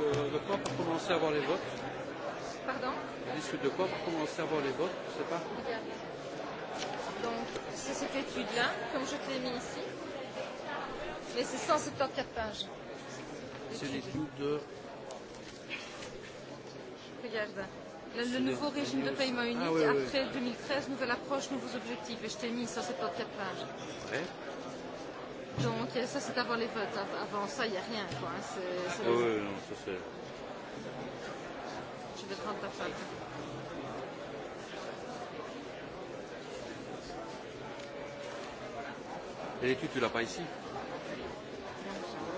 risque de quoi pour commencer à avoir les votes Pardon Le risque de quoi pour commencer à avoir les votes Je ne sais pas. Donc, c'est cette étude-là, comme je te l'ai mis ici. Mais c'est 174 pages. C'est l'étude de. Regarde. Le, le nouveau régime de paiement unique ah, oui, après oui. 2013, nouvelle approche, nouveaux objectifs. Et je t'ai mis 174 pages. Ouais donc euh, ça c'est avant les votes. Avant ça, il n'y a rien. Quoi. C est, c est ah oui, non, ça c'est. Tu veux te rendre ta femme. Et l'étude, tu l'as pas ici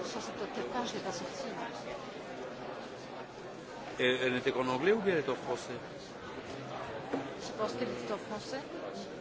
Ça, c'est peut-être quelque part, je ne l'ai pas sorti. Et elle n'était qu'en anglais ou bien elle était en français Je pense qu'elle était en français. Mmh.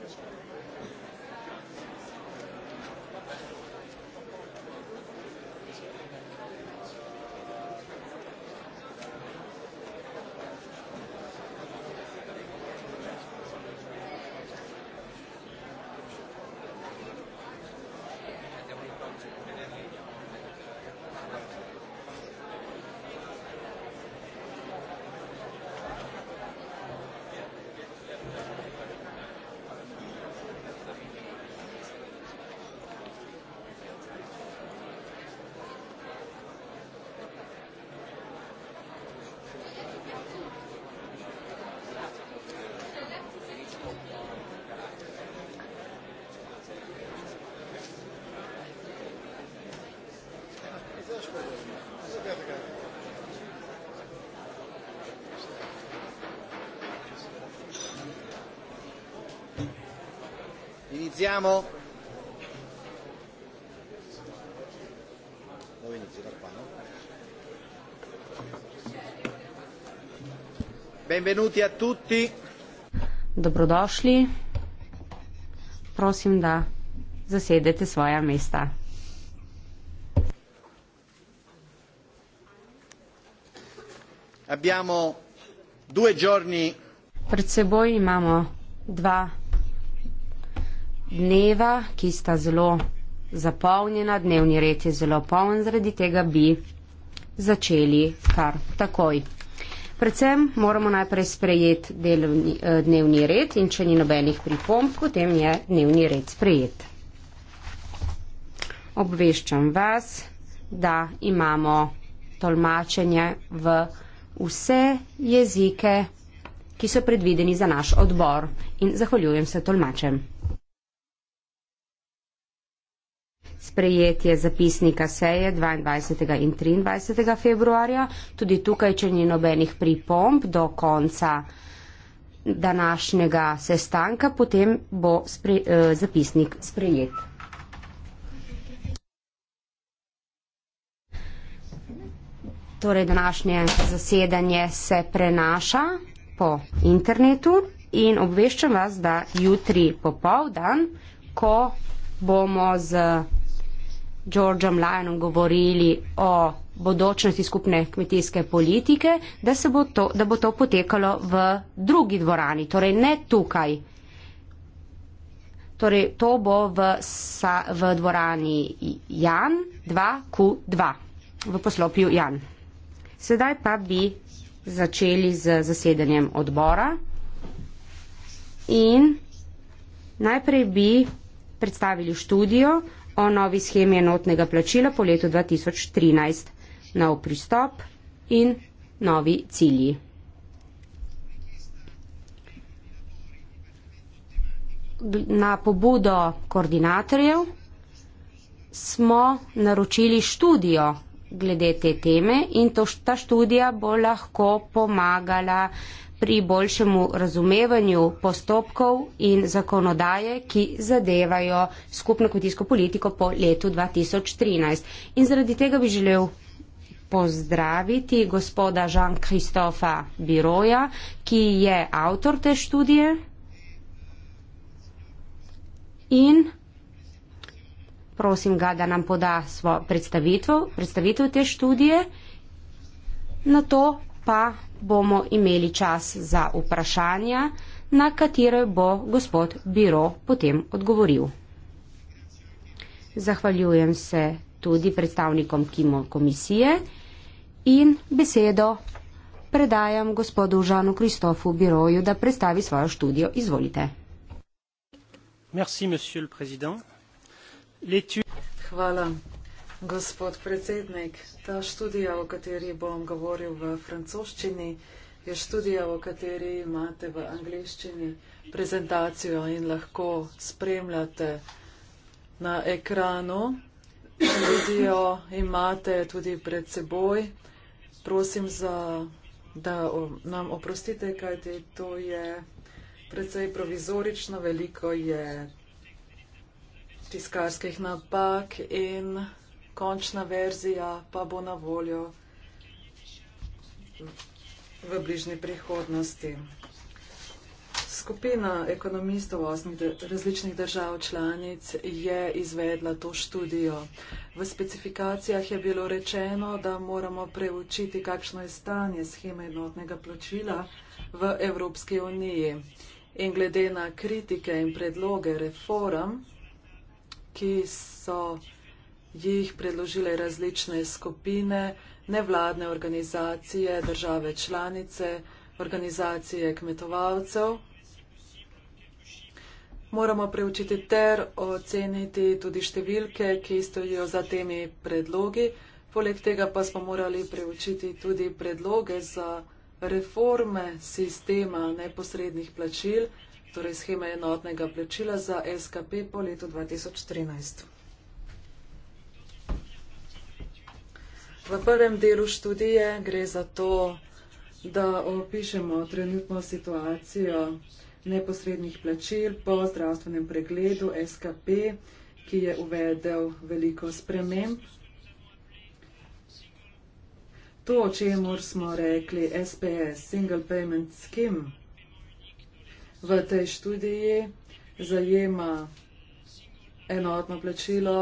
Iniziamo. Dove inizio da qua, no? Benvenuti a tutti. Dobrodošli. Prosim, da zasedete svoja mesta. Abbiamo due giorni. Pred seboj imamo dva dneva, ki sta zelo zapolnjena, dnevni red je zelo poln, zaradi tega bi začeli kar takoj. Predvsem moramo najprej sprejeti delovni, eh, dnevni red in če ni nobenih pripomb, potem je dnevni red sprejet. Obveščam vas, da imamo tolmačenje v vse jezike, ki so predvideni za naš odbor in zahvaljujem se tolmačem. sprejetje zapisnika seje 22. in 23. februarja. Tudi tukaj, če ni nobenih pripomb do konca današnjega sestanka, potem bo spre, eh, zapisnik sprejet. Torej, današnje zasedanje se prenaša po internetu in obveščam vas, da jutri popovdan, ko bomo z Georgeom Lyonom govorili o bodočnosti skupne kmetijske politike, da, bo to, da bo to potekalo v drugi dvorani, torej ne tukaj. Torej, to bo v, sa, v dvorani Jan 2Q2, v poslopju Jan. Sedaj pa bi začeli z zasedanjem odbora in najprej bi predstavili študijo, o novi schemi enotnega plačila po letu 2013. Nov pristop in novi cilji. Na pobudo koordinatorjev smo naročili študijo glede te teme in to, ta študija bo lahko pomagala pri boljšemu razumevanju postopkov in zakonodaje, ki zadevajo skupno kmetijsko politiko po letu 2013. In zaradi tega bi želel pozdraviti gospoda Jean-Christofa Biroja, ki je avtor te študije in prosim ga, da nam poda svojo predstavitev, predstavitev te študije. Na to pa bomo imeli čas za vprašanja, na katere bo gospod Biro potem odgovoril. Zahvaljujem se tudi predstavnikom Kimo komisije in besedo predajam gospodu Žanu Kristofu Biroju, da predstavi svojo študijo. Izvolite. Merci, Hvala, Gospod predsednik, ta študija, o kateri bom govoril v francoščini, je študija, o kateri imate v angliščini prezentacijo in lahko spremljate na ekranu. Študijo imate tudi pred seboj. Prosim, za, da nam oprostite, kajte to je precej provizorično, veliko je tiskarskih napak in končna verzija pa bo na voljo v bližnji prihodnosti. Skupina ekonomistov osmih različnih držav članic je izvedla to študijo. V specifikacijah je bilo rečeno, da moramo preučiti, kakšno je stanje scheme enotnega plačila v Evropski uniji. In glede na kritike in predloge reform, ki so jih predložile različne skupine, nevladne organizacije, države članice, organizacije kmetovalcev. Moramo preučiti ter oceniti tudi številke, ki stojijo za temi predlogi. Poleg tega pa smo morali preučiti tudi predloge za reforme sistema neposrednih plačil, torej scheme enotnega plačila za SKP po letu 2013. V prvem delu študije gre za to, da opišemo trenutno situacijo neposrednih plačil po zdravstvenem pregledu SKP, ki je uvedel veliko sprememb. To, o čemur smo rekli SPS, Single Payment Scheme, v tej študiji zajema enotno plačilo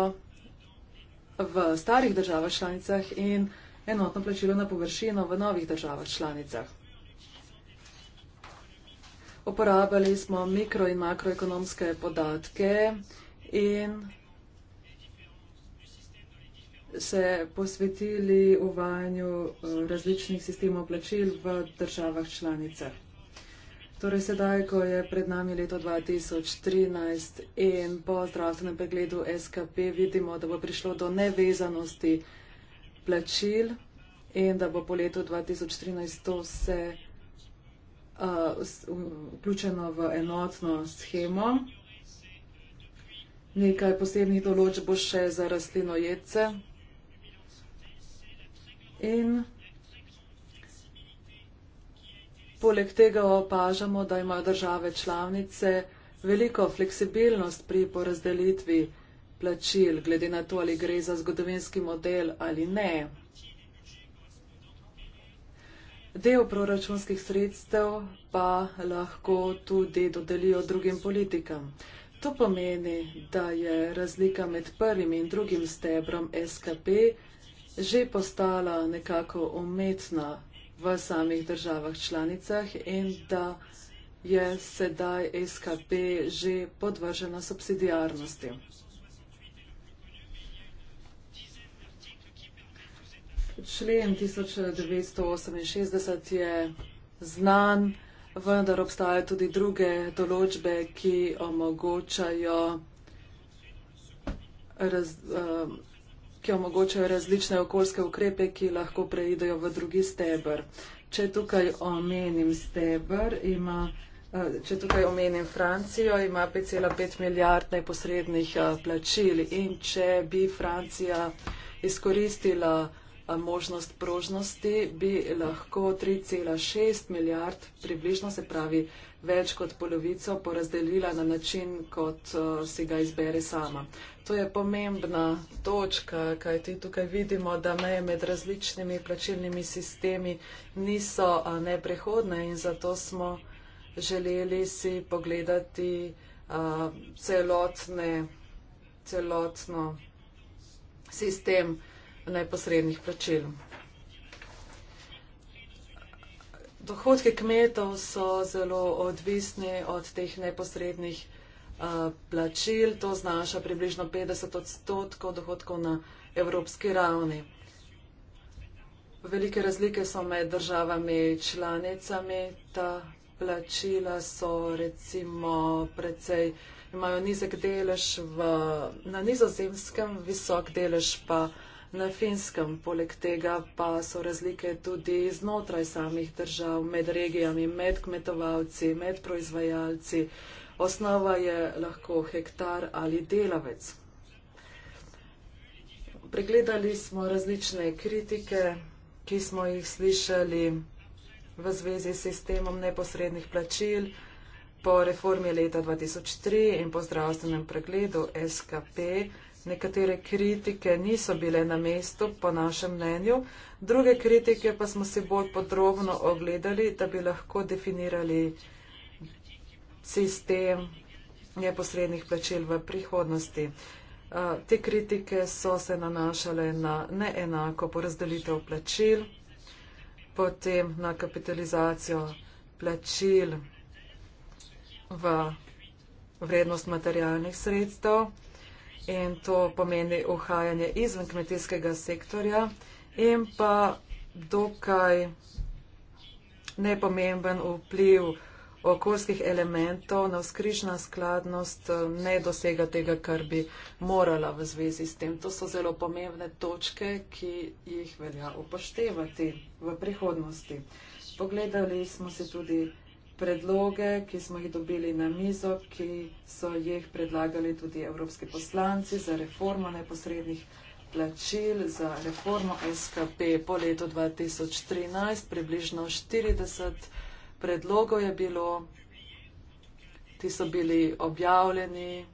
v starih državah članicah in enotno plačilo na površino v novih državah članicah. Uporabljali smo mikro in makroekonomske podatke in se posvetili uvajanju eh, različnih sistemov plačil v državah članicah. Torej, sedaj, ko je pred nami leto 2013 in po zdravstvenem pregledu SKP, vidimo, da bo prišlo do nevezanosti plačil in da bo po letu 2013 to vse uh, vključeno v enotno schemo. Nekaj posebnih določb bo še za rastlino jedce. In Poleg tega opažamo, da imajo države članice veliko fleksibilnost pri porazdelitvi plačil, glede na to, ali gre za zgodovinski model ali ne. Del proračunskih sredstev pa lahko tudi dodelijo drugim politikam. To pomeni, da je razlika med prvim in drugim stebrom SKP že postala nekako umetna v samih državah članicah in da je sedaj SKP že podvržena subsidijarnosti. Člen 1968 je znan, vendar obstajajo tudi druge določbe, ki omogočajo raz, eh, ki omogočajo različne okoljske ukrepe, ki lahko preidejo v drugi stebr. Če tukaj omenim stebr, ima, eh, če tukaj omenim Francijo, ima 5,5 milijard neposrednih eh, plačil in če bi Francija izkoristila eh, možnost prožnosti, bi lahko 3,6 milijard približno se pravi več kot polovico porazdelila na način, kot uh, si ga izbere sama. To je pomembna točka, kajti tukaj vidimo, da meje med različnimi plačilnimi sistemi niso uh, neprehodne in zato smo želeli si pogledati uh, celotne, celotno sistem neposrednih plačil. dohodke kmetov so zelo odvisni od teh neposrednih eh, plačil. To znaša približno 50 odstotkov dohodkov na evropski ravni. Velike razlike so med državami članicami. Ta plačila so recimo precej, imajo nizek delež v, na nizozemskem, visok delež pa v na finskem. Poleg tega pa so razlike tudi znotraj samih držav, med regijami, med kmetovalci, med proizvajalci. Osnova je lahko hektar ali delavec. Pregledali smo različne kritike, ki smo jih slišali v zvezi s sistemom neposrednih plačil po reformi leta 2003 in po zdravstvenem pregledu SKP. Nekatere kritike niso bile na mestu, po našem mnenju, druge kritike pa smo si bolj podrobno ogledali, da bi lahko definirali sistem neposrednih plačil v prihodnosti. Te kritike so se nanašale na neenako porazdelitev plačil, potem na kapitalizacijo plačil v vrednost materialnih sredstev in to pomeni ohajanje izven kmetijskega sektorja in pa dokaj nepomemben vpliv okoljskih elementov na vzkrišna skladnost ne dosega tega, kar bi morala v zvezi s tem. To so zelo pomembne točke, ki jih velja upoštevati v prihodnosti. Pogledali smo si tudi predloge, ki smo jih dobili na mizo, ki so jih predlagali tudi evropski poslanci za reformo neposrednih plačil, za reformo SKP po letu 2013. Približno 40 predlogov je bilo, ti so bili objavljeni.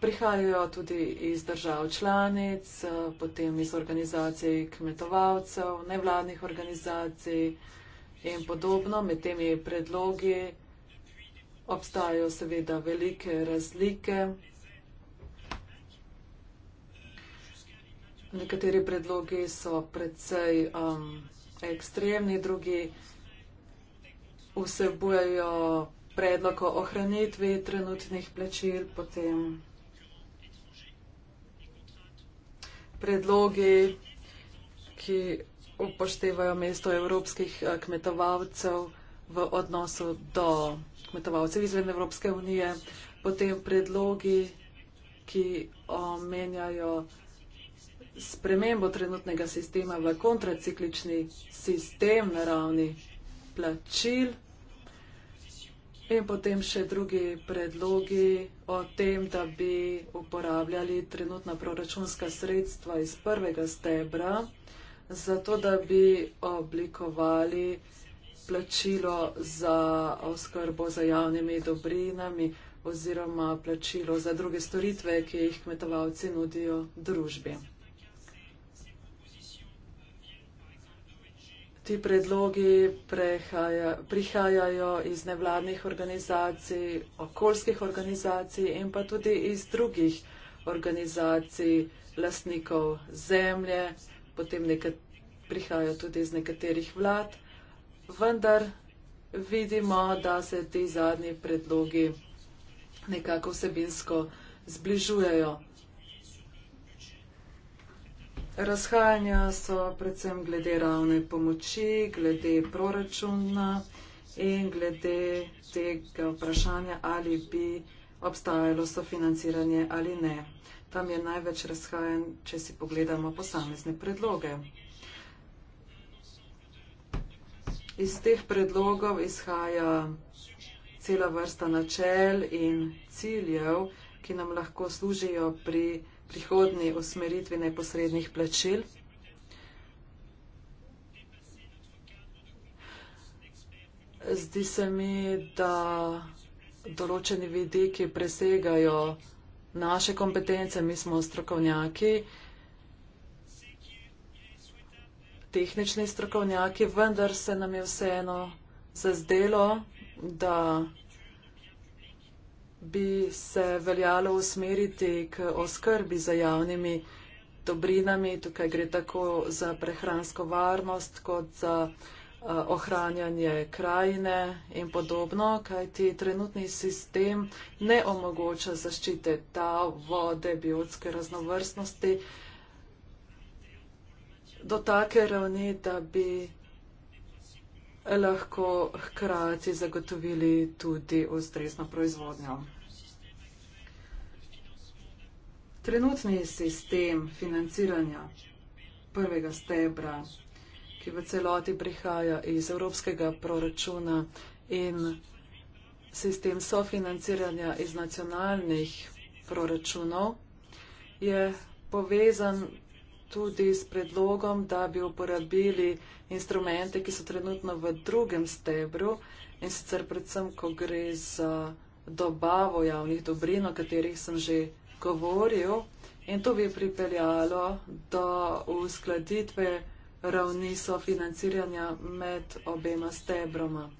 Prihajajo tudi iz držav članic, potem iz organizacij kmetovalcev, nevladnih organizacij in podobno. Med temi predlogi obstajajo seveda velike razlike. Nekateri predlogi so predvsej um, ekstremni, drugi vsebujejo predlog o ohranitvi trenutnih plačil, potem predlogi, ki upoštevajo mesto evropskih eh, kmetovalcev v odnosu do kmetovalcev izven Evropske unije, potem predlogi, ki omenjajo spremembo trenutnega sistema v kontraciklični sistem na ravni plačil in potem še drugi predlogi o tem, da bi uporabljali trenutna proračunska sredstva iz prvega stebra zato da bi oblikovali plačilo za oskrbo za javnimi dobrinami oziroma plačilo za druge storitve, ki jih kmetovalci nudijo družbi. Ti predlogi prehaja, prihajajo iz nevladnih organizacij, okoljskih organizacij in pa tudi iz drugih organizacij lastnikov zemlje, potem nekat, prihajajo tudi iz nekaterih vlad, vendar vidimo, da se ti zadnji predlogi nekako vsebinsko zbližujejo. Razhajanja so predvsem glede ravne pomoči, glede proračuna in glede tega vprašanja, ali bi obstajalo sofinanciranje ali ne tam je največ razhajanj, če si pogledamo posamezne predloge. Iz teh predlogov izhaja cela vrsta načel in ciljev, ki nam lahko služijo pri prihodni usmeritvi neposrednih plačil. Zdi se mi, da določeni vidiki presegajo naše kompetence, mi smo strokovnjaki, tehnični strokovnjaki, vendar se nam je vseeno zazdelo, da bi se veljalo usmeriti k oskrbi za javnimi dobrinami. Tukaj gre tako za prehransko varnost kot za Eh, ohranjanje krajine in podobno, kajti trenutni sistem ne omogoča zaščite ta vode biotske raznovrstnosti do take ravni, da bi lahko hkrati zagotovili tudi ustrezno proizvodnjo. Trenutni sistem financiranja prvega stebra ki v celoti prihaja iz evropskega proračuna in sistem sofinanciranja iz nacionalnih proračunov, je povezan tudi s predlogom, da bi uporabili instrumente, ki so trenutno v drugem stebru in sicer predvsem, ko gre za dobavo javnih dobrin, o katerih sem že govoril. In to bi pripeljalo do uskladitve ravni sofinanciranja med obema stebroma.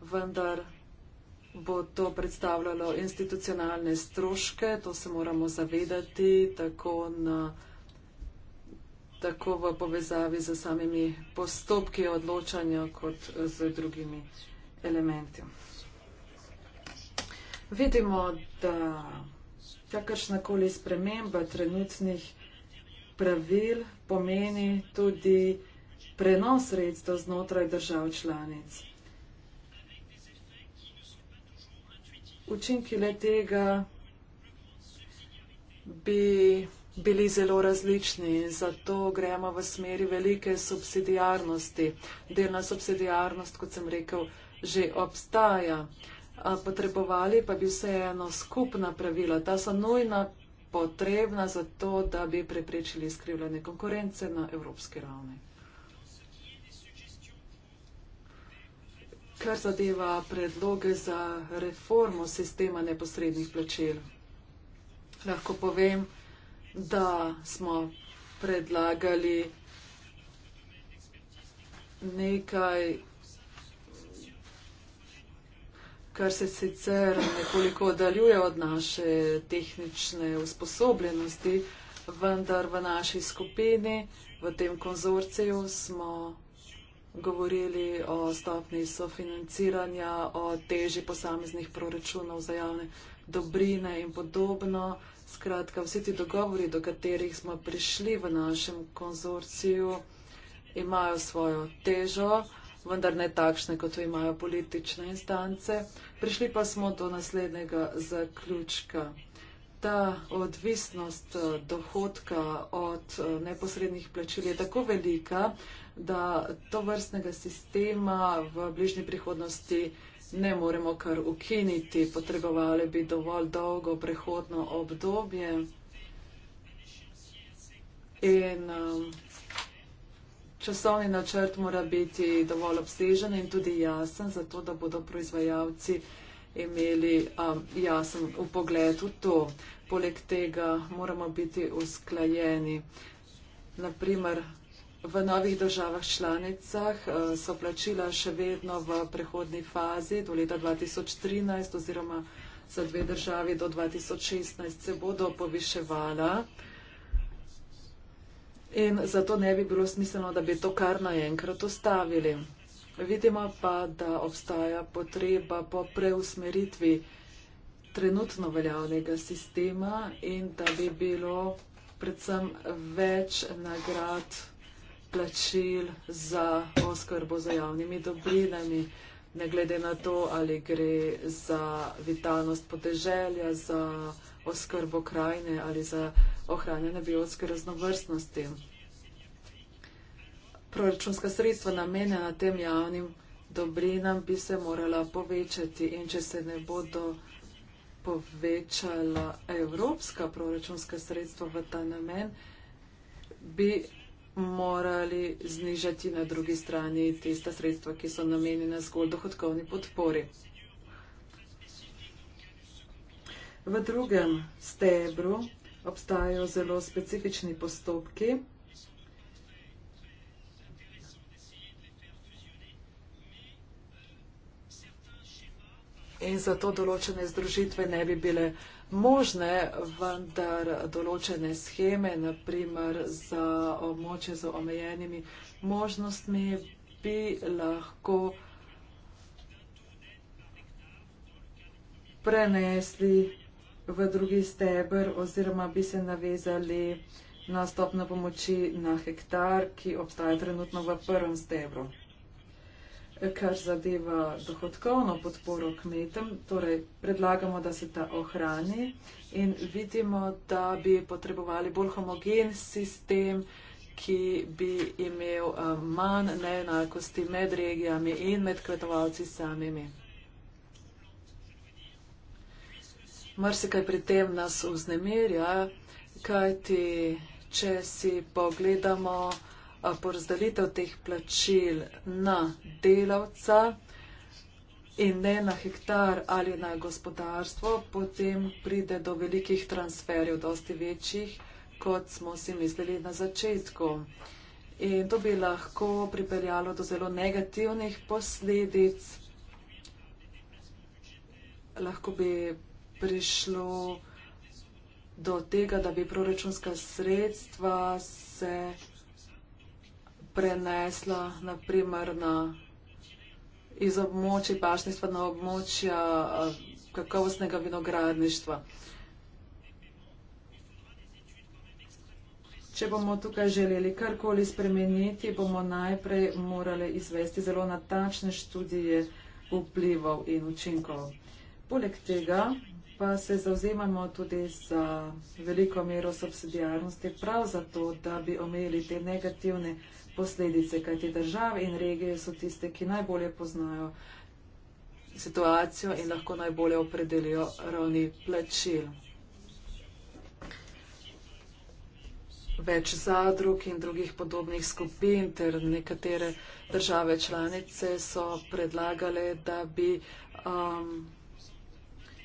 Vendar bo to predstavljalo institucionalne stroške, to se moramo zavedati, tako, na, tako v povezavi z samimi postopki odločanja kot z drugimi elementi. Vidimo, da kakršnakoli sprememba trenutnih pravil pomeni tudi prenos sredstev znotraj držav članic. Učinki le tega bi bili zelo različni, zato gremo v smeri velike subsidijarnosti. Delna subsidijarnost, kot sem rekel, že obstaja. Potrebovali pa bi vseeno skupna pravila. Ta so nujna potrebna za to, da bi preprečili skrivljanje konkurence na evropski ravni. Kar zadeva predloge za reformo sistema neposrednih plačil, lahko povem, da smo predlagali nekaj kar se sicer nekoliko oddaljuje od naše tehnične usposobljenosti, vendar v naši skupini, v tem konzorciju smo govorili o stopni sofinanciranja, o teži posameznih proračunov za javne dobrine in podobno. Skratka, vsi ti dogovori, do katerih smo prišli v našem konzorciju, imajo svojo težo, vendar ne takšne, kot jo imajo politične instance. Prišli pa smo do naslednjega zaključka. Ta odvisnost eh, dohodka od eh, neposrednih plačil je tako velika, da to vrstnega sistema v bližnji prihodnosti ne moremo kar ukiniti. Potrebovali bi dovolj dolgo prehodno obdobje. In, um, časovni načrt mora biti dovolj obsežen in tudi jasen, zato da bodo proizvajalci imeli um, jasen upogled v to. Poleg tega moramo biti usklajeni. Naprimer, v novih državah članicah uh, so plačila še vedno v prehodni fazi do leta 2013 oziroma za dve državi do 2016 se bodo poviševala. In zato ne bi bilo smiselno, da bi to kar naenkrat ustavili. Vidimo pa, da obstaja potreba po preusmeritvi trenutno veljavnega sistema in da bi bilo predvsem več nagrad plačil za oskrbo za javnimi dobrinami, ne glede na to, ali gre za vitalnost podeželja, za oskrbo krajine ali za ohranjanja biotske raznovrstnosti. Proračunska sredstva namenjena tem javnim dobrinam bi se morala povečati in če se ne bodo povečala evropska proračunska sredstva v ta namen, bi morali znižati na drugi strani tista sredstva, ki so namenjena zgolj dohodkovni podpori. V drugem stebru obstajajo zelo specifični postopki. In zato določene združitve ne bi bile možne, vendar določene scheme, naprimer za območje z omejenimi možnostmi, bi lahko prenesli v drugi stebr oziroma bi se navezali na stopno pomoči na hektar, ki obstaja trenutno v prvem stebru. Kar zadeva dohodkovno podporo kmetem, torej predlagamo, da se ta ohrani in vidimo, da bi potrebovali bolj homogen sistem, ki bi imel eh, manj neenakosti med regijami in med kvetovalci samimi. marsikaj pri tem nas vznemirja, kajti če si pogledamo porazdelitev teh plačil na delavca in ne na hektar ali na gospodarstvo, potem pride do velikih transferjev, dosti večjih, kot smo si mislili na začetku. In to bi lahko pripeljalo do zelo negativnih posledic. Lahko bi prišlo do tega, da bi proračunska sredstva se prenesla naprimer na iz območja pašništva na območja kakovostnega vinogradništva. Če bomo tukaj želeli karkoli spremeniti, bomo najprej morali izvesti zelo natačne študije vplivov in učinkov. Poleg tega pa se zauzemamo tudi z veliko mero subsidijarnosti prav zato, da bi omejili te negativne posledice, kajti države in regije so tiste, ki najbolje poznajo situacijo in lahko najbolje opredelijo ravni plačil. Več zadrug in drugih podobnih skupin ter nekatere države članice so predlagale, da bi um,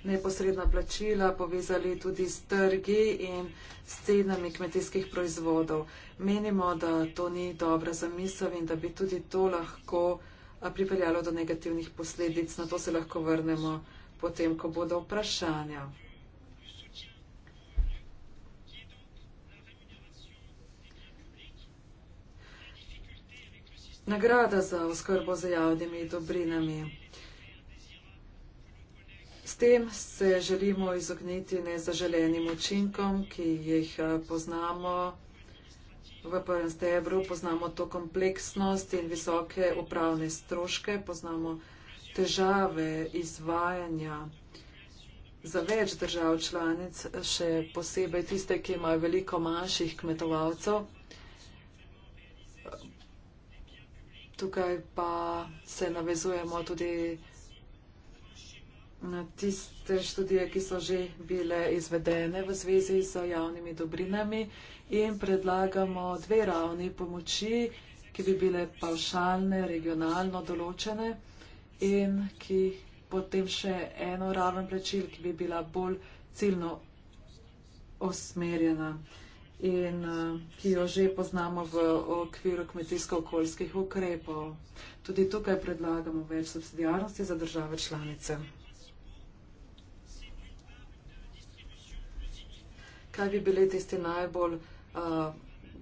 neposredna plačila povezali tudi s trgi in s cenami kmetijskih proizvodov. Menimo, da to ni dobra zamisel in da bi tudi to lahko pripeljalo do negativnih posledic. Na to se lahko vrnemo potem, ko bodo vprašanja. Nagrada za oskrbo z javnimi dobrinami. S tem se želimo izogniti nezaželenim učinkom, ki jih eh, poznamo v prvem stebru. Poznamo to kompleksnost in visoke upravne stroške, poznamo težave izvajanja za več držav članic, še posebej tiste, ki imajo veliko manjših kmetovalcev. Tukaj pa se navezujemo tudi tiste študije, ki so že bile izvedene v zvezi z javnimi dobrinami in predlagamo dve ravni pomoči, ki bi bile pavšalne, regionalno določene in ki potem še eno raven plačil, ki bi bila bolj ciljno osmerjena in eh, ki jo že poznamo v okviru kmetijsko-okoljskih ukrepov. Tudi tukaj predlagamo več subsidijarnosti za države članice. kaj bi bili tisti najbolj uh,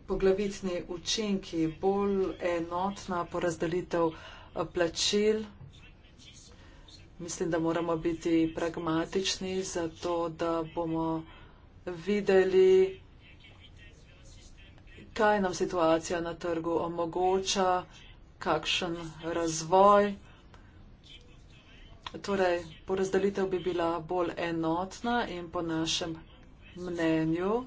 poglavitni učinki, bolj enotna porazdelitev eh, plačil. Mislim, da moramo biti pragmatični, zato da bomo videli, kaj nam situacija na trgu omogoča, kakšen razvoj. Torej, porazdelitev bi bila bolj enotna in po našem mnenju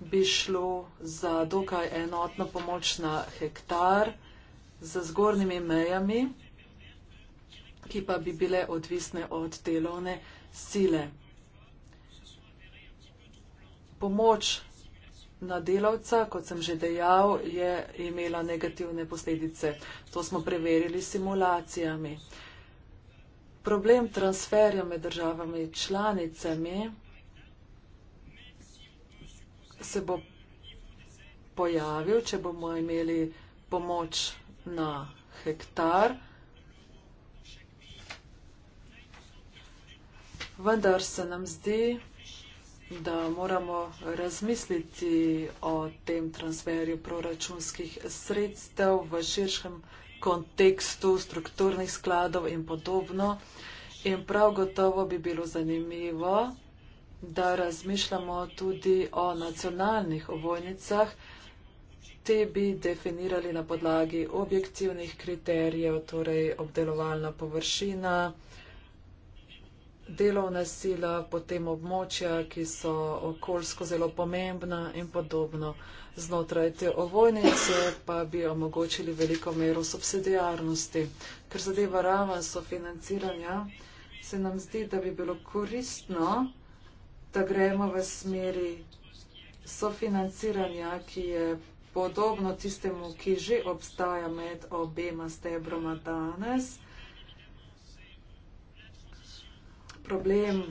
bi šlo za dokaj enotno pomoč na hektar z zgornjimi mejami, ki pa bi bile odvisne od delovne sile. Pomoč na delavca, kot sem že dejal, je imela negativne posledice. To smo preverili s simulacijami. Problem transferja med državami članicami se bo pojavil, če bomo imeli pomoč na hektar. Vendar se nam zdi, da moramo razmisliti o tem transferju proračunskih sredstev v širšem kontekstu strukturnih skladov in podobno. In prav gotovo bi bilo zanimivo, da razmišljamo tudi o nacionalnih ovojnicah. Te bi definirali na podlagi objektivnih kriterijev, torej obdelovalna površina, delovna sila, potem območja, ki so okoljsko zelo pomembna in podobno. Znotraj te ovojnice pa bi omogočili veliko mero subsidijarnosti. Ker zadeva raven sofinanciranja, se nam zdi, da bi bilo koristno da gremo v smeri sofinanciranja, ki je podobno tistemu, ki že obstaja med obema stebroma danes. Problem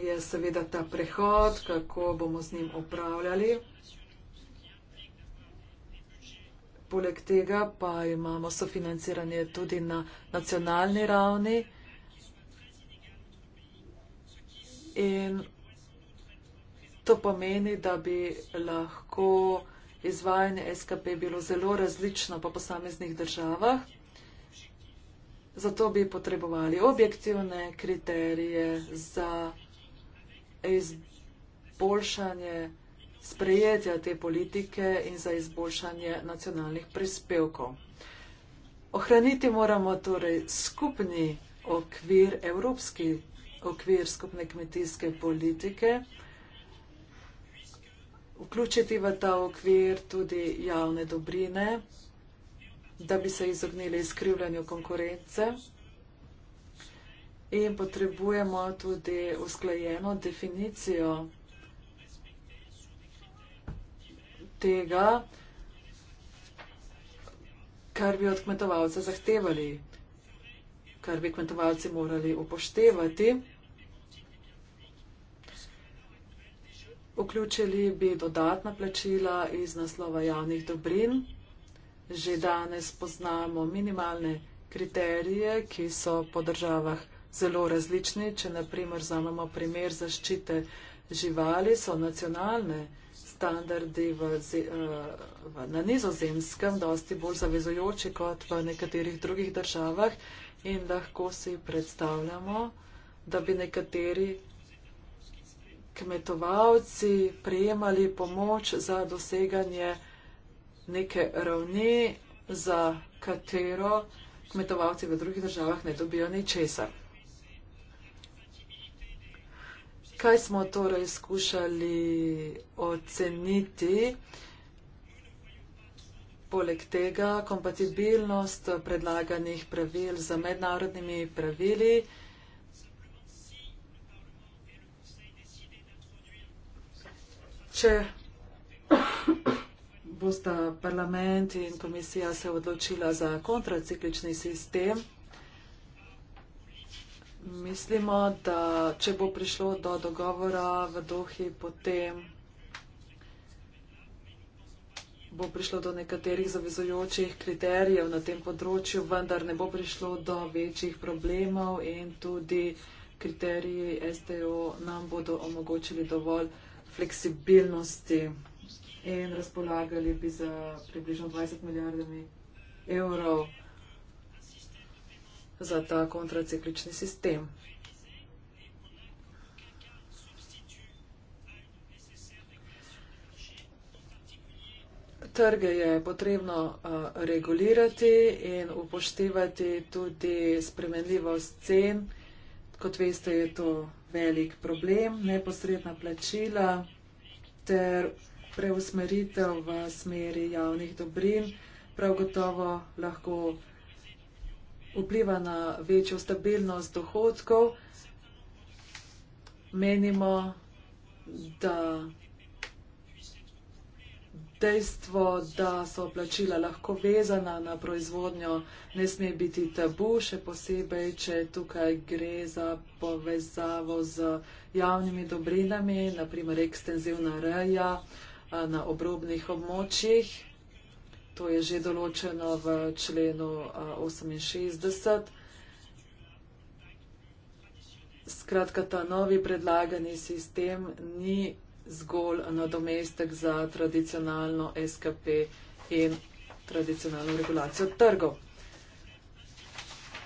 je seveda ta prehod, kako bomo z njim upravljali. Poleg tega pa imamo sofinanciranje tudi na nacionalni ravni. In To pomeni, da bi lahko izvajanje SKP bilo zelo različno po posameznih državah. Zato bi potrebovali objektivne kriterije za izboljšanje sprejetja te politike in za izboljšanje nacionalnih prispevkov. Ohraniti moramo torej skupni okvir, evropski okvir skupne kmetijske politike vključiti v ta okvir tudi javne dobrine, da bi se izognili izkrivljanju konkurence. In potrebujemo tudi usklajeno definicijo tega, kar bi od kmetovalca zahtevali, kar bi kmetovalci morali upoštevati. Vključili bi dodatna plačila iz naslova javnih dobrin. Že danes poznamo minimalne kriterije, ki so po državah zelo različni. Če naprimer vzamemo primer zaščite živali, so nacionalne standardi v, eh, v, na nizozemskem dosti bolj zavezujoči kot v nekaterih drugih državah in lahko si predstavljamo, da bi nekateri kmetovalci prejemali pomoč za doseganje neke ravni, za katero kmetovalci v drugih državah ne dobijo ničesar. Kaj smo torej skušali oceniti? Poleg tega kompatibilnost predlaganih pravil z mednarodnimi pravili. če bosta parlament in komisija se odločila za kontraciklični sistem, mislimo, da če bo prišlo do dogovora v dohi, potem bo prišlo do nekaterih zavezujočih kriterijev na tem področju, vendar ne bo prišlo do večjih problemov in tudi kriteriji STO nam bodo omogočili dovolj fleksibilnosti in razpolagali bi za približno 20 milijardami evrov za ta kontraciklični sistem. Trge je potrebno uh, regulirati in upoštevati tudi spremenljivost cen. Kot veste, je to velik problem, neposredna plačila ter preusmeritev v smeri javnih dobrin prav gotovo lahko vpliva na večjo stabilnost dohodkov. Menimo, da dejstvo, da so plačila lahko vezana na proizvodnjo, ne sme biti tabu, še posebej, če tukaj gre za povezavo z javnimi dobrinami, naprimer ekstenzivna reja na obrobnih območjih. To je že določeno v členu 68. Skratka, ta novi predlagani sistem ni zgolj nadomestek za tradicionalno SKP in tradicionalno regulacijo trgov.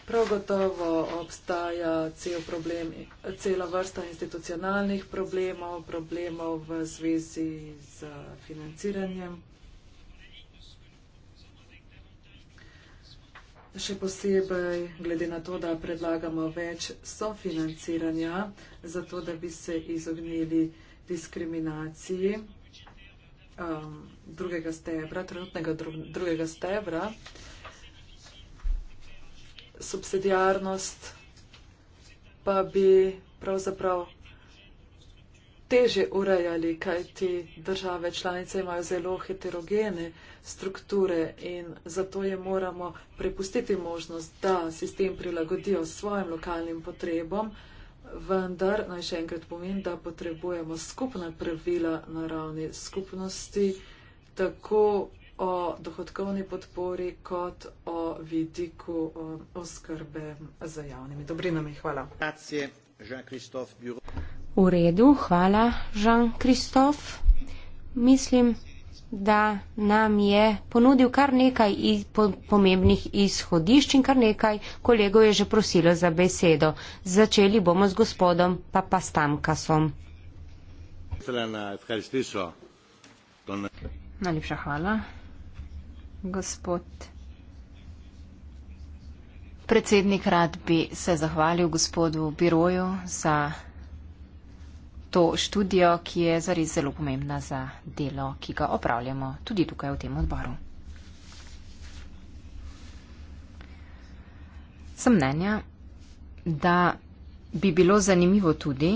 Prav gotovo obstaja cel problem, cela vrsta institucionalnih problemov, problemov v zvezi z financiranjem. Še posebej glede na to, da predlagamo več sofinanciranja, zato da bi se izognili uh, diskriminaciji um, drugega stebra, trenutnega dru drugega stebra. Subsidijarnost pa bi pravzaprav teže urejali, kajti države članice imajo zelo heterogene strukture in zato je moramo prepustiti možnost, da sistem prilagodijo svojim lokalnim potrebom. Uh, vendar naj še enkrat pomen, da potrebujemo skupna pravila na ravni skupnosti, tako o dohodkovni podpori kot o vidiku um, oskrbe za javnimi dobrinami. Hvala. V redu, hvala, Jean-Christophe. Mislim, da nam je ponudil kar nekaj iz, po, pomembnih izhodišč in kar nekaj kolegov je že prosilo za besedo. Začeli bomo z gospodom Papastamkasom. Najlepša hvala. Gospod predsednik, rad bi se zahvalil gospodu Biroju za to študijo, ki je zares zelo pomembna za delo, ki ga opravljamo tudi tukaj v tem odboru. Sem mnenja, da bi bilo zanimivo tudi,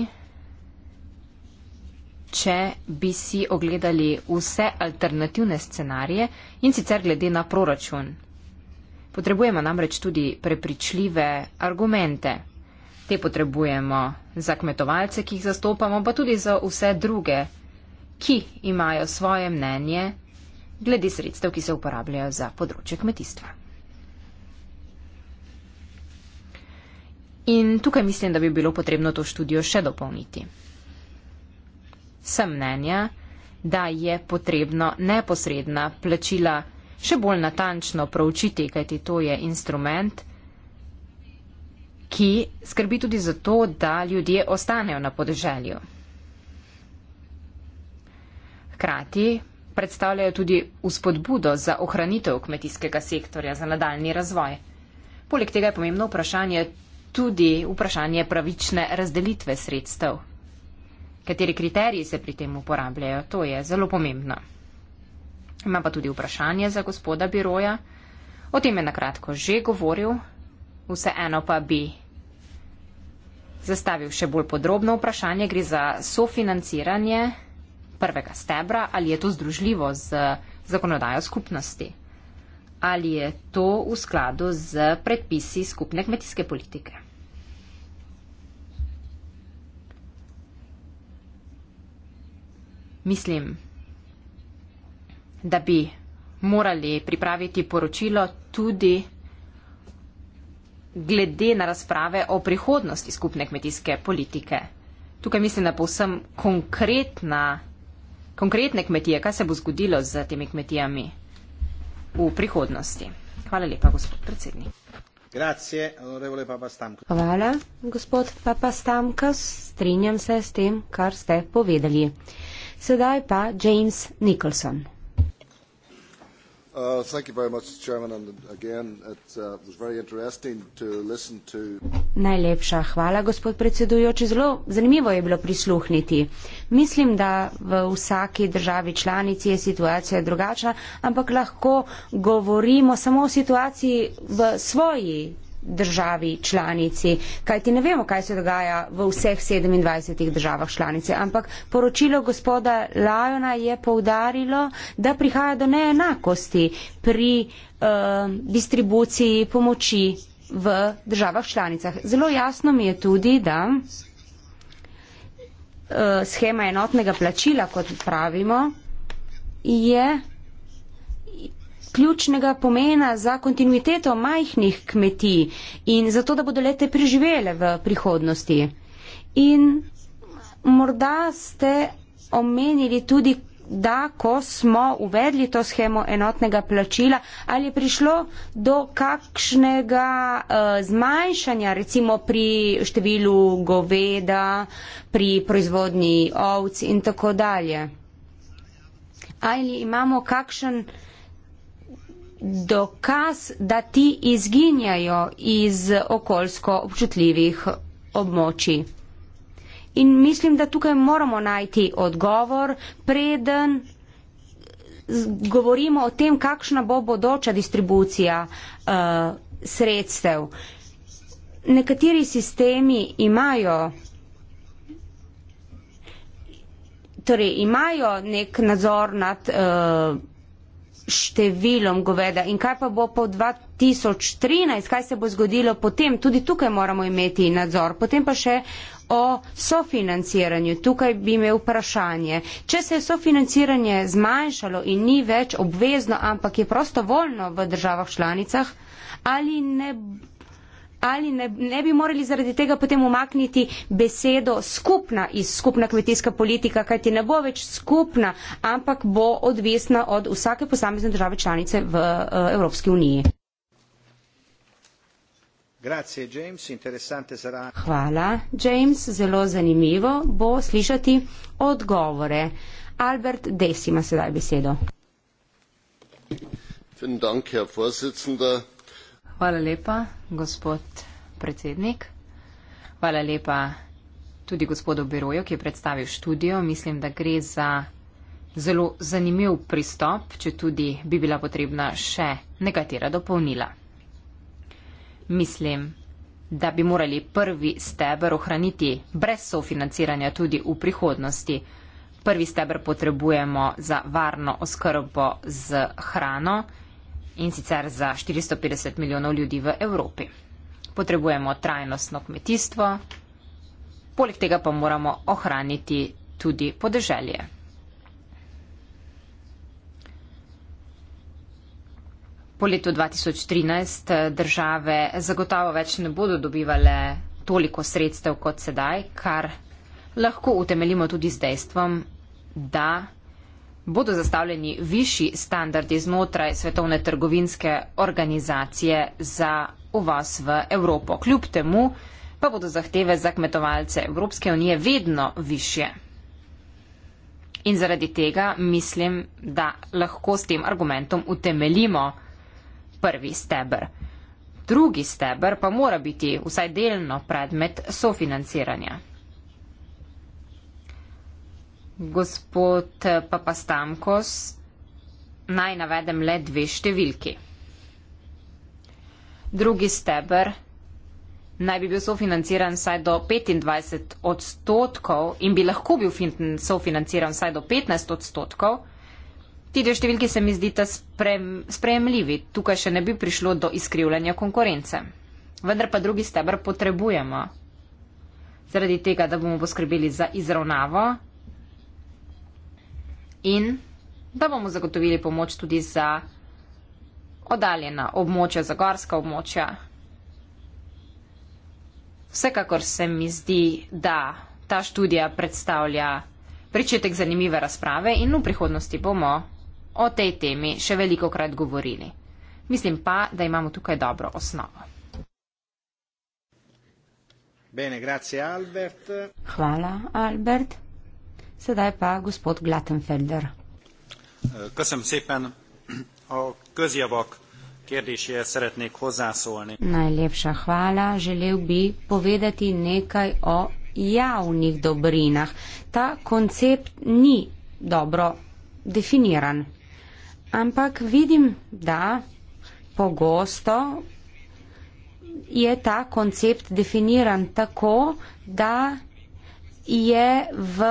če bi si ogledali vse alternativne scenarije in sicer glede na proračun. Potrebujemo namreč tudi prepričljive argumente. Te potrebujemo za kmetovalce, ki jih zastopamo, pa tudi za vse druge, ki imajo svoje mnenje glede sredstev, ki se uporabljajo za področje kmetijstva. In tukaj mislim, da bi bilo potrebno to študijo še dopolniti. Sem mnenja, da je potrebno neposredna plačila še bolj natančno proučiti, kajti to je instrument, ki skrbi tudi za to, da ljudje ostanejo na podeželju. Hkrati predstavljajo tudi uspodbudo za ohranitev kmetijskega sektorja za nadaljni razvoj. Poleg tega je pomembno vprašanje tudi vprašanje pravične razdelitve sredstev. Kateri kriteriji se pri tem uporabljajo, to je zelo pomembno. Ima pa tudi vprašanje za gospoda Biroja. O tem je nakratko že govoril, vseeno pa bi zastavil še bolj podrobno vprašanje, gre za sofinanciranje prvega stebra, ali je to združljivo z zakonodajo skupnosti, ali je to v skladu z predpisi skupne kmetijske politike. Mislim, da bi morali pripraviti poročilo tudi glede na razprave o prihodnosti skupne kmetijske politike. Tukaj mislim na povsem konkretna, konkretne kmetije, kaj se bo zgodilo z temi kmetijami v prihodnosti. Hvala lepa, gospod predsednik. Hvala, gospod Papastamkas. Strinjam se s tem, kar ste povedali. Sedaj pa James Nicholson. Uh, thank you very much, Chairman. And again, it uh, was very interesting to listen to. Najlepša hvala, gospod predsedujoči. Zelo zanimivo je bilo prisluhniti. Mislim, da v vsaki državi članici je situacija drugačna, ampak lahko govorimo samo o situaciji v svoji državi članici, kajti ne vemo, kaj se dogaja v vseh 27 državah članice, ampak poročilo gospoda Lajona je povdarilo, da prihaja do neenakosti pri uh, distribuciji pomoči v državah članicah. Zelo jasno mi je tudi, da uh, eh, schema enotnega plačila, kot pravimo, je ključnega pomena za kontinuiteto majhnih kmetij in zato, da bodo lete preživele v prihodnosti. In morda ste omenili tudi, da ko smo uvedli to schemo enotnega plačila, ali je prišlo do kakšnega uh, zmanjšanja, recimo pri številu goveda, pri proizvodnji ovc in tako dalje. Ali imamo kakšen uh, dokaz, da ti izginjajo iz okoljsko občutljivih območij. In mislim, da tukaj moramo najti odgovor, preden govorimo o tem, kakšna bo bodoča distribucija uh, sredstev. Nekateri sistemi imajo, torej imajo nek nadzor nad uh, številom goveda in kaj pa bo po 2013, kaj se bo zgodilo potem, tudi tukaj moramo imeti nadzor. Potem pa še o sofinanciranju. Tukaj bi imel vprašanje. Če se je sofinanciranje zmanjšalo in ni več obvezno, ampak je prostovoljno v državah članicah, ali ne ali ne, ne bi morali zaradi tega potem umakniti besedo skupna iz skupna kmetijska politika, kajti ne bo več skupna, ampak bo odvisna od vsake posamezne države članice v uh, Evropski uniji. Grazie, James. Sarà... Hvala, James. Zelo zanimivo bo slišati odgovore. Albert Desima sedaj besedo. Dank, Hvala lepa, gospod predsednik. Hvala lepa tudi gospodu Biroju, ki je predstavil študijo. Mislim, da gre za zelo zanimiv pristop, če tudi bi bila potrebna še nekatera dopolnila. Mislim, da bi morali prvi steber ohraniti brez sofinanciranja tudi v prihodnosti. Prvi steber potrebujemo za varno oskrbo z hrano, in sicer za 450 milijonov ljudi v Evropi. Potrebujemo trajnostno kmetijstvo, poleg tega pa moramo ohraniti tudi podeželje. Po letu 2013 eh, države zagotovo več ne bodo dobivale toliko sredstev kot sedaj, kar lahko utemeljimo tudi z dejstvom, da bodo zastavljeni višji standardi znotraj svetovne trgovinske organizacije za uvoz v Evropo. Kljub temu pa bodo zahteve za kmetovalce Evropske unije vedno više. In zaradi tega mislim, da lahko s tem argumentom utemelimo prvi stebr. Drugi stebr pa mora biti vsaj delno predmet sofinanciranja. Gospod eh, Papastamkos, naj navedem le dve številki. Drugi steber naj bi bil sofinanciran vsaj do 25 odstotkov in bi lahko bil sofinanciran vsaj do 15 odstotkov. Ti dve številki se mi zdita sprejemljivi. Tukaj še ne bi prišlo do izkrivljanja konkurence. Vendar pa drugi steber potrebujemo. Zaradi tega, da bomo poskrbeli za izravnavo in da bomo zagotovili pomoč tudi za oddaljena območja, za gorska območja. Vsekakor se mi zdi, da ta študija predstavlja pričetek zanimive razprave in v prihodnosti bomo o tej temi še veliko krat govorili. Mislim pa, da imamo tukaj dobro osnovo. Bene, grazie Albert. Hvala Albert. Sedaj pa gospod Glattenfelder. Köszönöm szépen a közjavak kérdéséhez szeretnék hozzászólni. Najlepša hvala, želel bi povedati nekaj o javnih dobrinah. Ta koncept ni dobro definiran, ampak vidim, da pogosto je ta koncept definiran tako, da je v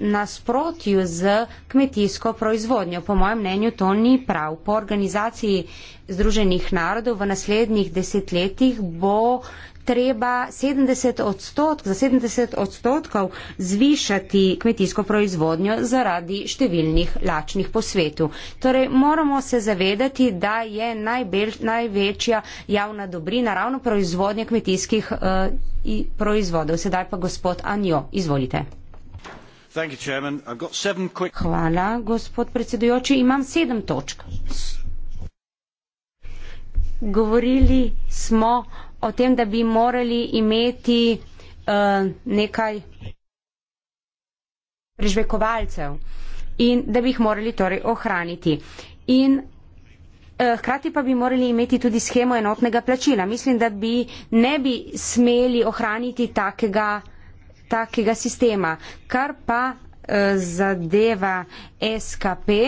nasprotju z kmetijsko proizvodnjo. Po mojem mnenju to ni prav. Po organizaciji Združenih narodov v naslednjih desetletjih bo treba 70 odstotk, za 70 odstotkov zvišati kmetijsko proizvodnjo zaradi številnih lačnih po svetu. Torej, moramo se zavedati, da je najbel, največja javna dobrina ravno proizvodnja kmetijskih uh, proizvodov. Sedaj pa gospod Anjo, izvolite. Hvala, gospod predsedujoči. Imam sedem točk govorili smo o tem, da bi morali imeti uh, nekaj prežvekovalcev in da bi jih morali torej ohraniti. In eh, Hkrati pa bi morali imeti tudi schemo enotnega plačila. Mislim, da bi ne bi smeli ohraniti takega, takega sistema. Kar pa eh, zadeva SKP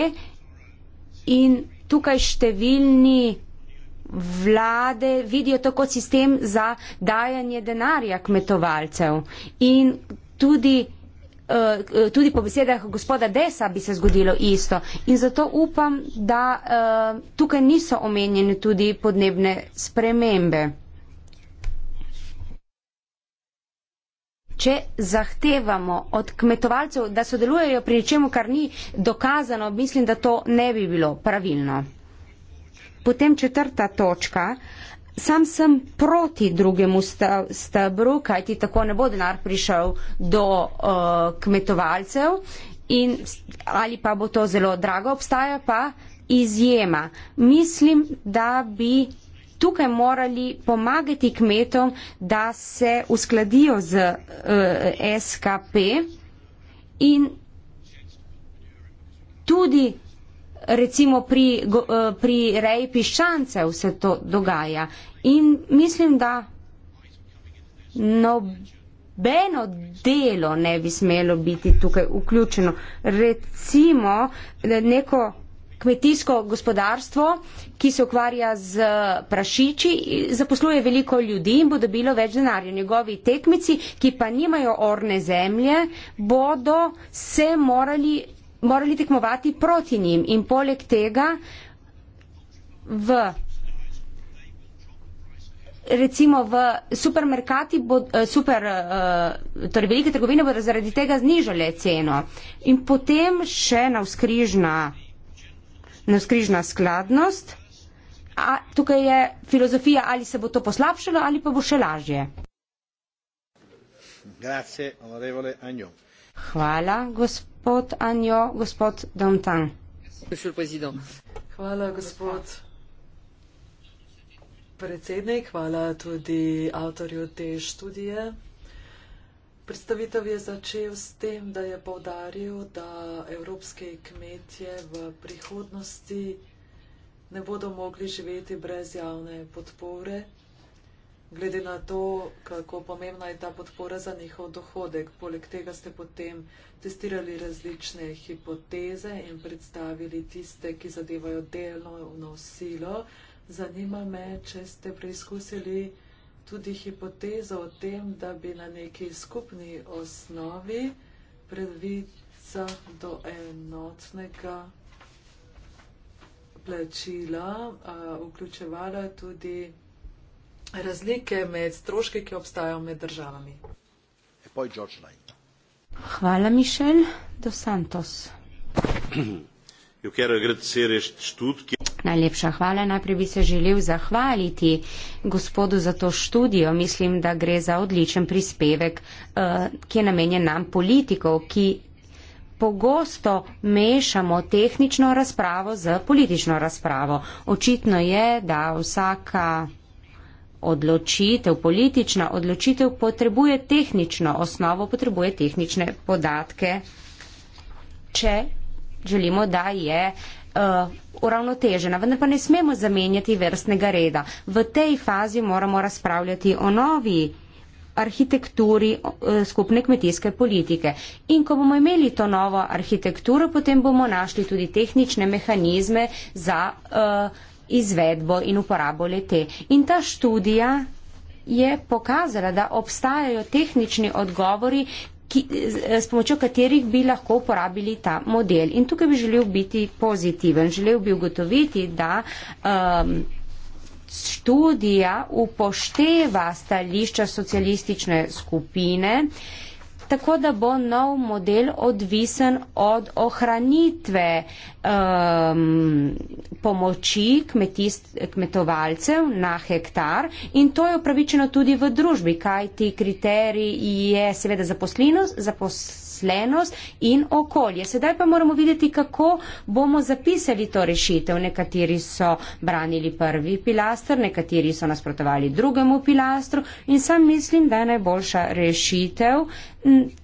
in tukaj številni vlade vidijo to kot sistem za dajanje denarja kmetovalcev. In tudi, eh, eh, tudi po besedah gospoda Desa bi se zgodilo isto. In zato upam, da eh, tukaj niso omenjene tudi podnebne spremembe. Če zahtevamo od kmetovalcev, da sodelujejo pri nečemu, kar ni dokazano, mislim, da to ne bi bilo pravilno. Potem četrta točka. Sam sem proti drugemu stebru, kajti tako ne bo denar prišel do uh, kmetovalcev in ali pa bo to zelo drago, obstaja pa izjema. Mislim, da bi tukaj morali pomagati kmetom, da se uskladijo z uh, eh, SKP in tudi recimo pri, eh, pri reji piščancev se to dogaja. In mislim, da nobeno delo ne bi smelo biti tukaj vključeno. Recimo neko kmetijsko gospodarstvo, ki se ukvarja z prašiči, zaposluje veliko ljudi in bo dobilo več denarja. Njegovi tekmici, ki pa nimajo orne zemlje, bodo se morali morali tekmovati proti njim in poleg tega v recimo v supermerkati bo, eh, super, eh, torej velike trgovine bodo zaradi tega znižale ceno in potem še navskrižna, navskrižna skladnost. A tukaj je filozofija, ali se bo to poslabšalo ali pa bo še lažje. Hvala, gospod gospod Anjo, gospod Domtan. Hvala, gospod predsednik, hvala tudi avtorju te študije. Predstavitev je začel s tem, da je povdaril, da evropske kmetje v prihodnosti ne bodo mogli živeti brez javne podpore glede na to, kako pomembna je ta podpora za njihov dohodek. Poleg tega ste potem testirali različne hipoteze in predstavili tiste, ki zadevajo delovno silo. Zanima me, če ste preizkusili tudi hipotezo o tem, da bi na neki skupni osnovi predvica do enotnega plačila a, vključevala tudi razlike med stroški, ki obstajajo med državami. E, hvala, Mišel, do Santos. Najlepša hvala. Najprej bi se želel zahvaliti gospodu za to študijo. Mislim, da gre za odličen prispevek, eh, ki je namenjen nam politikov, ki pogosto mešamo tehnično razpravo z politično razpravo. Očitno je, da vsaka odločitev, politična odločitev potrebuje tehnično osnovo, potrebuje tehnične podatke, če želimo, da je uh, uravnotežena. Vendar pa ne smemo zamenjati vrstnega reda. V tej fazi moramo razpravljati o novi arhitekturi uh, skupne kmetijske politike. In ko bomo imeli to novo arhitekturo, potem bomo našli tudi tehnične mehanizme za uh, izvedbo in uporabo lete. In ta študija je pokazala, da obstajajo tehnični odgovori, ki, s pomočjo katerih bi lahko uporabili ta model. In tukaj bi želel biti pozitiven. Želel bi ugotoviti, da. Um, študija upošteva stališča socialistične skupine, tako da bo nov model odvisen od ohranitve um, pomoči kmetist, kmetovalcev na hektar in to je upravičeno tudi v družbi, kaj ti kriteriji je seveda zaposlenost, zaposlenost zaposlenost in okolje. Sedaj pa moramo videti, kako bomo zapisali to rešitev. Nekateri so branili prvi pilastr, nekateri so nasprotovali drugemu pilastru in sam mislim, da je najboljša rešitev,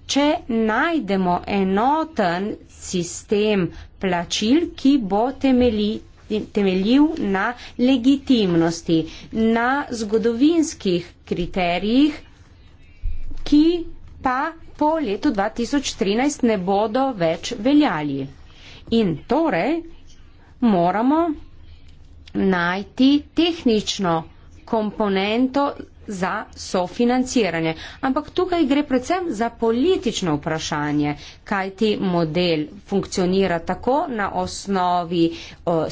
če najdemo enoten sistem plačil, ki bo temeljit temeljiv na legitimnosti, na zgodovinskih kriterijih, ki pa po letu 2013 ne bodo več veljali. In torej moramo najti tehnično komponento za sofinanciranje. Ampak tukaj gre predvsem za politično vprašanje, kaj ti model funkcionira tako na osnovi uh,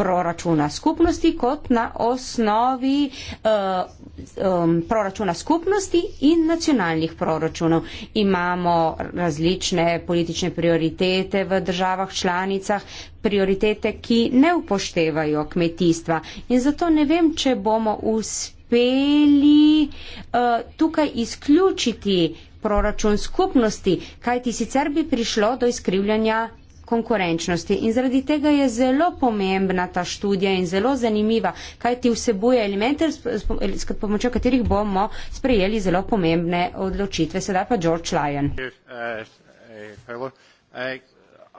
proračuna skupnosti kot na osnovi uh, um, proračuna skupnosti in nacionalnih proračunov. Imamo različne politične prioritete v državah članicah, prioritete, ki ne upoštevajo kmetijstva in zato ne vem, če bomo uspeli uh, tukaj izključiti proračun skupnosti, kaj ti sicer bi prišlo do izkrivljanja konkurenčnosti. In zaradi tega je zelo pomembna ta študija in zelo zanimiva, kaj ti vsebuje elemente, s pomočjo katerih bomo sprejeli zelo pomembne odločitve. Sedaj pa George Lyon. Uh, uh,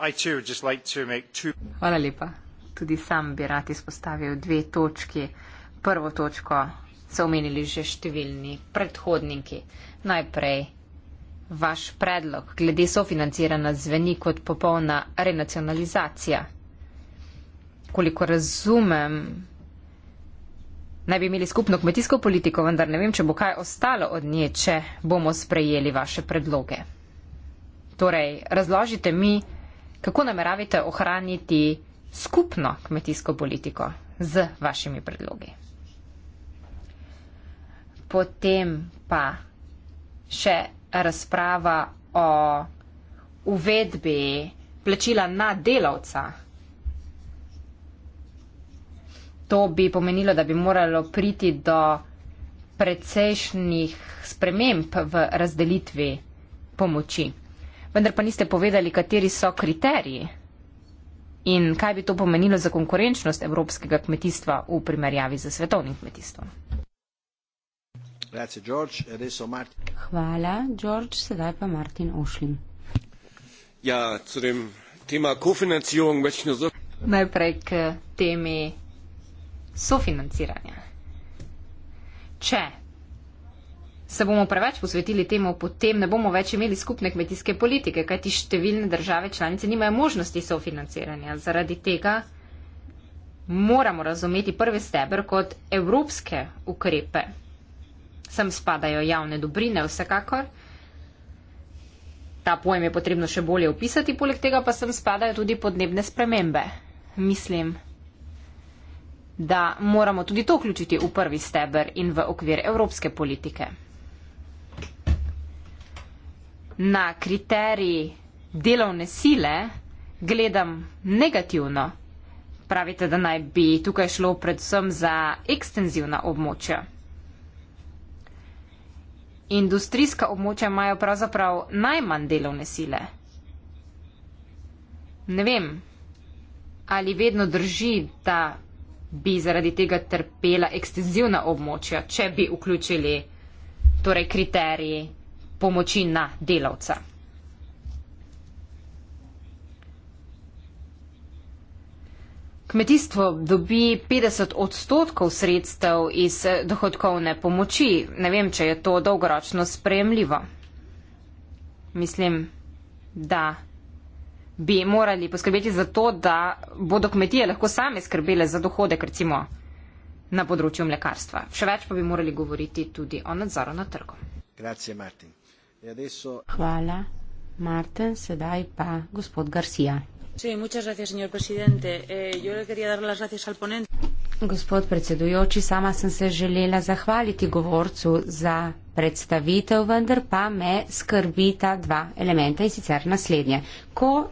uh, Hvala lepa. Tudi sam bi rad izpostavil dve točki. Prvo točko so omenili že številni predhodniki. Najprej vaš predlog glede sofinanciranja zveni kot popolna renacionalizacija. Koliko razumem, naj bi imeli skupno kmetijsko politiko, vendar ne vem, če bo kaj ostalo od nje, če bomo sprejeli vaše predloge. Torej, razložite mi, kako nameravate ohraniti skupno kmetijsko politiko z vašimi predlogi. Potem pa še razprava o uvedbi plačila na delavca. To bi pomenilo, da bi moralo priti do precejšnjih sprememb v razdelitvi pomoči. Vendar pa niste povedali, kateri so kriteriji in kaj bi to pomenilo za konkurenčnost evropskega kmetijstva v primerjavi z svetovnim kmetijstvom. E Hvala, George, sedaj pa Martin Ošlim. Ja, Najprej k temi sofinanciranja. Če se bomo preveč posvetili temu, potem ne bomo več imeli skupne kmetijske politike, kajti številne države članice nimajo možnosti sofinanciranja. Zaradi tega moramo razumeti prvi steber kot evropske ukrepe, sem spadajo javne dobrine vsekakor. Ta pojem je potrebno še bolje opisati, poleg tega pa sem spadajo tudi podnebne spremembe. Mislim, da moramo tudi to vključiti v prvi steber in v okvir evropske politike. Na kriterij delovne sile gledam negativno. Pravite, da naj bi tukaj šlo predvsem za ekstenzivna območja industrijska območja imajo pravzaprav najmanj delovne sile. Ne vem, ali vedno drži, da bi zaradi tega trpela ekstenzivna območja, če bi vključili torej kriteriji pomoči na delavca. Kmetijstvo dobi 50 odstotkov sredstev iz dohodkovne pomoči. Ne vem, če je to dolgoročno sprejemljivo. Mislim, da bi morali poskrbeti za to, da bodo kmetije lahko same skrbele za dohodek, recimo na področju mlekarstva. Še več pa bi morali govoriti tudi o nadzoru na trgu. Grazie, Martin. E adesso... Hvala, Martin. Sedaj pa gospod Garcia. Eh, Gospod predsedujoči, sama sem se želela zahvaliti govorcu za predstavitev, vendar pa me skrbita dva elementa in sicer naslednje. Ko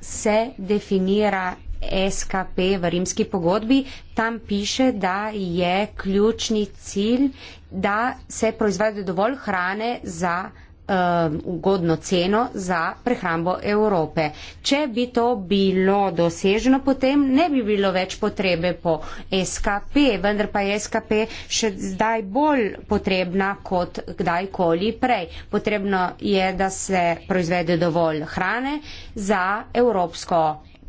se definira SKP v rimski pogodbi, tam piše, da je ključni cilj, da se proizvede dovolj hrane za Um, ugodno ceno za prehrambo Evrope. Če bi to bilo doseženo, potem ne bi bilo več potrebe po SKP, vendar pa je SKP še zdaj bolj potrebna kot kdajkoli prej. Potrebno je, da se proizvede dovolj hrane za evropsko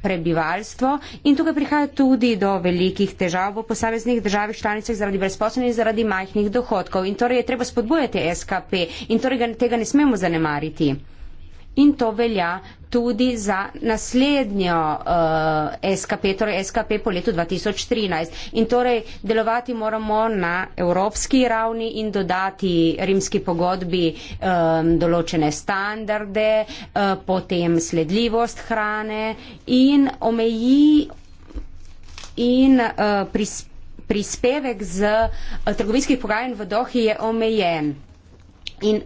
prebivalstvo in tukaj prihaja tudi do velikih težav v posameznih državih članicah zaradi brezposobnih in zaradi majhnih dohodkov. In torej je treba spodbujati SKP in torej ga, tega ne smemo zanemariti in to velja tudi za naslednjo uh, eh, SKP, torej SKP po letu 2013. In torej delovati moramo na evropski ravni in dodati rimski pogodbi um, določene standarde, uh, potem sledljivost hrane in omeji in uh, pris, prispevek z uh, trgovinskih pogajanj v Dohi je omejen. In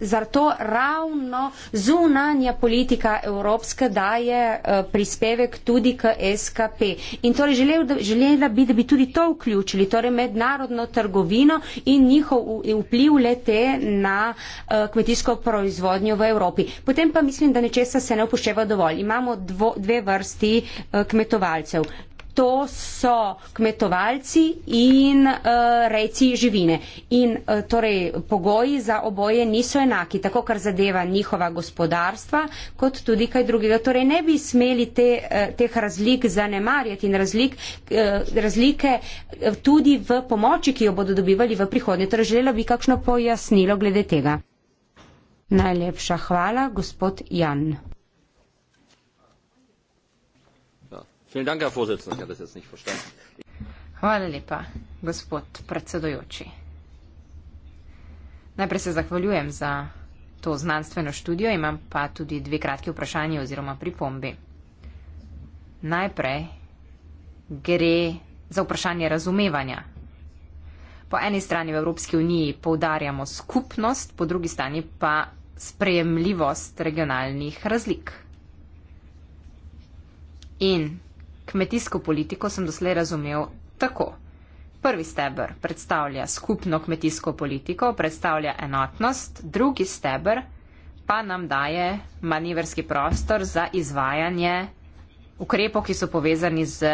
zato ravno zunanja politika evropska daje uh, prispevek tudi k SKP. In torej želel, da, želela bi, da bi tudi to vključili, torej mednarodno trgovino in njihov vpliv lete na uh, kmetijsko proizvodnjo v Evropi. Potem pa mislim, da nečesa se ne upošteva dovolj. Imamo dvo, dve vrsti uh, kmetovalcev to so kmetovalci in uh, eh, reci živine. In uh, torej pogoji za oboje niso enaki, tako kar zadeva njihova gospodarstva, kot tudi kaj drugega. Torej ne bi smeli te, uh, teh razlik zanemarjati in razlik, uh, razlike tudi v pomoči, ki jo bodo dobivali v prihodnje. Torej želela bi kakšno pojasnilo glede tega. Najlepša hvala, gospod Jan. Hvala lepa, gospod predsedojoči. Najprej se zahvaljujem za to znanstveno študijo, imam pa tudi dve kratki vprašanje oziroma pripombi. Najprej gre za vprašanje razumevanja. Po eni strani v Evropski uniji poudarjamo skupnost, po drugi strani pa sprejemljivost regionalnih razlik. In Kmetijsko politiko sem doslej razumel tako. Prvi stebr predstavlja skupno kmetijsko politiko, predstavlja enotnost, drugi stebr pa nam daje manjverski prostor za izvajanje ukrepov, ki so povezani z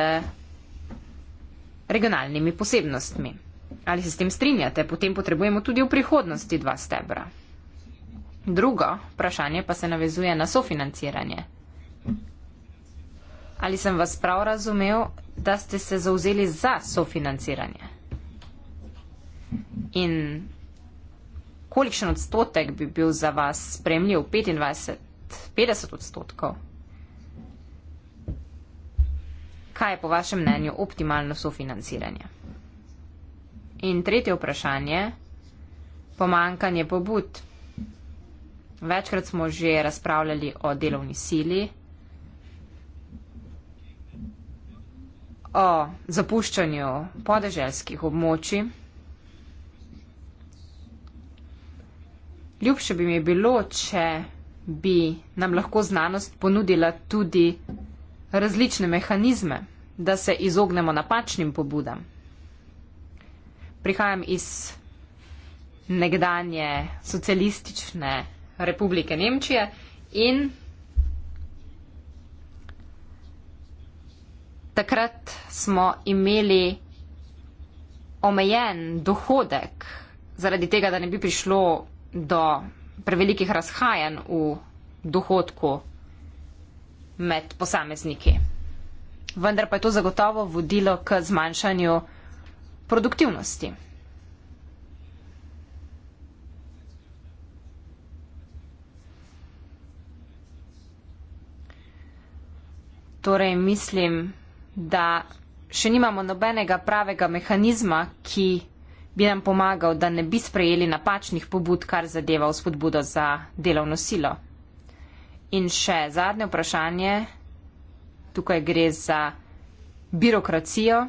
regionalnimi posebnostmi. Ali se s tem strinjate? Potem potrebujemo tudi v prihodnosti dva stebra. Drugo vprašanje pa se navezuje na sofinanciranje. Ali sem vas prav razumel, da ste se zauzeli za sofinanciranje? In kolikšen odstotek bi bil za vas spremljiv? 25, 50 odstotkov? Kaj je po vašem mnenju optimalno sofinanciranje? In tretje vprašanje, pomankanje pobud. Večkrat smo že razpravljali o delovni sili. o zapuščanju podeželskih območij. Ljubše bi mi bilo, če bi nam lahko znanost ponudila tudi različne mehanizme, da se izognemo napačnim pobudam. Prihajam iz nekdanje socialistične republike Nemčije in takrat smo imeli omejen dohodek zaradi tega, da ne bi prišlo do prevelikih razhajanj v dohodku med posamezniki. Vendar pa je to zagotovo vodilo k zmanjšanju produktivnosti. Torej, mislim, da še nimamo nobenega pravega mehanizma, ki bi nam pomagal, da ne bi sprejeli napačnih pobud, kar zadeva vzpodbudo za delovno silo. In še zadnje vprašanje, tukaj gre za birokracijo.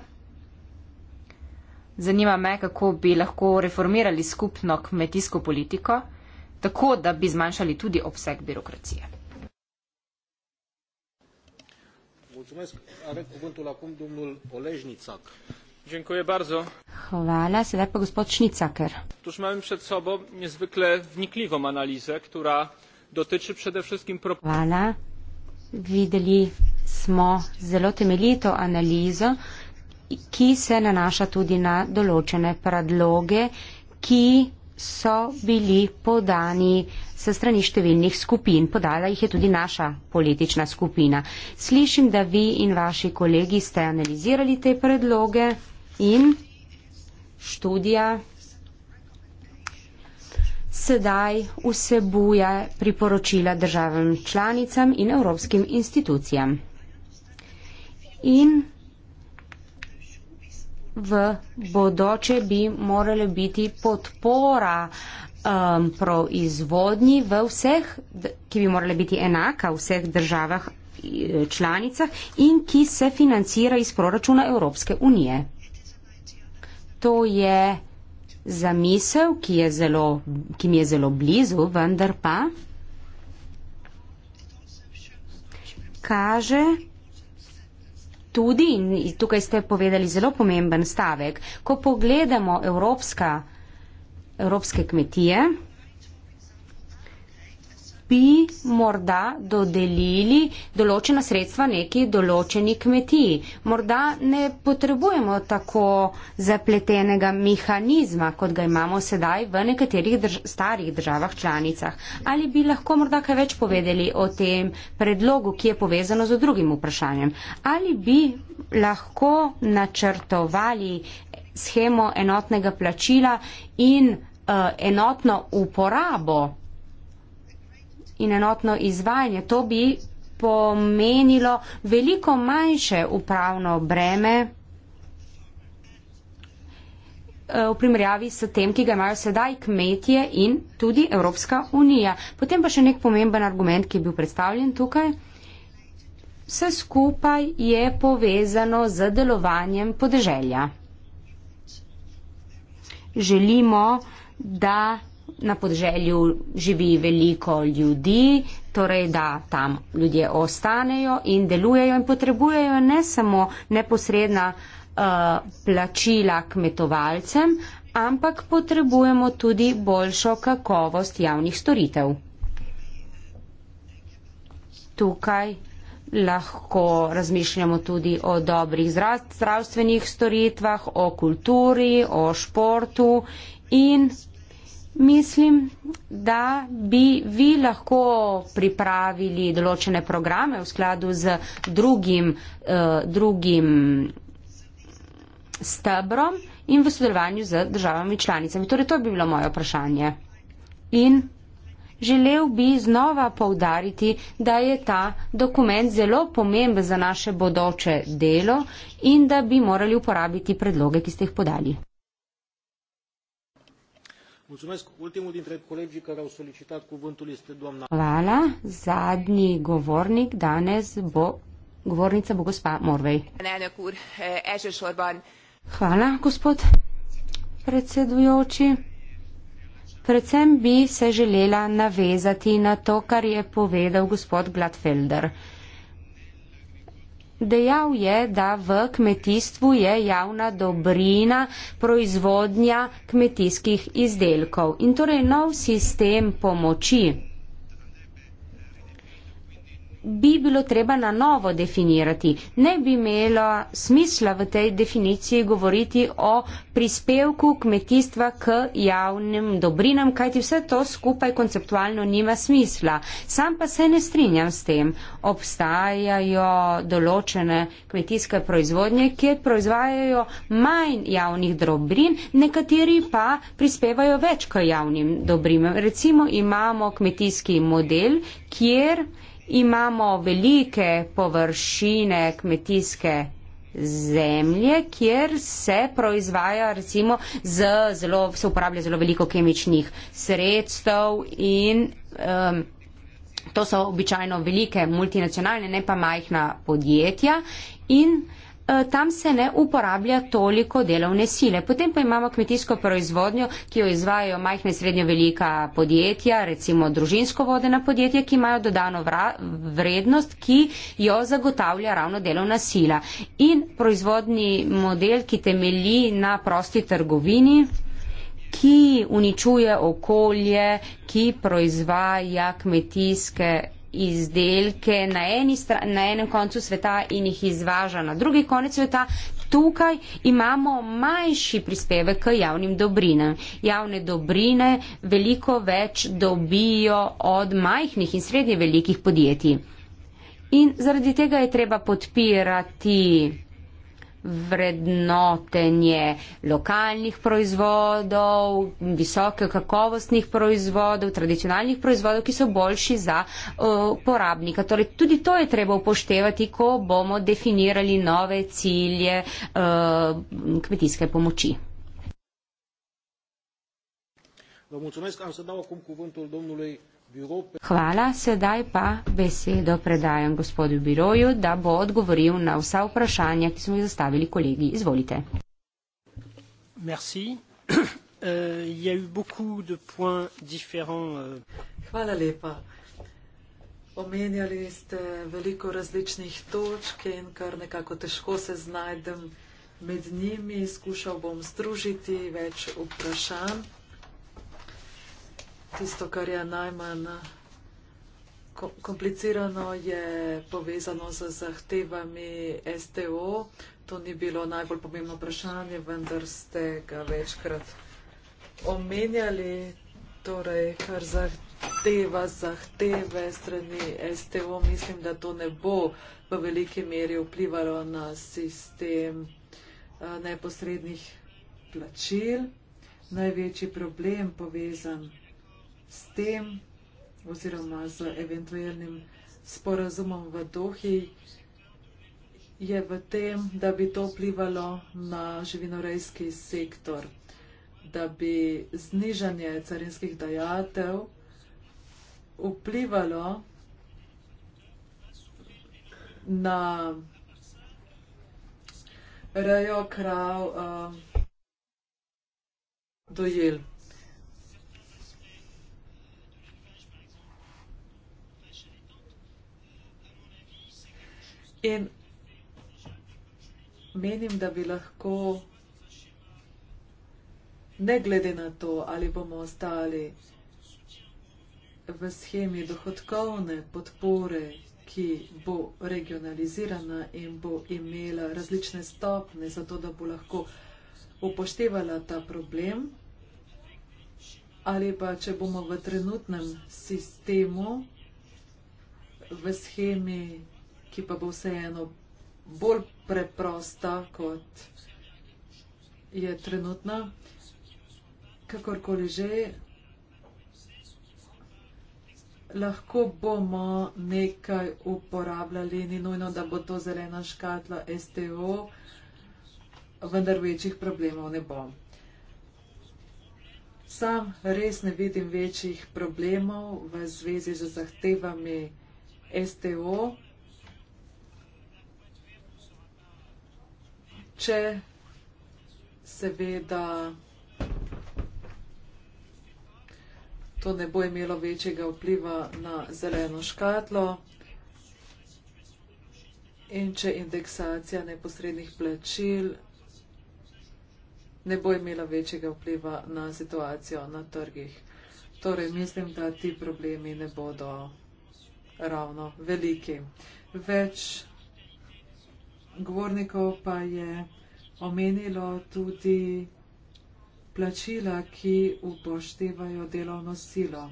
Zanima me, kako bi lahko reformirali skupno kmetijsko politiko, tako da bi zmanjšali tudi obseg birokracije. Hvala, sedaj pa gospod Šnicaker. Tuž imam pred sobo nezvykle vnikljivo analizo, ktora dotiče predvsem propagande. Hvala, videli smo zelo temeljito analizo, ki se nanaša tudi na določene predloge, ki so bili podani s strani številnih skupin. Podala jih je tudi naša politična skupina. Slišim, da vi in vaši kolegi ste analizirali te predloge in študija sedaj vsebuje priporočila državam članicam in evropskim institucijam. In v bodoče bi morale biti podpora um, proizvodnji v vseh, ki bi morale biti enaka v vseh državah eh, članicah in ki se financira iz proračuna Evropske unije. To je zamisel, ki, je zelo, ki mi je zelo blizu, vendar pa kaže, tudi, in tukaj ste povedali zelo pomemben stavek, ko pogledamo evropska, evropske kmetije, bi morda dodelili določena sredstva neki določeni kmetiji. Morda ne potrebujemo tako zapletenega mehanizma, kot ga imamo sedaj v nekaterih drž starih državah članicah. Ali bi lahko morda kaj več povedali o tem predlogu, ki je povezano z drugim vprašanjem? Ali bi lahko načrtovali schemo enotnega plačila in eh, enotno uporabo in enotno izvajanje. To bi pomenilo veliko manjše upravno breme eh, v primerjavi s tem, ki ga imajo sedaj kmetije in tudi Evropska unija. Potem pa še nek pomemben argument, ki je bil predstavljen tukaj. Vse skupaj je povezano z delovanjem podeželja. Želimo, da na podželju živi veliko ljudi, torej da tam ljudje ostanejo in delujejo in potrebujejo ne samo neposredna uh, plačila kmetovalcem, ampak potrebujemo tudi boljšo kakovost javnih storitev. Tukaj lahko razmišljamo tudi o dobrih zdravstvenih storitvah, o kulturi, o športu in mislim, da bi vi lahko pripravili določene programe v skladu z drugim, eh, drugim stebrom in v sodelovanju z državami članicami. Torej, to bi bilo moje vprašanje. In želel bi znova povdariti, da je ta dokument zelo pomemben za naše bodoče delo in da bi morali uporabiti predloge, ki ste jih podali. Mulțumesc. Ultimul dintre colegii care au solicitat cuvântul este doamna... Lala, zadni govornic, danes, bo... govornica Bogospa Morvei. E, Hvala, gospod predsedujoči. Predvsem bi se želela navezati na to, kar je povedal gospod Gladfelder. Dejal je, da v kmetijstvu je javna dobrina proizvodnja kmetijskih izdelkov in torej nov sistem pomoči bi bilo treba na novo definirati. Ne bi imelo smisla v tej definiciji govoriti o prispevku kmetijstva k javnim dobrinam, kajti vse to skupaj konceptualno nima smisla. Sam pa se ne strinjam s tem. Obstajajo določene kmetijske proizvodnje, kjer proizvajajo manj javnih dobrin, nekateri pa prispevajo več k javnim dobrinam. Recimo imamo kmetijski model, kjer imamo velike površine kmetijske zemlje, kjer se proizvaja recimo z zelo, se uporablja zelo veliko kemičnih sredstev in um, to so običajno velike multinacionalne, ne pa majhna podjetja in Eh, tam se ne uporablja toliko delovne sile. Potem pa imamo kmetijsko proizvodnjo, ki jo izvajajo majhne, srednje velika podjetja, recimo družinsko vodena podjetja, ki imajo dodano vrednost, ki jo zagotavlja ravno delovna sila. In proizvodni model, ki temelji na prosti trgovini ki uničuje okolje, ki proizvaja kmetijske izdelke na, na enem koncu sveta in jih izvaža na drugi konec sveta, tukaj imamo manjši prispevek k javnim dobrinam. Javne dobrine veliko več dobijo od majhnih in srednje velikih podjetij. In zaradi tega je treba podpirati vrednotenje lokalnih proizvodov, visoke kakovostnih proizvodov, tradicionalnih proizvodov, ki so boljši za uporabnika. Uh, torej, tudi to je treba upoštevati, ko bomo definirali nove cilje uh, kmetijske pomoči. Vă mulțumesc, am să dau acum cuvântul domnului Hvala, sedaj pa besedo predajam gospodu Biroju, da bo odgovoril na vsa vprašanja, ki smo jih zastavili kolegi. Izvolite. Euh, euh. Hvala lepa. Omenjali ste veliko različnih točk in kar nekako težko se znajdem med njimi. Skušal bom združiti več vprašanj tisto, kar je najmanj komplicirano, je povezano z zahtevami STO. To ni bilo najbolj pomembno vprašanje, vendar ste ga večkrat omenjali. Torej, kar zahteva zahteve strani STO, mislim, da to ne bo v veliki meri vplivalo na sistem eh, neposrednih plačil. Največji problem povezan s tem, oziroma z eventualnim sporazumom v Dohi, je v tem, da bi to vplivalo na živinorejski sektor, da bi znižanje carinskih dajatev vplivalo na rejo krav uh, dojel. In menim, da bi lahko, ne glede na to, ali bomo ostali v schemi dohodkovne podpore, ki bo regionalizirana in bo imela različne stopne, zato da bo lahko upoštevala ta problem, ali pa če bomo v trenutnem sistemu v schemi ki pa bo vseeno bolj preprosta, kot je trenutna. Kakorkoli že, lahko bomo nekaj uporabljali, ni nujno, da bo to zelena škatla STO, vendar večjih problemov ne bo. Sam res ne vidim večjih problemov v zvezi z zahtevami STO. če seveda to ne bo imelo večjega vpliva na zeleno škatlo in če indeksacija neposrednih plačil ne bo imela večjega vpliva na situacijo na trgih. Torej, mislim, da ti problemi ne bodo ravno veliki. Več govornikov pa je omenilo tudi plačila, ki upoštevajo delovno silo.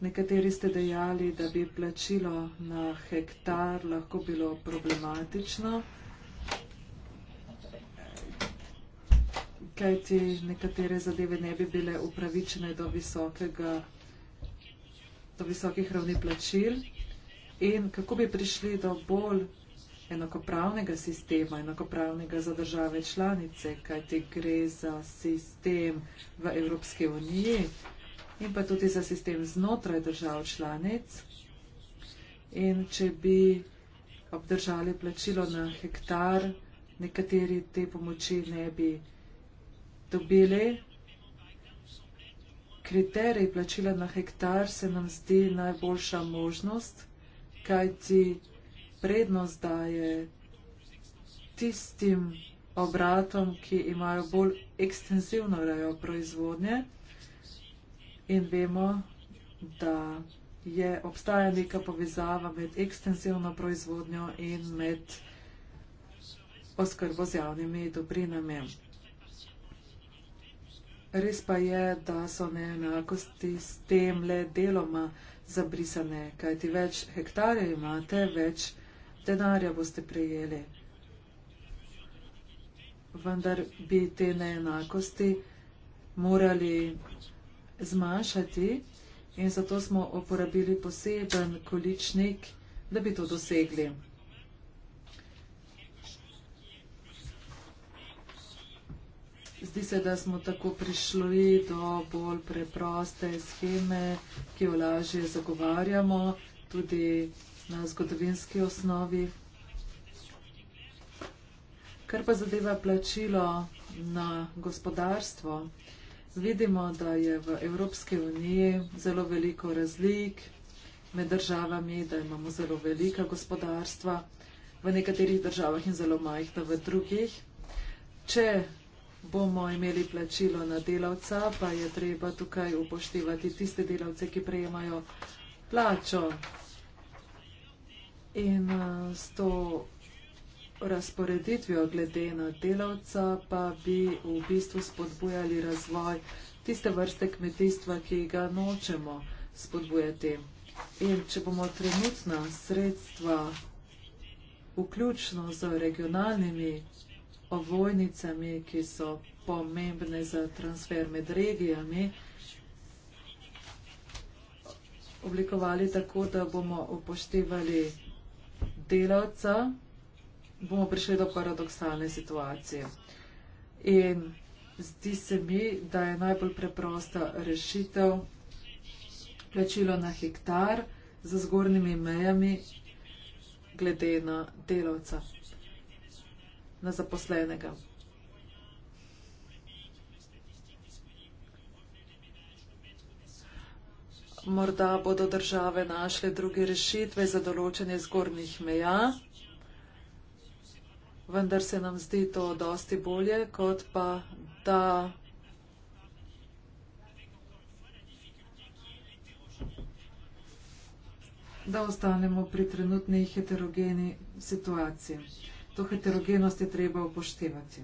Nekateri ste dejali, da bi plačilo na hektar lahko bilo problematično, kajti nekatere zadeve ne bi bile upravičene do, visokega, do visokih ravni plačil in kako bi prišli do bolj enakopravnega sistema, enakopravnega za države članice, kajti gre za sistem v Evropski uniji in pa tudi za sistem znotraj držav članic. In če bi obdržali plačilo na hektar, nekateri te pomoči ne bi dobili. Kriterij plačila na hektar se nam zdi najboljša možnost, kajti prednost daje tistim obratom, ki imajo bolj ekstenzivno rejo proizvodnje in vemo, da je obstaja neka povezava med ekstenzivno proizvodnjo in med oskrbo z javnimi dobrinami. Res pa je, da so neenakosti s tem le deloma zabrisane, kajti več hektarjev imate, več denarja boste prejeli. Vendar bi te neenakosti morali zmanjšati in zato smo uporabili poseben količnik, da bi to dosegli. Zdi se, da smo tako prišli do bolj preproste scheme, ki jo lažje zagovarjamo tudi na zgodovinski osnovi. Kar pa zadeva plačilo na gospodarstvo, vidimo, da je v Evropski uniji zelo veliko razlik med državami, da imamo zelo velika gospodarstva v nekaterih državah in zelo majhna v drugih. Če bomo imeli plačilo na delavca, pa je treba tukaj upoštevati tiste delavce, ki prejemajo plačo. In eh, s to razporeditvijo glede na delavca pa bi v bistvu spodbujali razvoj tiste vrste kmetijstva, ki ga nočemo spodbujati. In če bomo trenutna sredstva vključno z regionalnimi ovojnicami, ki so pomembne za transfer med regijami, oblikovali tako, da bomo upoštevali delavca, bomo prišli do paradoksalne situacije. In zdi se mi, da je najbolj preprosta rešitev plačilo na hektar z zgornjimi mejami glede na delavca na zaposlenega. Morda bodo države našle druge rešitve za določanje zgornjih meja, vendar se nam zdi to dosti bolje, kot pa da da ostanemo pri trenutni heterogeni situaciji. To heterogenost je treba upoštevati.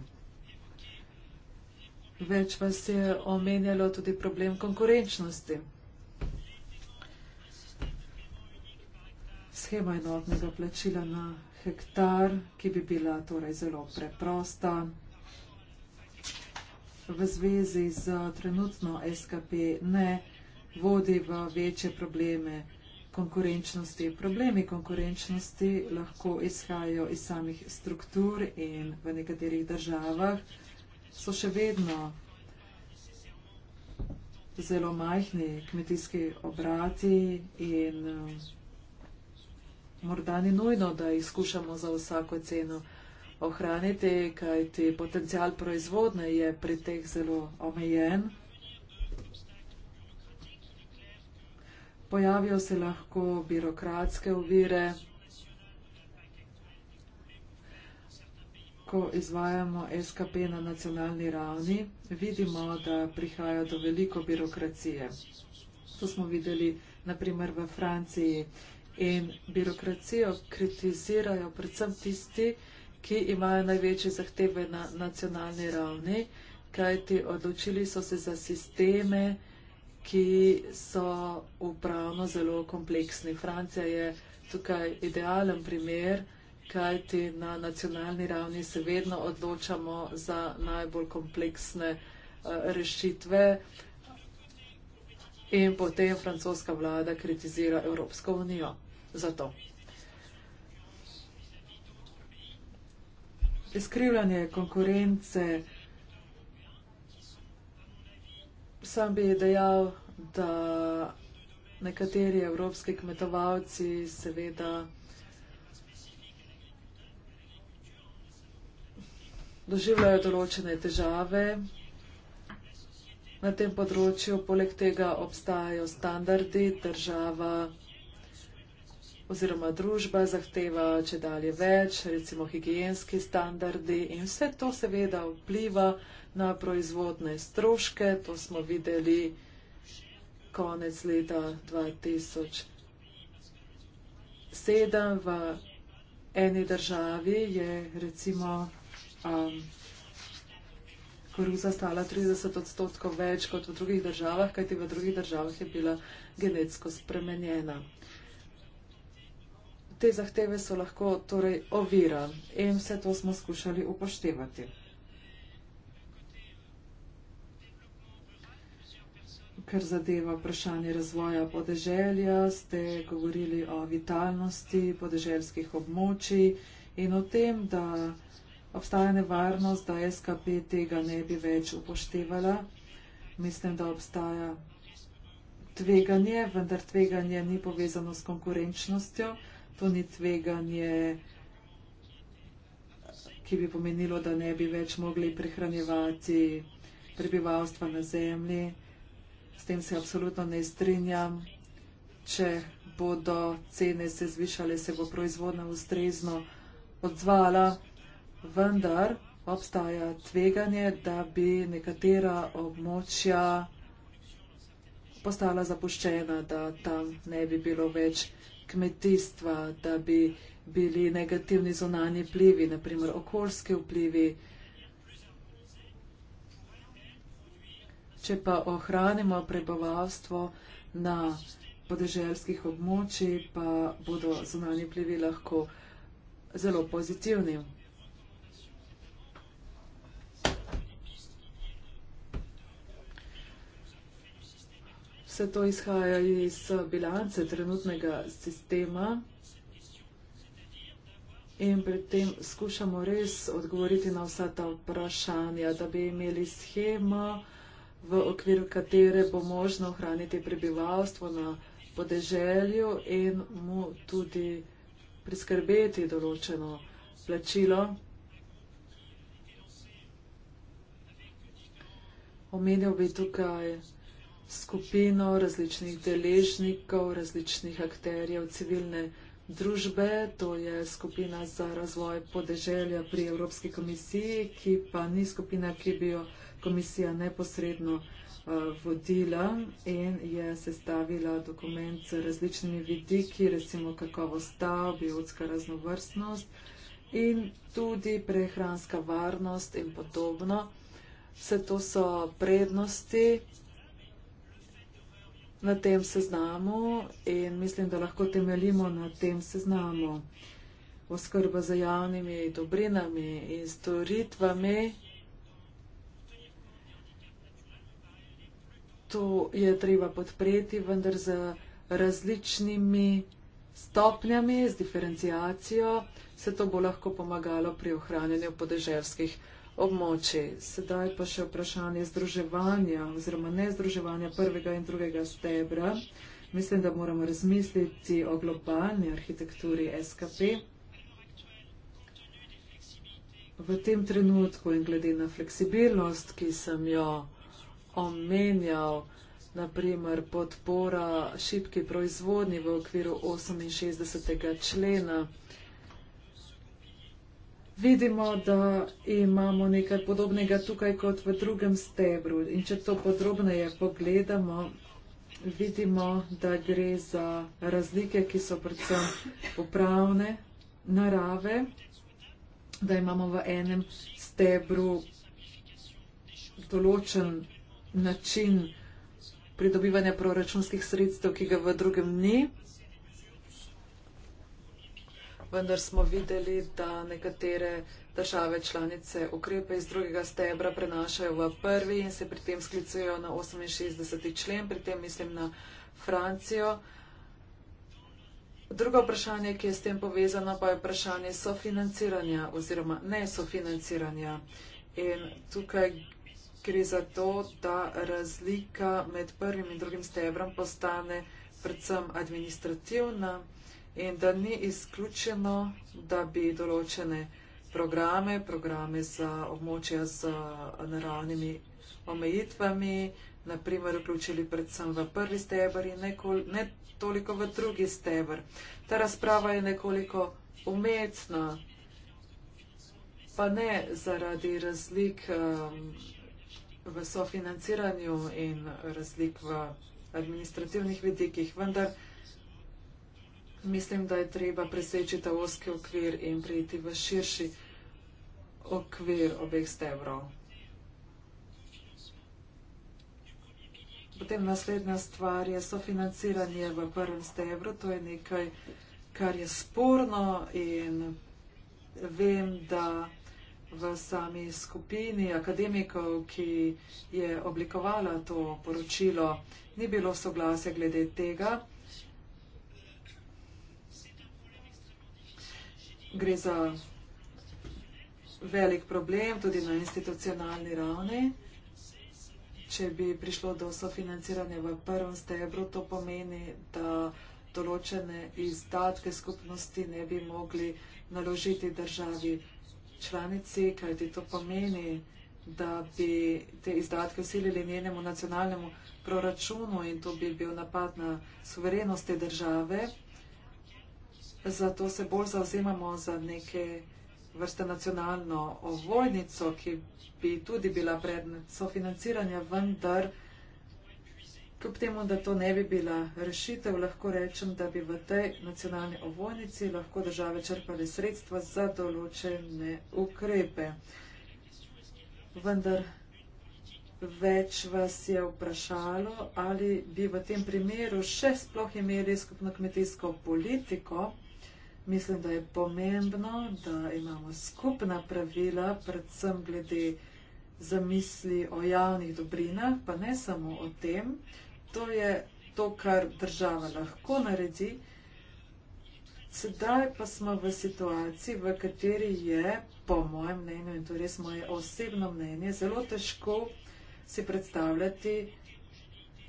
Več vas je omenjalo tudi problem konkurenčnosti. Schema enotnega plačila na hektar, ki bi bila torej zelo preprosta. V zvezi z trenutno SKP ne vodi v večje probleme konkurenčnosti. Problemi konkurenčnosti lahko izhajajo iz samih struktur in v nekaterih državah so še vedno zelo majhni kmetijski obrati in eh, morda ni nujno, da jih skušamo za vsako ceno ohraniti, kajti potencial proizvodne je pri teh zelo omejen. pojavijo se lahko birokratske ovire, ko izvajamo SKP na nacionalni ravni, vidimo, da prihaja do veliko birokracije. To smo videli naprimer v Franciji. In birokracijo kritizirajo predvsem tisti, ki imajo največje zahteve na nacionalni ravni, kajti odločili so se za sisteme, ki so upravno zelo kompleksni. Francija je tukaj idealen primer, kajti na nacionalni ravni se vedno odločamo za najbolj kompleksne eh, rešitve in potem francoska vlada kritizira Evropsko unijo za to. Izkrivljanje konkurence Sam bi dejal, da nekateri evropski kmetovalci seveda doživljajo določene težave na tem področju. Poleg tega obstajajo standardi, država oziroma družba zahteva če dalje več, recimo higijenski standardi in vse to seveda vpliva na proizvodne stroške. To smo videli konec leta 2007. V eni državi je recimo um, koruza stala 30 odstotkov več kot v drugih državah, kajti v drugih državah je bila genetsko spremenjena. Te zahteve so lahko torej ovira in vse to smo skušali upoštevati. kar zadeva vprašanje razvoja podeželja, ste govorili o vitalnosti podeželjskih območij in o tem, da obstaja nevarnost, da SKP tega ne bi več upoštevala. Mislim, da obstaja tveganje, vendar tveganje ni povezano s konkurenčnostjo. To ni tveganje, ki bi pomenilo, da ne bi več mogli prehranjevati prebivalstva na zemlji. S tem se absolutno ne strinjam. Če bodo cene se zvišale, se bo proizvodna ustrezno odzvala, vendar obstaja tveganje, da bi nekatera območja postala zapuščena, da tam ne bi bilo več kmetijstva, da bi bili negativni zonani plivi, naprimer okoljski vplivi. Če pa ohranimo prebavstvo na podeželskih območjih, pa bodo zunanji plivi lahko zelo pozitivni. Vse to izhaja iz bilance trenutnega sistema in pri tem skušamo res odgovoriti na vsa ta vprašanja, da bi imeli schemo, v okviru katere bo možno ohraniti prebivalstvo na podeželju in mu tudi priskrbeti določeno plačilo. Omenil bi tukaj skupino različnih deležnikov, različnih akterjev civilne družbe, to je skupina za razvoj podeželja pri Evropski komisiji, ki pa ni skupina, ki bi jo komisija neposredno eh, vodila in je sestavila dokument z različnimi vidiki, recimo kakovosta, biotska raznovrstnost in tudi prehranska varnost in podobno. Vse to so prednosti na tem seznamu in mislim, da lahko temeljimo na tem seznamu. Oskrba z javnimi dobrinami in storitvami to je treba podpreti, vendar z različnimi stopnjami, z diferencijacijo, se to bo lahko pomagalo pri ohranjanju podeželskih območij. Sedaj pa še vprašanje združevanja oziroma ne združevanja prvega in drugega stebra. Mislim, da moramo razmisliti o globalni arhitekturi SKP. V tem trenutku in glede na fleksibilnost, ki sem jo omenjal, naprimer podpora šibki proizvodnji v okviru 68. člena. Vidimo, da imamo nekaj podobnega tukaj kot v drugem stebru. In če to podrobneje pogledamo, vidimo, da gre za razlike, ki so predvsem upravne narave, da imamo v enem stebru določen način pridobivanja proračunskih sredstev, ki ga v drugem ni. Vendar smo videli, da nekatere države članice ukrepe iz drugega stebra prenašajo v prvi in se pri tem sklicujejo na 68. člen, pri tem mislim na Francijo. Drugo vprašanje, ki je s tem povezano, pa je vprašanje sofinanciranja oziroma ne sofinanciranja. In tukaj gre za to, da razlika med prvim in drugim stebrom postane predvsem administrativna in da ni izključeno, da bi določene programe, programe za območja z naravnimi omejitvami, naprimer vključili predvsem v prvi stebr in nekol, ne toliko v drugi stebr. Ta razprava je nekoliko umetna, pa ne zaradi razlik um, v sofinanciranju in razlik v administrativnih vidikih, vendar mislim, da je treba preseči ta oski okvir in prijeti v širši okvir obeh stebrov. Potem naslednja stvar je sofinanciranje v prvem stebru. To je nekaj, kar je sporno in vem, da v sami skupini akademikov, ki je oblikovala to poročilo, ni bilo soglasja glede tega. Gre za velik problem tudi na institucionalni ravni. Če bi prišlo do sofinanciranja v prvem stebru, to pomeni, da določene izdatke skupnosti ne bi mogli naložiti državi članici, kajti to pomeni, da bi te izdatke usilili njenemu nacionalnemu proračunu in to bi bil napad na suverenost te države. Zato se bolj zauzemamo za neke vrste nacionalno ovojnico, ki bi tudi bila predmet sofinanciranja, vendar. Kljub temu, da to ne bi bila rešitev, lahko rečem, da bi v tej nacionalni ovojnici lahko države črpale sredstva za določene ukrepe. Vendar več vas je vprašalo, ali bi v tem primeru še sploh imeli skupno kmetijsko politiko. Mislim, da je pomembno, da imamo skupna pravila, predvsem glede zamisli o javnih dobrinah, pa ne samo o tem, to je to, kar država lahko naredi. Sedaj pa smo v situaciji, v kateri je, po mojem mnenju, in to je res moje osebno mnenje, zelo težko si predstavljati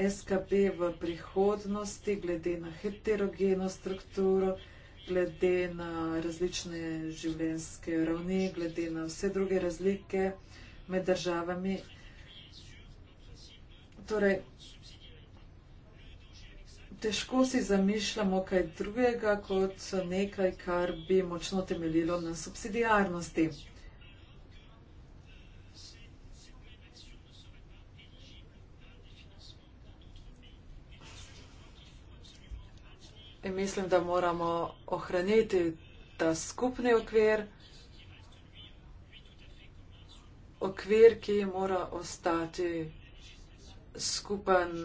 SKB v prihodnosti, glede na heterogeno strukturo, glede na različne življenjske ravni, glede na vse druge razlike med državami. Torej, težko si zamišljamo kaj drugega kot nekaj, kar bi močno temeljilo na subsidijarnosti. In mislim, da moramo ohraniti ta skupni okvir, okvir, ki mora ostati skupen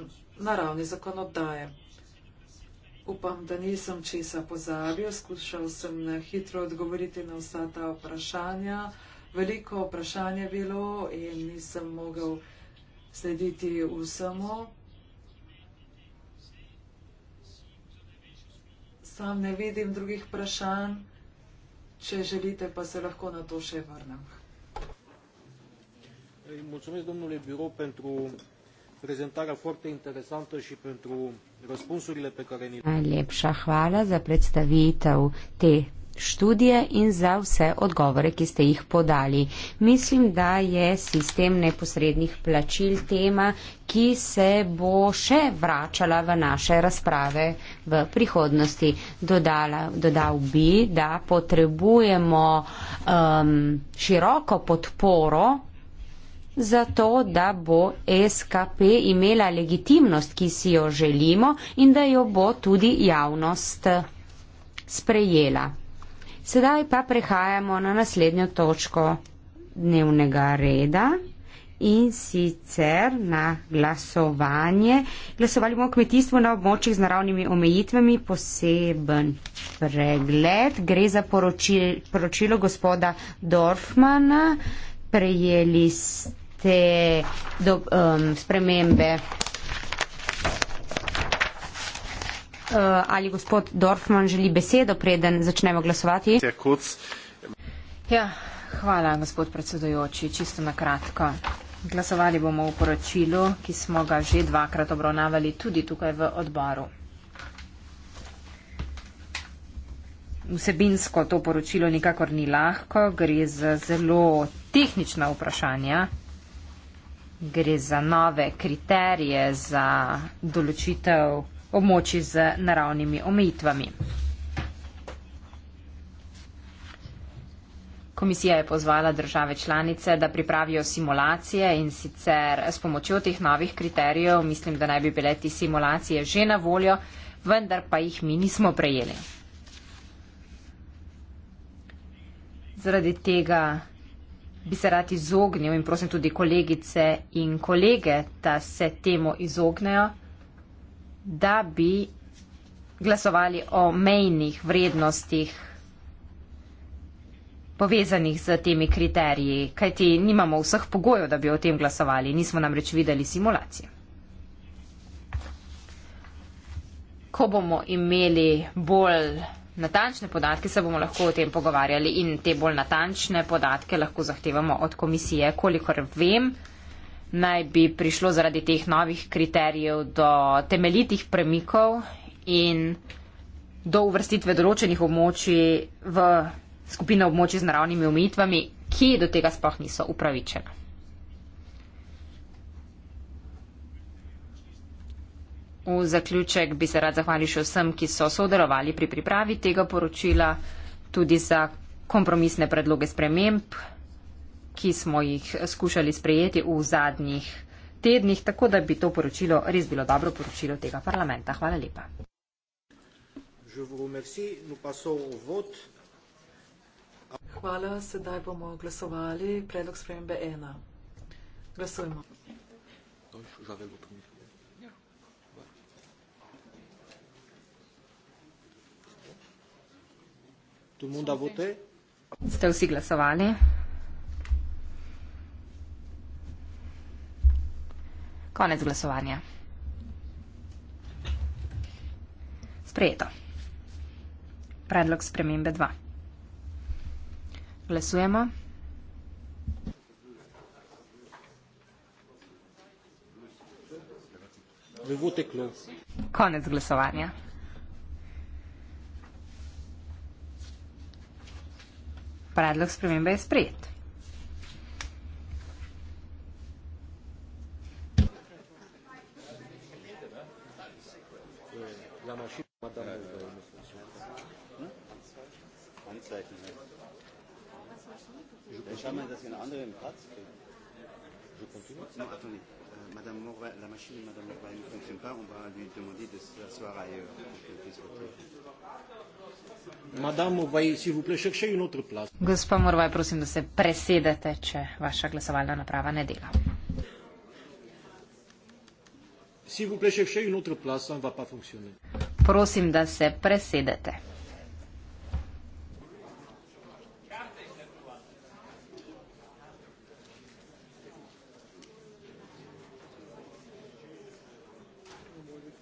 na ravni zakonodaje. Upam, da nisem česa pozabil, skušal sem na hitro odgovoriti na vsa ta vprašanja. Veliko vprašanje je bilo in nisem mogel slediti vsemu. Sam ne vidim drugih vprašanj, če želite, pa se lahko na to še vrnem. Mulțumesc, domnule Biro, pentru prezentarea foarte interesantă și pentru Najlepša hvala za predstavitev te študije in za vse odgovore, ki ste jih podali. Mislim, da je sistem neposrednih plačil tema, ki se bo še vračala v naše razprave v prihodnosti. Dodala, dodal bi, da potrebujemo um, široko podporo zato da bo SKP imela legitimnost, ki si jo želimo in da jo bo tudi javnost sprejela. Sedaj pa prehajamo na naslednjo točko dnevnega reda in sicer na glasovanje. Glasovali bomo o kmetijstvu na območjih z naravnimi omejitvami, poseben pregled. Gre za poročil, poročilo gospoda Dorfmana. Prejeli ste te do, um, spremembe. Uh, ali gospod Dorfman želi besedo, preden začnemo glasovati? Ja, ja hvala, gospod predsedojoči. Čisto na kratko. Glasovali bomo v poročilu, ki smo ga že dvakrat obravnavali tudi tukaj v odboru. Vsebinsko to poročilo nikakor ni lahko, gre za zelo tehnična vprašanja, gre za nove kriterije za določitev območij z naravnimi omejitvami. Komisija je pozvala države članice, da pripravijo simulacije in sicer s pomočjo teh novih kriterijev, mislim, da naj bi bile ti simulacije že na voljo, vendar pa jih mi nismo prejeli. Zaradi tega bi se rad izognil in prosim tudi kolegice in kolege, da se temu izognejo, da bi glasovali o mejnih vrednostih povezanih z temi kriteriji, kajti nimamo vseh pogojev, da bi o tem glasovali, nismo namreč videli simulacije. Ko bomo imeli bolj natančne podatke se bomo lahko o tem pogovarjali in te bolj natančne podatke lahko zahtevamo od komisije. Kolikor vem, naj bi prišlo zaradi teh novih kriterijev do temeljitih premikov in do uvrstitve določenih območij v skupino območij z naravnimi omejitvami, ki do tega sploh niso upravičene. V zaključek bi se rad zahvalil še vsem, ki so sodelovali pri pripravi tega poročila, tudi za kompromisne predloge sprememb, ki smo jih skušali sprejeti v zadnjih tednih, tako da bi to poročilo res bilo dobro poročilo tega parlamenta. Hvala lepa. Hvala, sedaj bomo glasovali predlog spremembe ena. Glasujemo. No, Tout le monde a voté. Ste vsi glasovali? Konec glasovanja. Sprejeto. Predlog spremembe 2. Glasujemo. Konec glasovanja. Predlog spremembe je sprejet. Je continue. Non, attendez. Madame Morvain, la machine de Madame Morvain ne fonctionne pas, on va lui demander de s'asseoir ailleurs. Gospa Morvaj, prosim, da se presedete, če vaša glasovalna naprava ne dela. Prosim, da se presedete.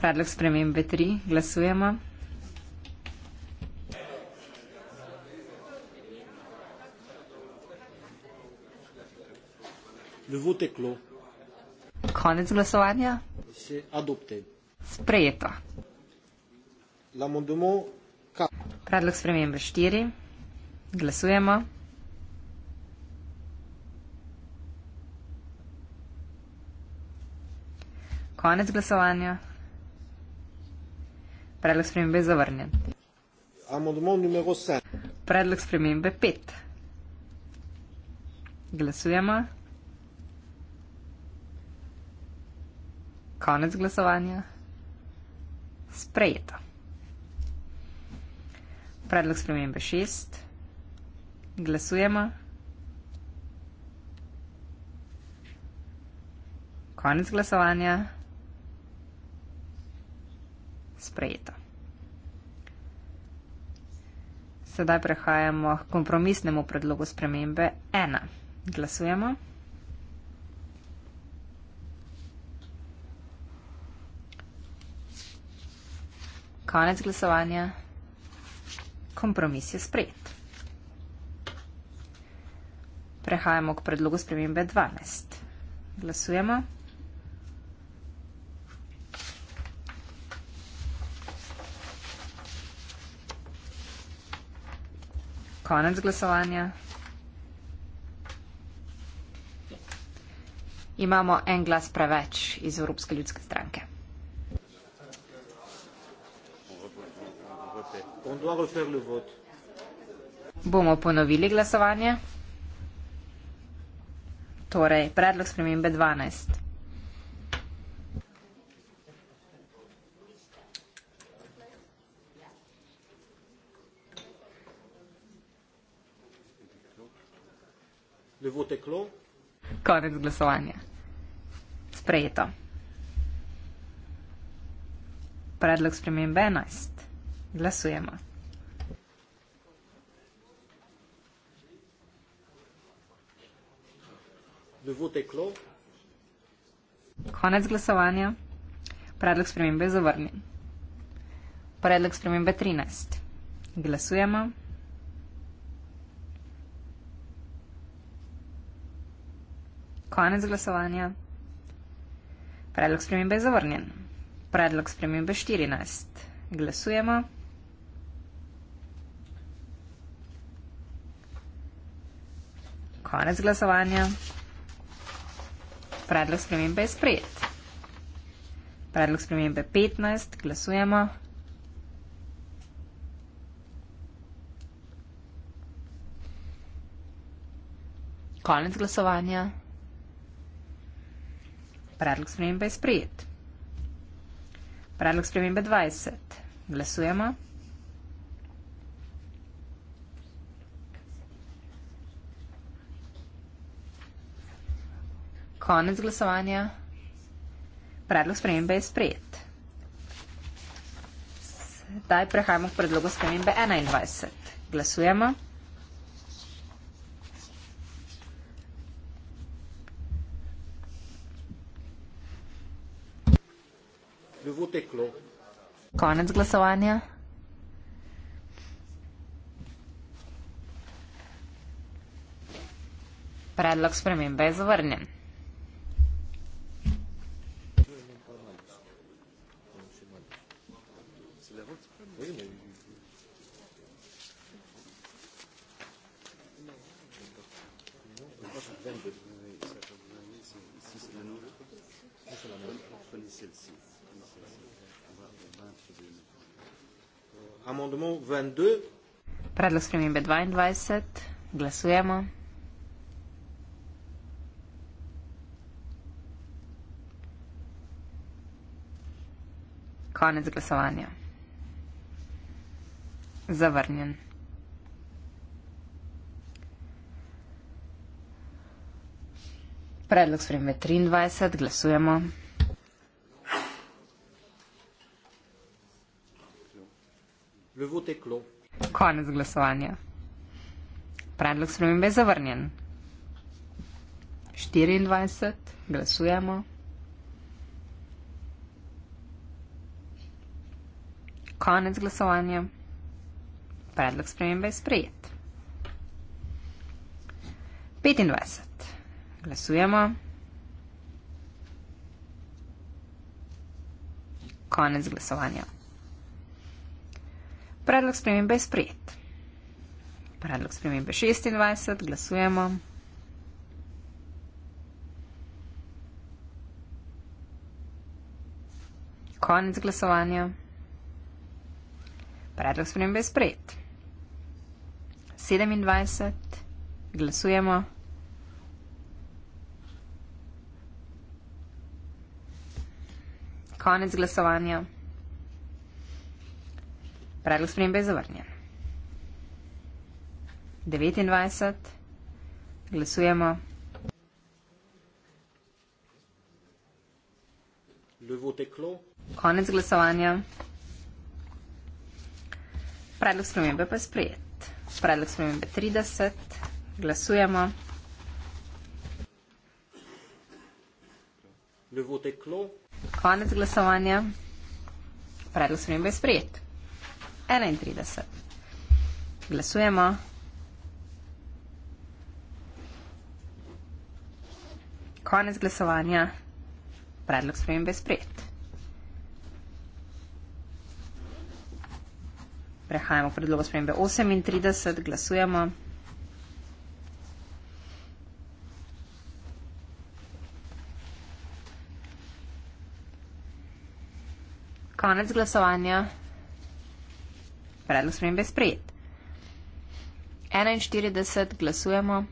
predlog spremembe 3. Glasujemo. Konec glasovanja. Sprejeto. Predlog spremembe 4. Glasujemo. Konec glasovanja. Predlog spremembe je zavrnjen. Predlog spremembe 5. Glasujemo. Konec glasovanja. Sprejeto. Predlog spremembe 6. Glasujemo. Konec glasovanja sprejeta. Sedaj prehajamo k kompromisnemu predlogu spremembe 1. Glasujemo. Konec glasovanja. Kompromis je sprejet. Prehajamo k predlogu spremembe 12. Glasujemo. konec glasovanja. Imamo en glas preveč iz Evropske ljudske stranke. Bomo ponovili glasovanje. Torej, predlog spremembe 12. Konec glasovanja. Sprejeto. Predlog spremembe 11. Glasujemo. Konec glasovanja. Predlog spremembe je zavrnjen. Predlog spremembe 13. Glasujemo. Konec glasovanja. Predlog spremembe je zavrnjen. Predlog spremembe 14. Glasujemo. Konec glasovanja. Predlog spremembe je sprejet. Predlog spremembe 15. Glasujemo. Konec glasovanja. Predlog spremembe je sprejet. Predlog spremembe 20. Glasujemo. Konec glasovanja. Predlog spremembe je sprejet. Zdaj prehajamo k predlogu spremembe 21. Glasujemo. poteklo. Konec glasovanja. Predlog spremembe je zavrnjen. amandma 22. Predlog spremembe 22. Glasujemo. Konec glasovanja. Zavrnjen. Predlog spremembe 23. Glasujemo. v vote klo. Konec glasovanja. Predlog spremembe je zavrnjen. 24, glasujemo. Konec glasovanja. Predlog spremembe je sprejet. 25, glasujemo. Konec glasovanja. Predlog spremembe je sprejet. Predlog spremembe 26, glasujemo. Konec glasovanja. Predlog spremembe je sprejet. 27, glasujemo. Konec glasovanja. Predlog spremembe je zavrnjen. 29. Glasujemo. Konec glasovanja. Predlog spremembe pa je sprejet. Predlog spremembe 30. Glasujemo. Konec glasovanja. Predlog spremembe je sprejet. 31. Glasujemo. Konec glasovanja. Predlog spremembe je sprejet. Prehajamo k predlogu spremembe 38. Glasujemo. Konec glasovanja. Predlog spremembe je sprejet. 41 glasujemo.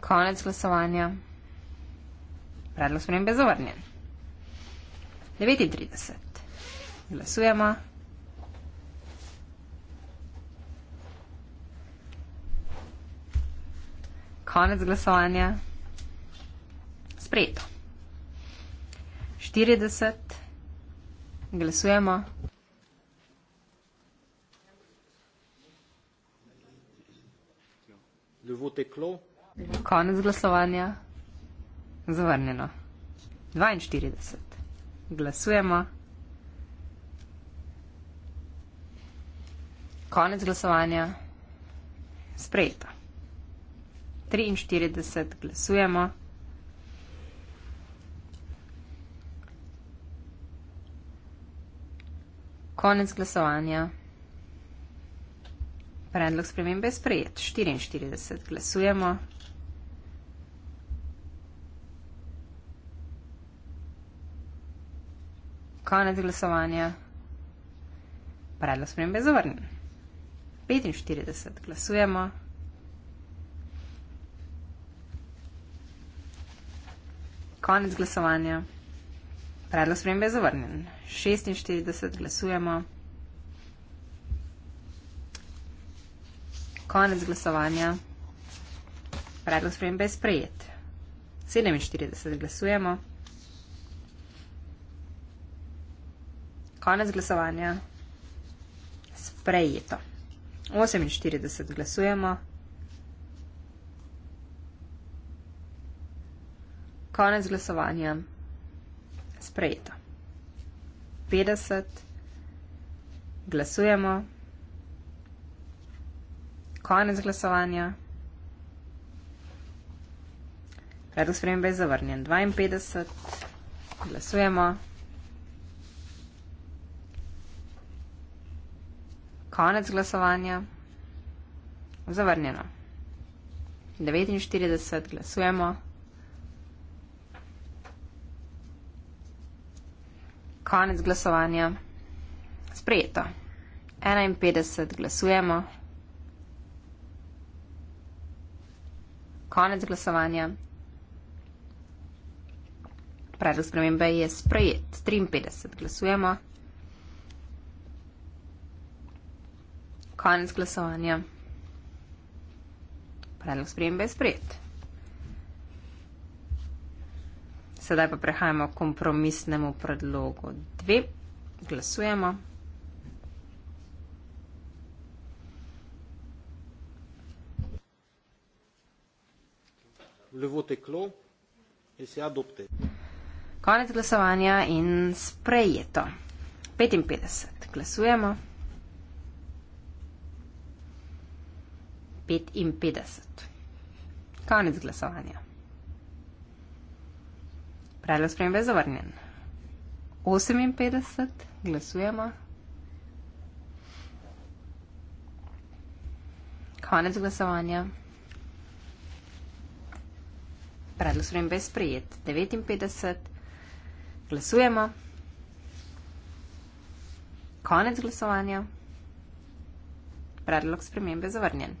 Konec glasovanja. Predlog spremembe je zavrnjen. 39 glasujemo. Konec glasovanja. Sprejeto štirideset. Glasujemo. Konec glasovanja. Zavrnjeno. Dvainštirideset. Glasujemo. Konec glasovanja. Sprejeto. Triinštirideset. Glasujemo. Konec glasovanja. Predlog spremembe je sprejet. 44 glasujemo. Konec glasovanja. Predlog spremembe je zavrnjen. 45 glasujemo. Konec glasovanja. Predlog sprejem je zavrnjen. 46 glasujemo. Konec glasovanja. Predlog sprejem je sprejet. 47 glasujemo. Konec glasovanja. Sprejeto. 48 glasujemo. Konec glasovanja sprejeto. 50, glasujemo, konec glasovanja, predlog spremembe je zavrnjen. 52, glasujemo, konec glasovanja, zavrnjeno. 49, glasujemo. Konec glasovanja. Sprejeto. 51 glasujemo. Konec glasovanja. Predlog spremembe je sprejet. 53 glasujemo. Konec glasovanja. Predlog spremembe je sprejet. Sedaj pa prehajamo k kompromisnemu predlogu. Dve, glasujemo. Levo teklo, se adopte. Konec glasovanja in sprejeto. 55. Glasujemo. 55. Konec glasovanja. Predlog spremembe je zavrnjen. 58, glasujemo. Konec glasovanja. Predlog spremembe je sprejet. 59, glasujemo. Konec glasovanja. Predlog spremembe je zavrnjen.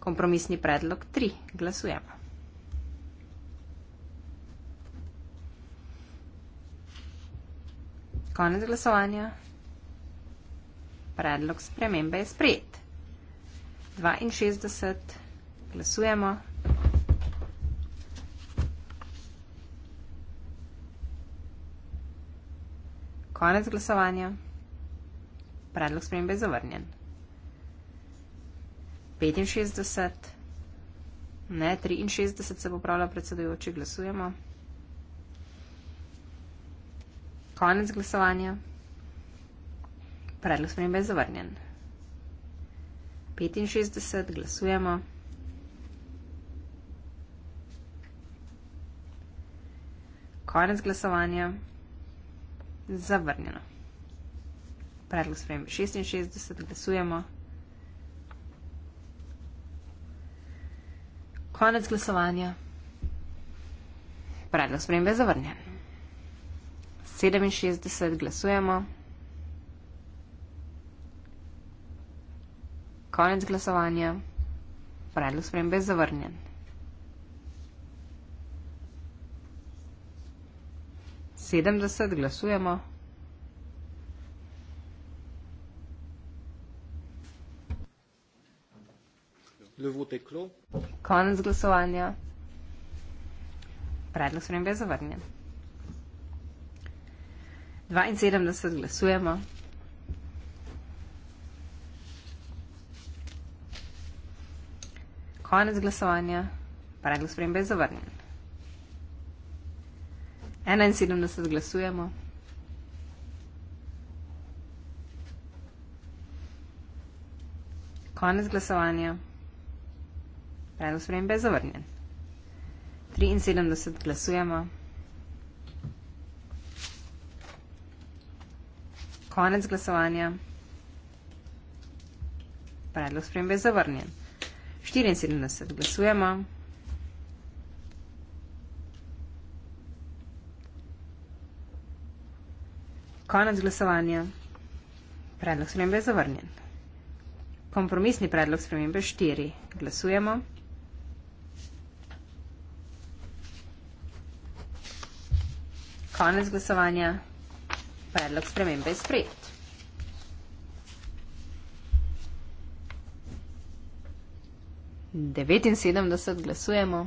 Kompromisni predlog 3, glasujemo. Konec glasovanja. Predlog spremembe je sprejet. 62. Glasujemo. Konec glasovanja. Predlog spremembe je zavrnjen. 65. Ne, 63 se bo pravila predsedujoči. Glasujemo. Konec glasovanja. Predlog sprememb je zavrnjen. 65 glasujemo. Konec glasovanja. Zavrnjeno. Predlog sprememb 66 glasujemo. Konec glasovanja. Predlog sprememb je zavrnjen sedeminšestdeset, glasujemo. Konec glasovanja. Predlog sprembe je zavrnjen. Sedemdeset, glasujemo. Konec glasovanja. Predlog sprembe je zavrnjen. 72 glasujemo. Konec glasovanja, predlog spremembe je zavrnjen. 71 glasujemo. Konec glasovanja, predlog spremembe je zavrnjen. 73 glasujemo. konec glasovanja. Predlog spremembe je zavrnjen. 74 glasujemo. Konec glasovanja. Predlog spremembe je zavrnjen. Kompromisni predlog spremembe 4. Glasujemo. Konec glasovanja predlog spremembe sprejet. Devetinsedemdeset glasujemo.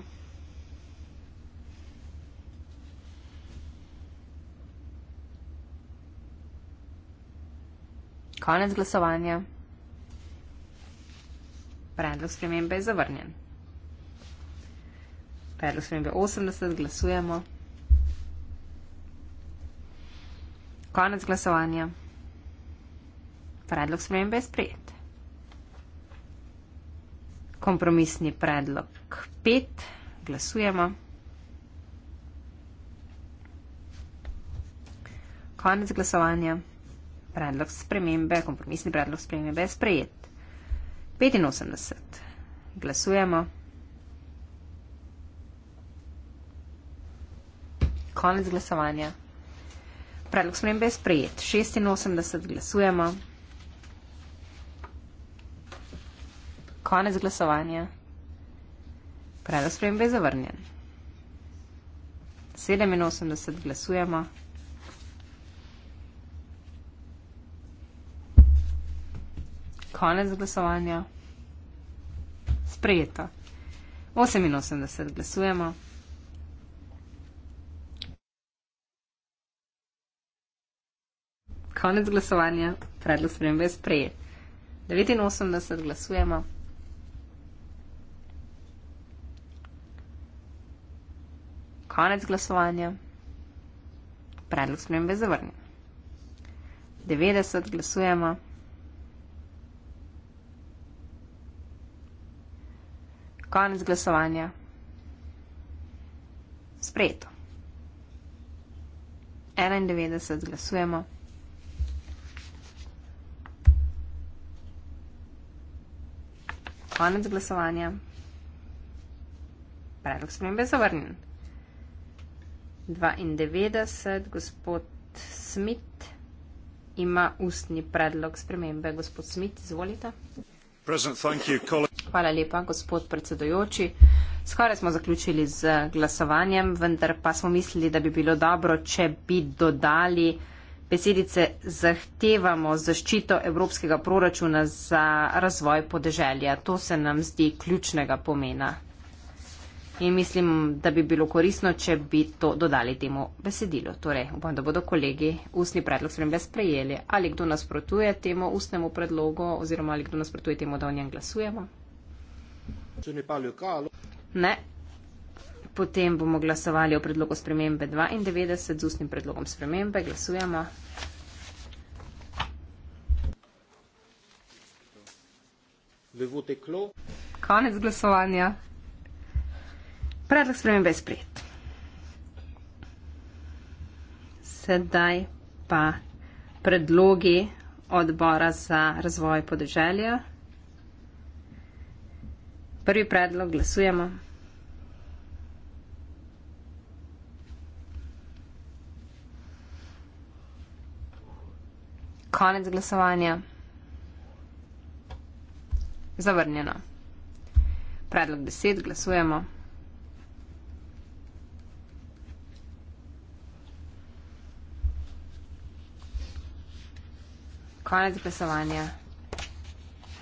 Konec glasovanja. Predlog spremembe je zavrnjen. Predlog spremembe 80 glasujemo. Konec glasovanja. Predlog spremembe je sprejet. Kompromisni predlog pet. Glasujemo. Konec glasovanja. Predlog spremembe, kompromisni predlog spremembe je sprejet. 85. Glasujemo. Konec glasovanja. Predlog spremembe je sprejet. 86 glasujemo. Konec glasovanja. Predlog spremembe je zavrnjen. 87 glasujemo. Konec glasovanja. Sprejeto. 88 glasujemo. konec glasovanja, predlog spremembe je sprejet. 89 glasujemo. Konec glasovanja, predlog spremembe je zavrnjen. 90 glasujemo. Konec glasovanja. Sprejeto. 91 glasujemo. konec glasovanja. Predlog spremembe je zavrnjen. 92, gospod Smit ima ustni predlog spremembe. Gospod Smit, izvolite. Hvala lepa, gospod predsedojoči. Skoraj smo zaključili z glasovanjem, vendar pa smo mislili, da bi bilo dobro, če bi dodali besedice zahtevamo zaščito evropskega proračuna za razvoj podeželja. To se nam zdi ključnega pomena. In mislim, da bi bilo korisno, če bi to dodali temu besedilu. Torej, upam, da bodo kolegi ustni predlog spremembe sprejeli. Ali kdo nasprotuje temu ustnemu predlogu oziroma ali kdo nasprotuje temu, da o njem glasujemo? Ne, Potem bomo glasovali o predlogu spremembe 92 z ustnim predlogom spremembe. Glasujemo. Konec glasovanja. Predlog spremembe je sprejet. Sedaj pa predlogi odbora za razvoj podeželja. Prvi predlog glasujemo. Konec glasovanja. Zavrnjeno. Predlog besed glasujemo. Konec glasovanja.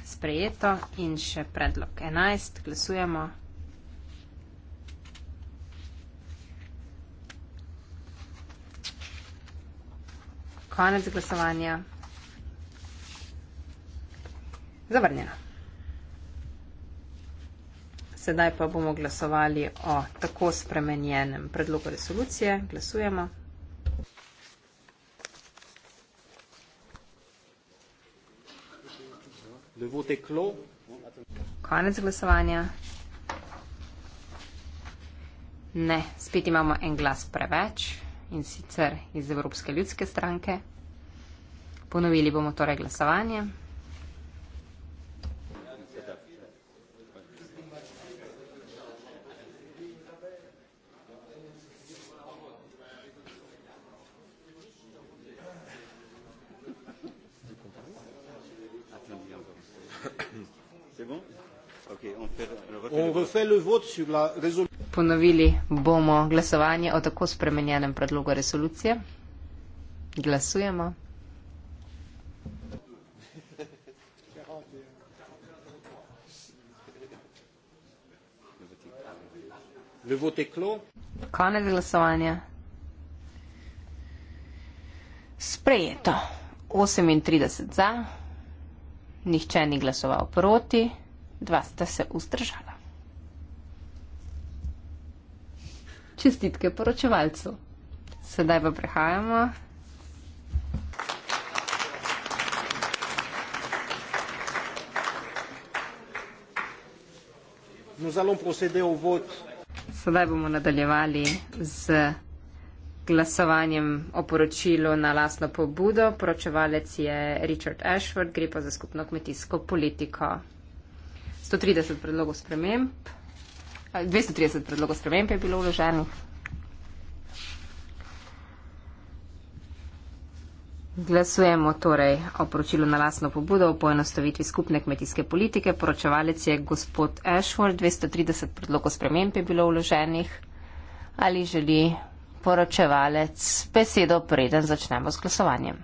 Sprejeto in še predlog 11. Glasujemo. Konec glasovanja zavrnjeno. Sedaj pa bomo glasovali o tako spremenjenem predlogu resolucije. Glasujemo. Konec glasovanja. Ne, spet imamo en glas preveč in sicer iz Evropske ljudske stranke. Ponovili bomo torej glasovanje. Ponovili bomo glasovanje o tako spremenjenem predlogu resolucije. Glasujemo. Konec glasovanja. Sprejeto. 38 za. Nihče ni glasoval proti. Dva sta se vzdržala. čestitke poročevalcu. Sedaj pa prehajamo. Sedaj bomo nadaljevali z glasovanjem o poročilu na lasno pobudo. Poročevalec je Richard Ashford, gre pa za skupno kmetijsko politiko. 130 predlogov sprememb. 230 predlogov sprememb je bilo vloženih. Glasujemo torej o poročilu na lastno pobudo o poenostavitvi skupne kmetijske politike. Poročevalec je gospod Ashworth. 230 predlogov sprememb je bilo vloženih. Ali želi poročevalec besedo, preden začnemo s glasovanjem?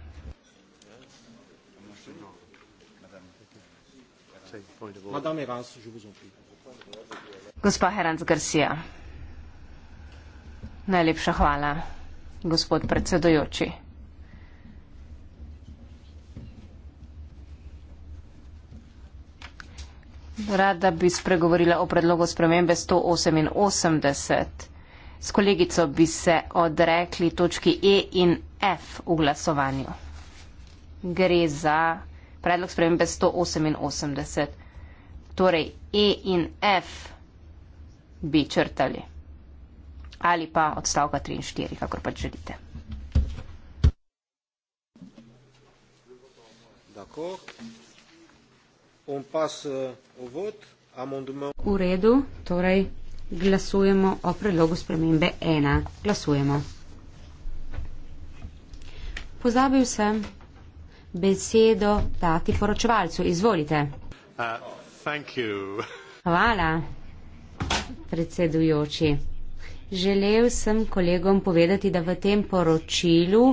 Madame Evans, je vous en prie. Gospa Heranc Garcia. Najlepša hvala, gospod predsedujoči. Rada bi spregovorila o predlogu spremembe 188. S kolegico bi se odrekli točki E in F v glasovanju. Gre za predlog spremembe 188. Torej E in F bi črtali. Ali pa odstavka 3 in 4, kako pač želite. Euh, v redu, torej glasujemo o predlogu spremembe 1. Glasujemo. Pozabil sem besedo dati poročevalcu. Izvolite. Uh, Hvala predsedujoči. Želel sem kolegom povedati, da v tem poročilu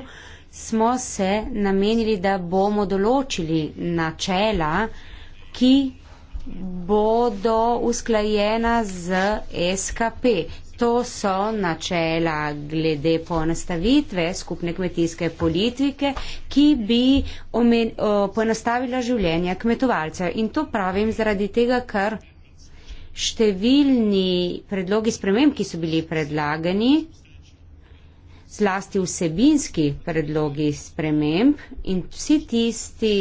smo se namenili, da bomo določili načela, ki bodo usklajena z SKP. To so načela glede poenostavitve skupne kmetijske politike, ki bi poenostavila življenje kmetovalcev. In to pravim zaradi tega, ker številni predlogi sprememb, ki so bili predlagani, zlasti vsebinski predlogi sprememb in vsi tisti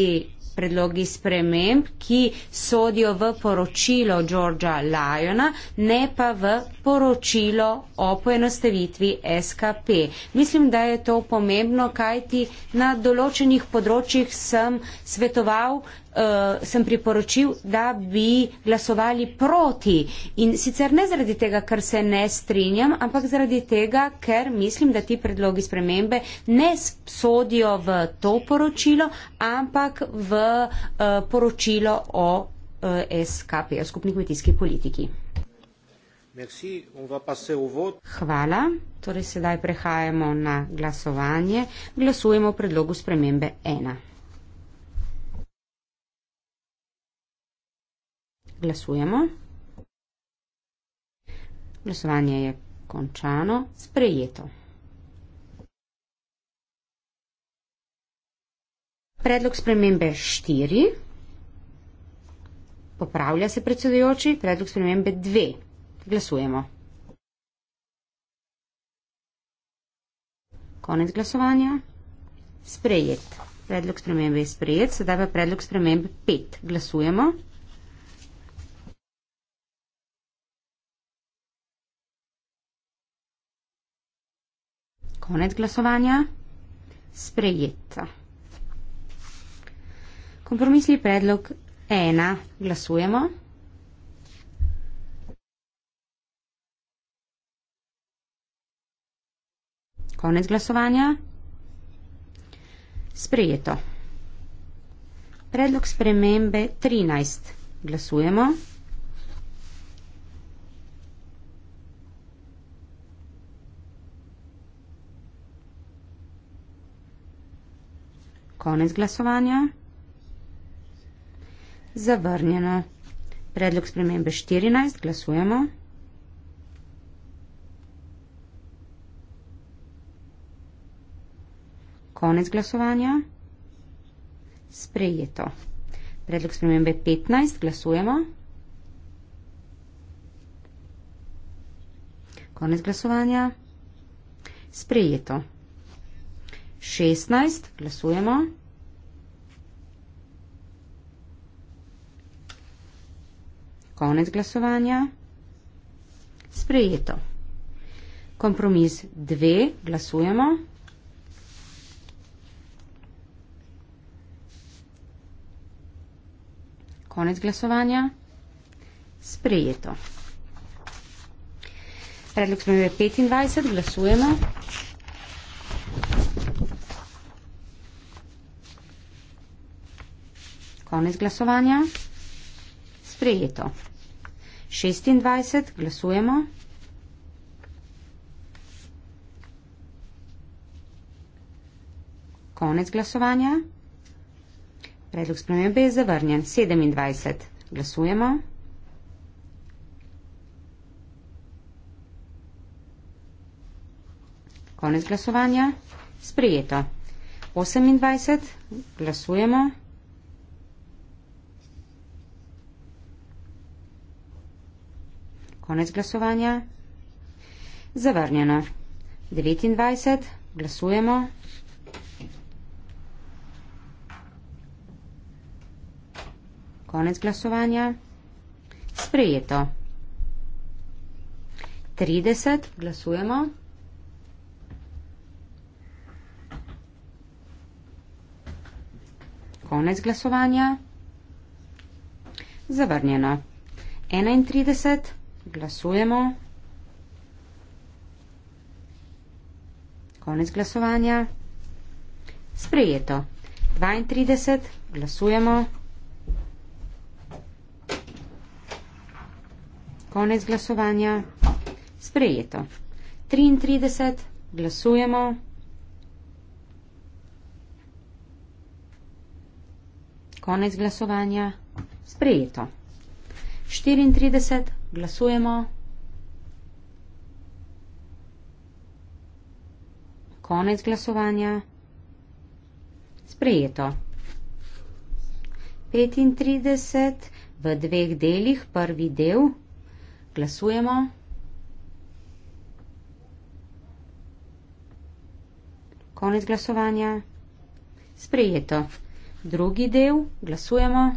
predlogi sprememb, ki sodijo v poročilo Georgea Lyona, ne pa v poročilo o poenostavitvi SKP. Mislim, da je to pomembno, kajti na določenih področjih sem svetoval, uh, sem priporočil, da bi glasovali proti. In sicer ne zaradi tega, ker se ne strinjam, ampak zaradi tega, ker mislim, da ti predlogi spremembe ne sodijo v to poročilo, ampak v uh, poročilo o eh, SKP, o skupni kmetijski politiki. Hvala. Torej sedaj prehajamo na glasovanje. Glasujemo o predlogu spremembe 1. Glasujemo. Glasovanje je končano. Sprejeto. Predlog spremembe 4. Popravlja se predsedujoči. Predlog spremembe 2. Glasujemo. Konec glasovanja. Sprejet. Predlog spremembe je sprejet. Sedaj pa predlog spremembe 5. Glasujemo. Konec glasovanja. Sprejeta. Kompromisni predlog 1. Glasujemo. Konec glasovanja. Sprejeto. Predlog spremembe 13. Glasujemo. Konec glasovanja. Zavrnjeno. Predlog spremembe 14. Glasujemo. Glasujemo. Konec glasovanja. Sprejeto. Predlog spremembe 15. Glasujemo. Konec glasovanja. Sprejeto. 16. Glasujemo. Konec glasovanja. Sprejeto. Kompromis 2. Glasujemo. Glasujemo. Konec glasovanja. Sprejeto. Predlog spremembe 25. Glasujemo. Konec glasovanja. Sprejeto. 26. Glasujemo. Konec glasovanja. Predlog spremembe je zavrnjen. 27. Glasujemo. Konec glasovanja. Sprijeto. 28. Glasujemo. Konec glasovanja. Zavrnjeno. 29. Glasujemo. Konec glasovanja. Sprejeto. 30. Glasujemo. Konec glasovanja. Zavrnjeno. 31. Glasujemo. Konec glasovanja. Sprejeto. 32. Glasujemo. Konec glasovanja. Sprejeto. 33. Glasujemo. Konec glasovanja. Sprejeto. 34. Glasujemo. Konec glasovanja. Sprejeto. 35. V dveh delih prvi del glasujemo. Konec glasovanja. Sprejeto. Drugi del. Glasujemo.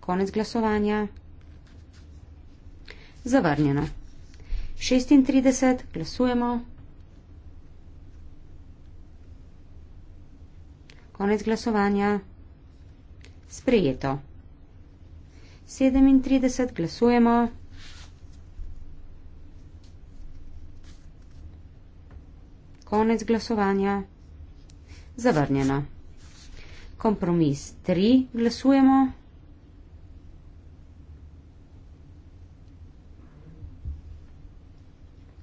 Konec glasovanja. Zavrnjeno. 36. Glasujemo. Konec glasovanja. Sprejeto. 37, glasujemo. Konec glasovanja. Zavrnjeno. Kompromis 3, glasujemo.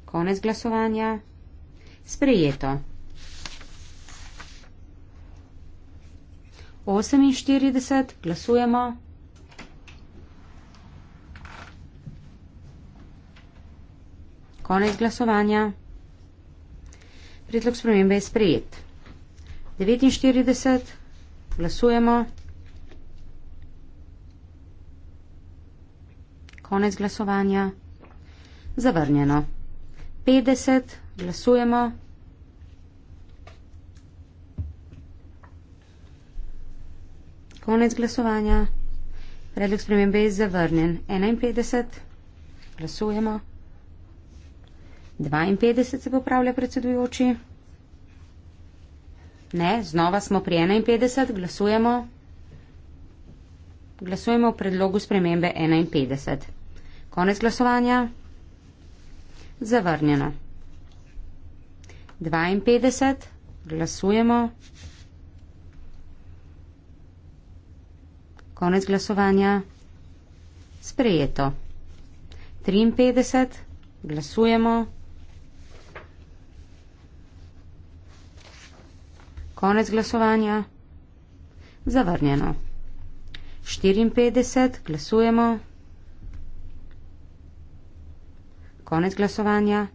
Konec glasovanja. Sprejeto. 48, glasujemo. Konec glasovanja. Predlog spremembe je sprejet. 49. Glasujemo. Konec glasovanja. Zavrnjeno. 50. Glasujemo. Konec glasovanja. Predlog spremembe je zavrnjen. 51. Glasujemo. 52 se popravlja predsedujoči. Ne, znova smo pri 51, glasujemo. Glasujemo v predlogu spremembe 51. Konec glasovanja. Zavrnjeno. 52. Glasujemo. Konec glasovanja. Sprejeto. 53. Glasujemo. konec glasovanja? Zavrnjeno. 54, glasujemo. Konec glasovanja.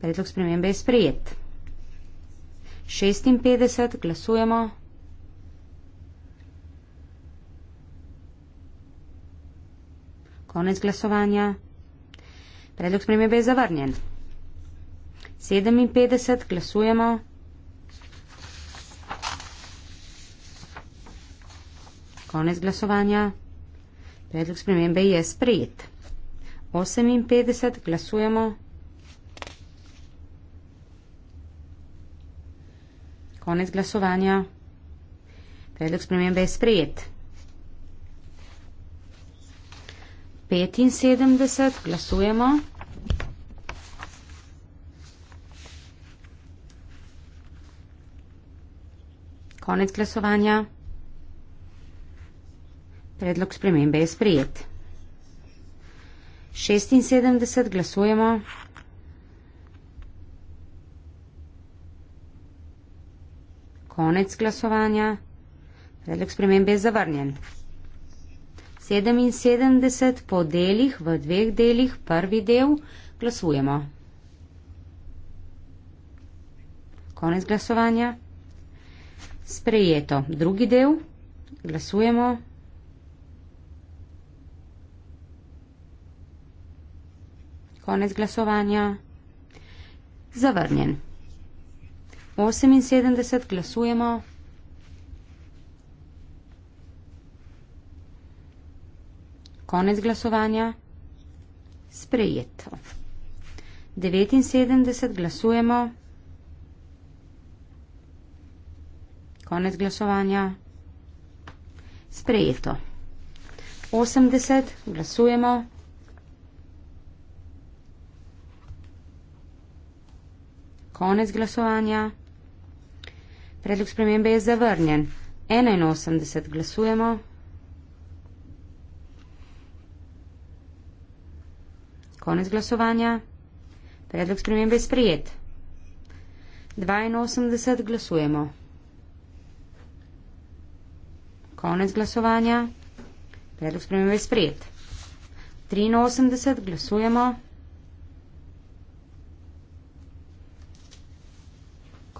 Predlog spremembe je sprejet. 56, glasujemo. Konec glasovanja. Predlog spremembe je zavrnjen. 57, glasujemo. Konec glasovanja. Predlog spremembe je sprejet. 58 glasujemo. Konec glasovanja. Predlog spremembe je sprejet. 75 glasujemo. Konec glasovanja. Predlog spremembe je sprejet. 76 glasujemo. Konec glasovanja. Predlog spremembe je zavrnjen. 77 po delih, v dveh delih, prvi del, glasujemo. Konec glasovanja. Sprejeto. Drugi del, glasujemo. Konec glasovanja. Zavrnjen. 78 glasujemo. Konec glasovanja. Sprejeto. 79 glasujemo. Konec glasovanja. Sprejeto. 80 glasujemo. konec glasovanja. Predlog spremembe je zavrnjen. 81 glasujemo. Konec glasovanja. Predlog spremembe je sprijet. 82 glasujemo. Konec glasovanja. Predlog spremembe je sprijet. 83 glasujemo.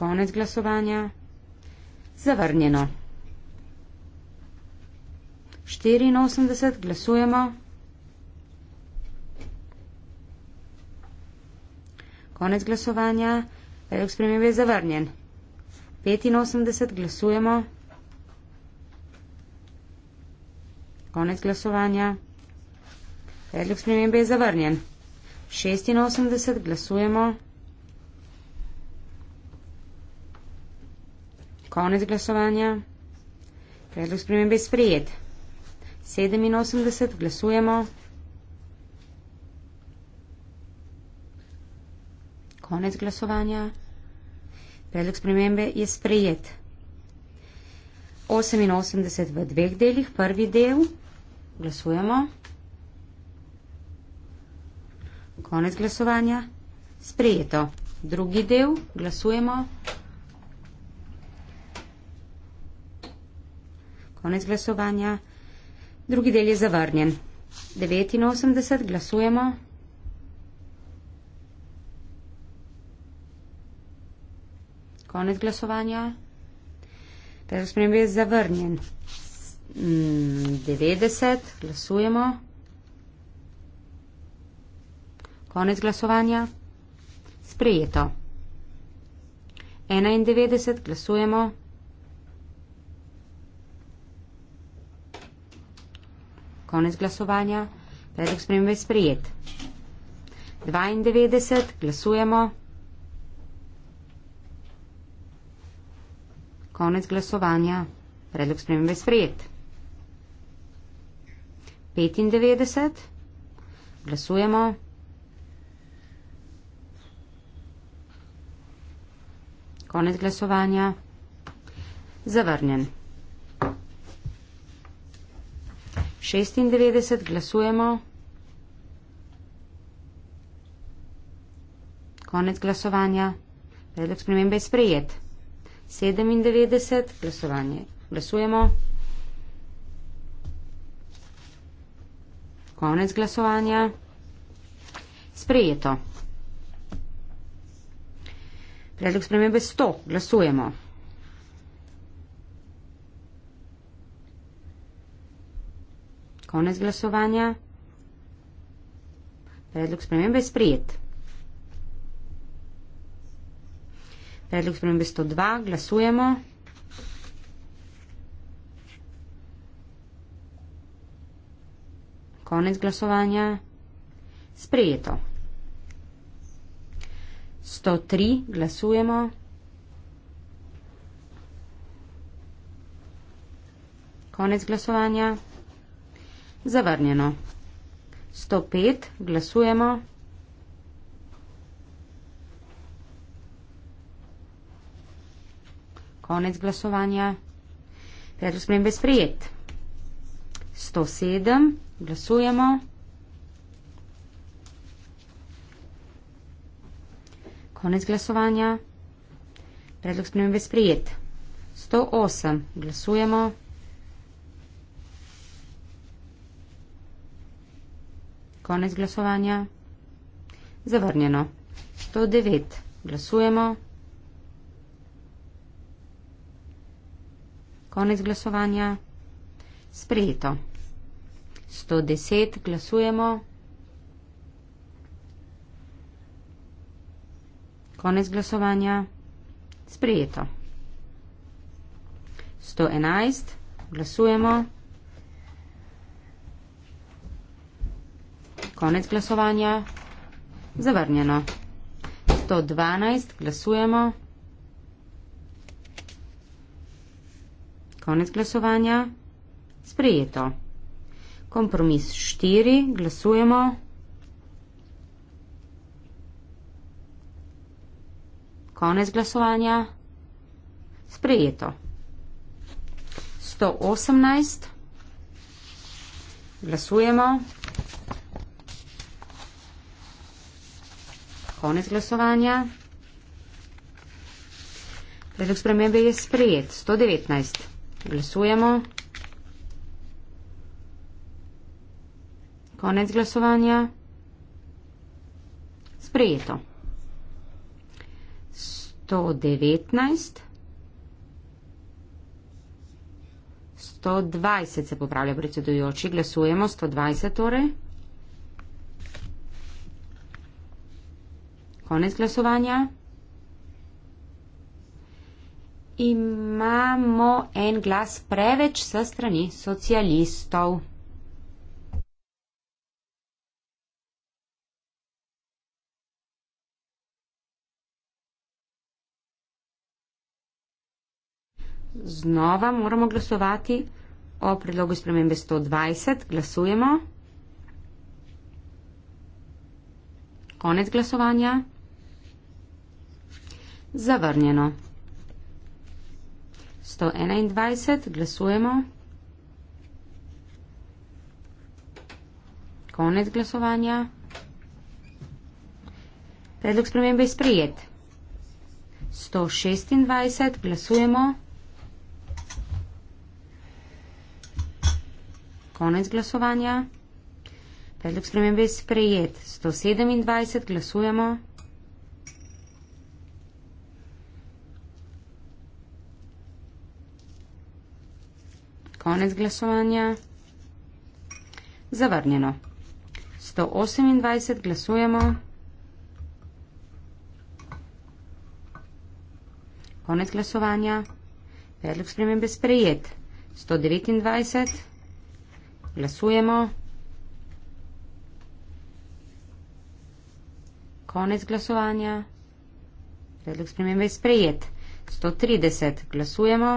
Konec glasovanja. Zavrnjeno. 84 glasujemo. Konec glasovanja. Predlog sprememb je zavrnjen. 85 glasujemo. Konec glasovanja. Predlog sprememb je zavrnjen. 86 glasujemo. Konec glasovanja. Predlog spremembe je sprejet. 87 glasujemo. Konec glasovanja. Predlog spremembe je sprejet. 88 v dveh delih, prvi del. Glasujemo. Konec glasovanja. Sprejeto. Drugi del. Glasujemo. Konec glasovanja. Drugi del je zavrnjen. 89 glasujemo. Konec glasovanja. Predlog spremembe je zavrnjen. 90 mm, glasujemo. Konec glasovanja. Sprejeto. 91 glasujemo. Konec glasovanja. Predlog spremembe je sprijet. 92. Glasujemo. Konec glasovanja. Predlog spremembe je sprijet. 95. Glasujemo. Konec glasovanja. Zavrnjen. 96 glasujemo. Konec glasovanja. Predlog spremembe je sprejet. 97 glasovanje. Glasujemo. Konec glasovanja. Sprejeto. Predlog spremembe 100. Glasujemo. Konec glasovanja. Predlog spremembe je sprijet. Predlog spremembe 102. Glasujemo. Konec glasovanja. Sprijeto. 103. Glasujemo. Konec glasovanja. Zavrnjeno. 105, glasujemo. Konec glasovanja. Predlog spremembe sprejet. 107, glasujemo. Konec glasovanja. Predlog spremembe sprejet. 108, glasujemo. konec glasovanja. Zavrnjeno. 109. Glasujemo. Konec glasovanja. Sprejeto. 110. Glasujemo. Konec glasovanja. Sprejeto. 111. Glasujemo. Okay. Konec glasovanja. Zavrnjeno. 112 glasujemo. Konec glasovanja. Sprejeto. Kompromis 4. Glasujemo. Konec glasovanja. Sprejeto. 118. Glasujemo. konec glasovanja. Predlog spremembe je sprejet. 119. Glasujemo. Konec glasovanja. Sprejeto. 119. 120 se popravlja predsedujoči. Glasujemo. 120 torej. Konec glasovanja. Imamo en glas preveč s strani socialistov. Znova moramo glasovati o predlogu spremembe 120. Glasujemo. Konec glasovanja zavrnjeno. 121 glasujemo. Konec glasovanja. Predlog spremembe je sprijet. 126 glasujemo. Konec glasovanja. Predlog spremembe je sprejet. 127 glasujemo. Konec glasovanja. Zavrnjeno. 128 glasujemo. Konec glasovanja. Predlog spremembe sprejet. 129. Glasujemo. Konec glasovanja. Predlog spremembe sprejet. 130. Glasujemo.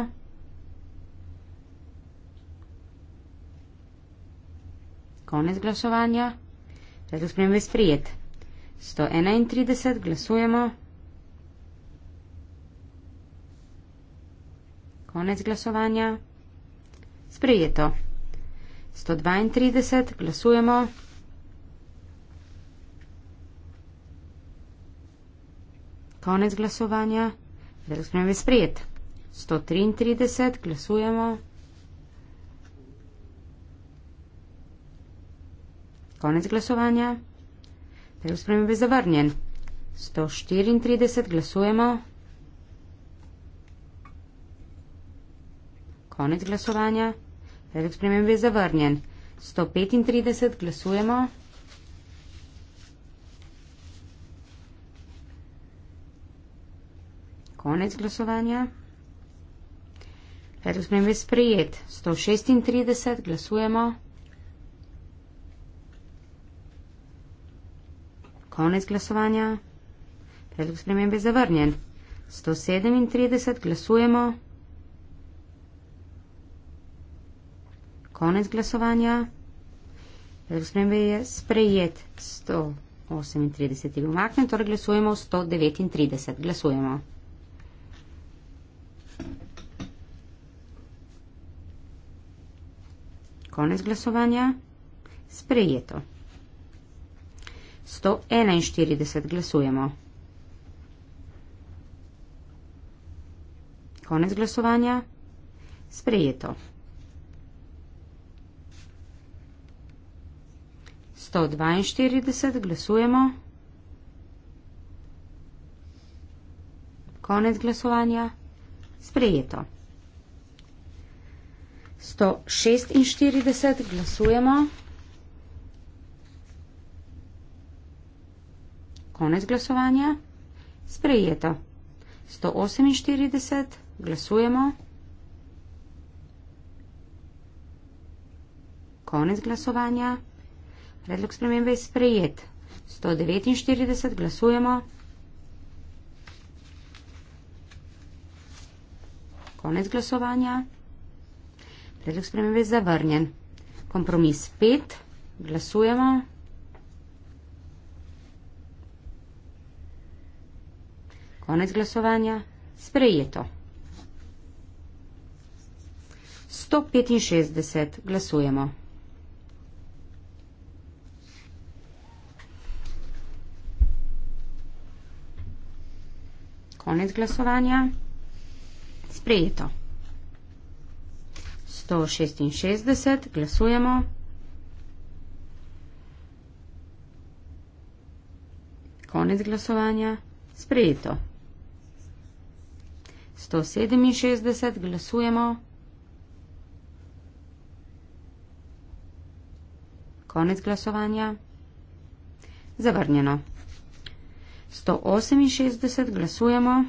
konec glasovanja. Zato sprem je sprijet. 131 glasujemo. Konec glasovanja. Sprijeto. 132 glasujemo. Konec glasovanja. Zdaj smo mi sprijet. 133 glasujemo. konec glasovanja. Del spremembe zavrnjen. 134 glasujemo. Konec glasovanja. Predlog spremembe je zavrnjen. 135 glasujemo. Konec glasovanja. Predlog spremembe je sprejet. 136 glasujemo. Konec glasovanja. Predlog spremembe je zavrnjen. 137 glasujemo. Konec glasovanja. Predlog spremembe je sprejet. 138 je umaknjen, torej glasujemo 139. Glasujemo. Konec glasovanja. Sprejeto. 141 glasujemo. Konec glasovanja. Sprejeto. 142 glasujemo. Konec glasovanja. Sprejeto. 146 glasujemo. konec glasovanja. Sprejeto. 148. Glasujemo. Konec glasovanja. Predlog spremembe je sprejet. 149. Glasujemo. Konec glasovanja. Predlog spremembe je zavrnjen. Kompromis 5. Glasujemo. Konec glasovanja. Sprejeto. 165 glasujemo. Konec glasovanja. Sprejeto. 166 glasujemo. Konec glasovanja. Sprejeto. 167 glasujemo. Konec glasovanja. Zavrnjeno. 168 glasujemo.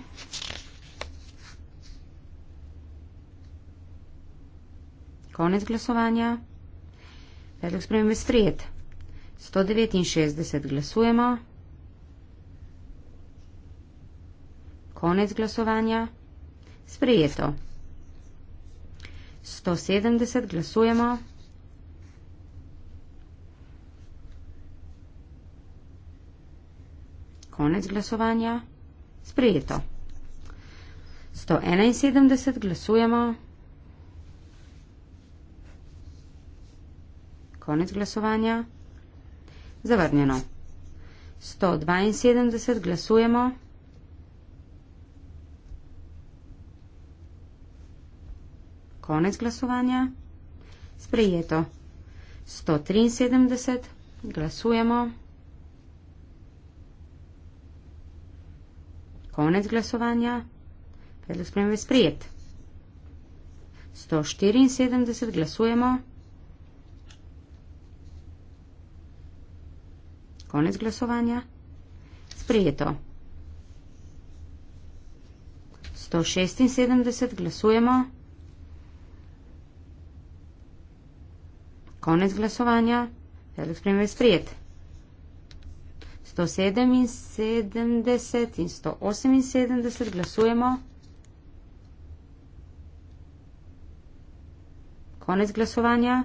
Konec glasovanja. Predlog spremembe sprijet. 169 glasujemo. Konec glasovanja. Sprejeto. 170 glasujemo. Konec glasovanja. Sprejeto. 171 glasujemo. Konec glasovanja. Zavrnjeno. 172 glasujemo. Konec glasovanja. Sprejeto. 173. Glasujemo. Konec glasovanja. Predlog sprememb je sprejet. 174. Glasujemo. Konec glasovanja. Sprejeto. 176. Glasujemo. Konec glasovanja. Felix Premer je sprijet. 177 in 178 glasujemo. Konec glasovanja.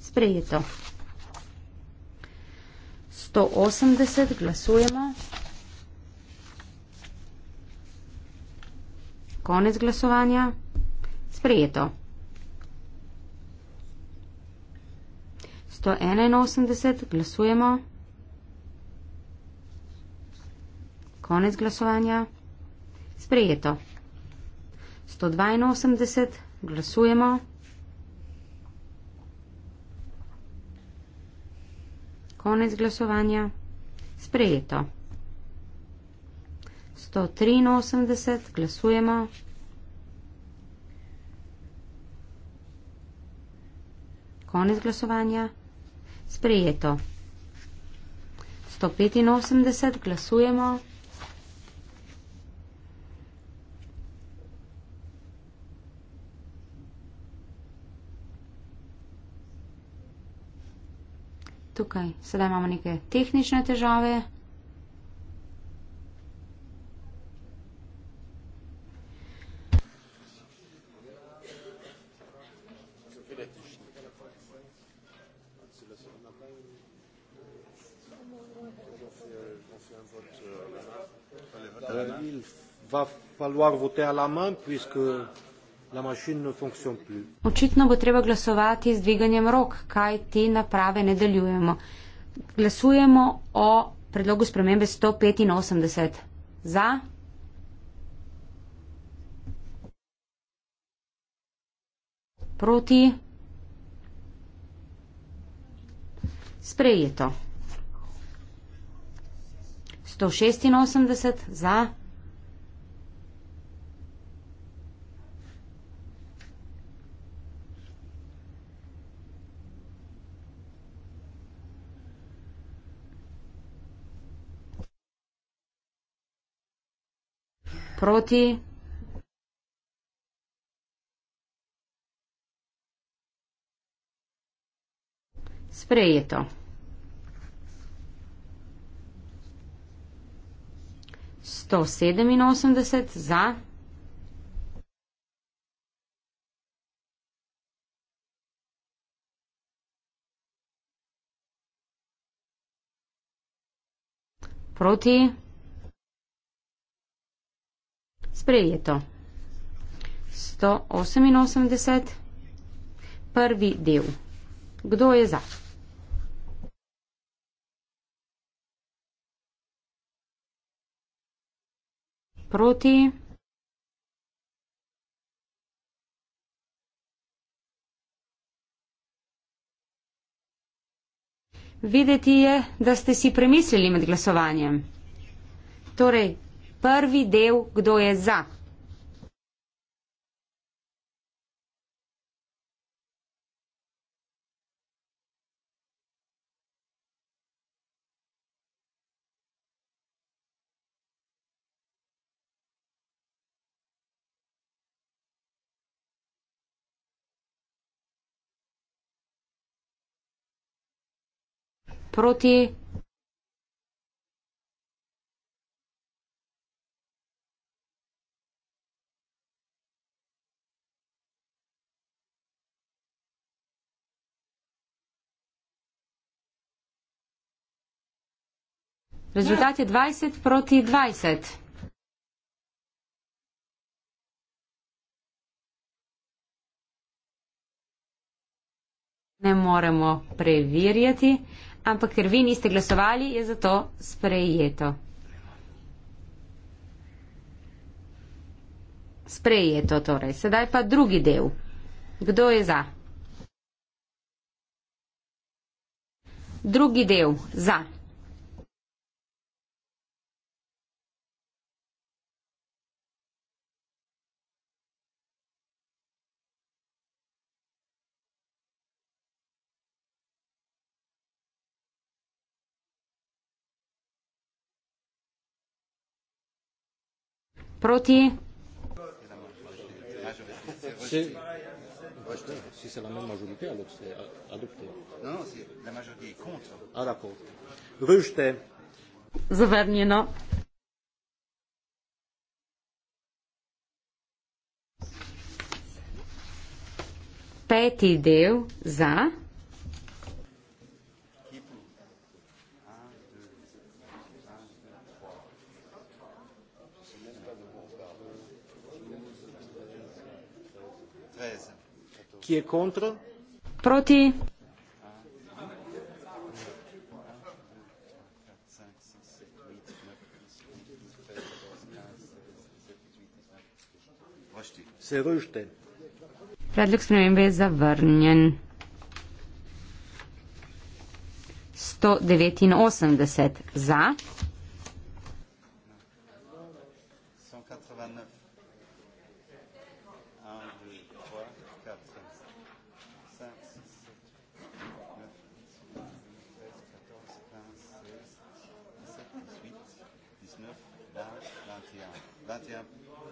Sprejeto. 180 glasujemo. Konec glasovanja. Sprejeto. 181, glasujemo. Konec glasovanja. Sprejeto. 182, glasujemo. Konec glasovanja. Sprejeto. 183, glasujemo. Konec glasovanja sprejeto. 185 glasujemo. Tukaj sedaj imamo neke tehnične težave. va falloir voter à la main puisque la machine ne fonctionne plus. Očitno bo treba glasovati z dviganjem rok, kaj te naprave ne delujemo. Glasujemo o predlogu spremembe 185. Za? Proti? Sprejeto. 186 za. proti. Sprejeto. Sto sedeminosemdeset za. Proti sprejeto. 188. Prvi del. Kdo je za? Proti. Videti je, da ste si premislili med glasovanjem. Torej, prvi del, kdo je za. Proti Rezultat je 20 proti 20. Ne moremo preverjati, ampak ker vi niste glasovali, je zato sprejeto. Sprejeto torej. Sedaj pa drugi del. Kdo je za? Drugi del za. Proti. Si, si c'est la même majorité, alors c'est adopté. Non, non, c'est la majorité est contre. Ah d'accord. Rejeté. Zavernino. Peti del za. ki je kontra proti Predlog spremembe je zavrnjen. 189 za.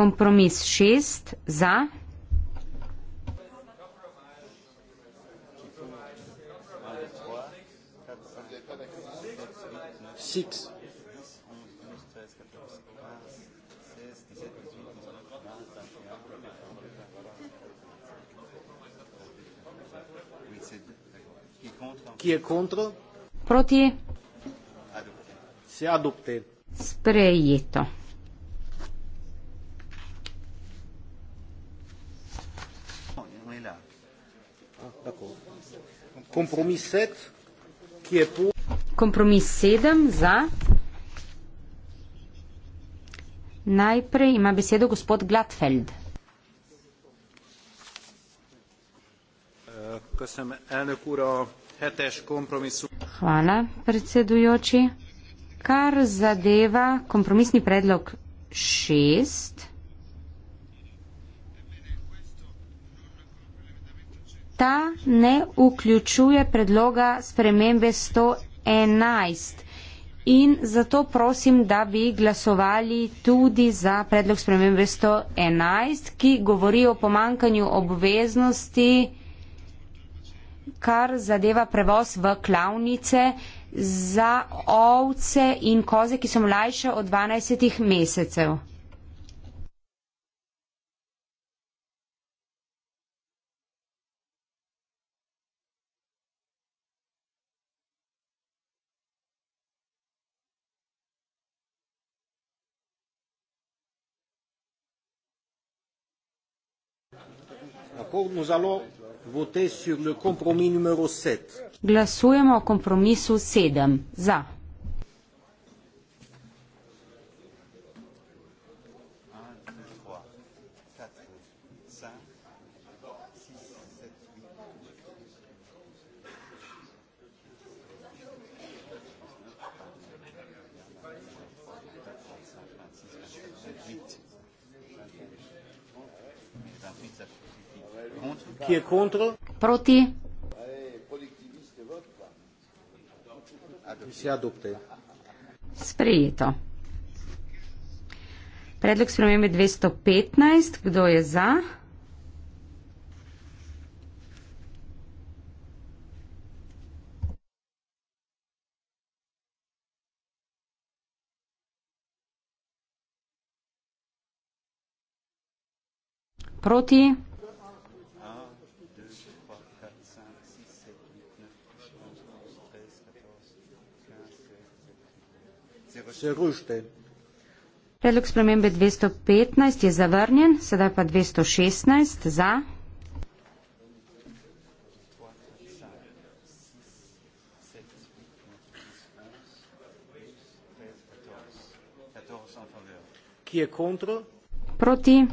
Kompromis šest za. Ki je kontro? Proti. Se adopte. Sprejeto. Kompromis 7, ki je po. Kompromis 7 za. Najprej ima besedo gospod Gladfeld. Hvala, predsedujoči. Kar zadeva kompromisni predlog 6. ta ne vključuje predloga spremembe 111 in zato prosim, da bi glasovali tudi za predlog spremembe 111, ki govori o pomankanju obveznosti, kar zadeva prevoz v klavnice za ovce in koze, ki so mlajše od 12 mesecev. Nous allons voter sur le compromis numéro 7. Glasujemo o kompromisu 7 za. Proti. Sprejeto. Predlog spremembe 215. Kdo je za? Proti. Predlog spremembe 215 je zavrnjen, sedaj pa 216 za. Ki je kontro? Proti.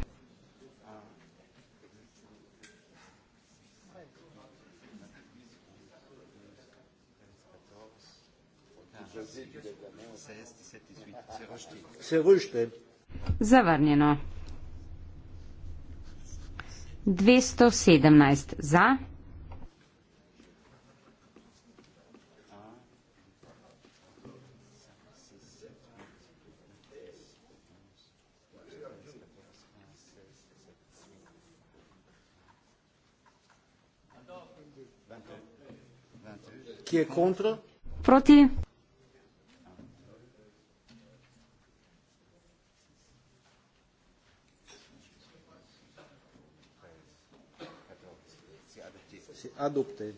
oblasti. Se vršte. Zavrnjeno. 217 za. Ki je kontra? Proti. adopted.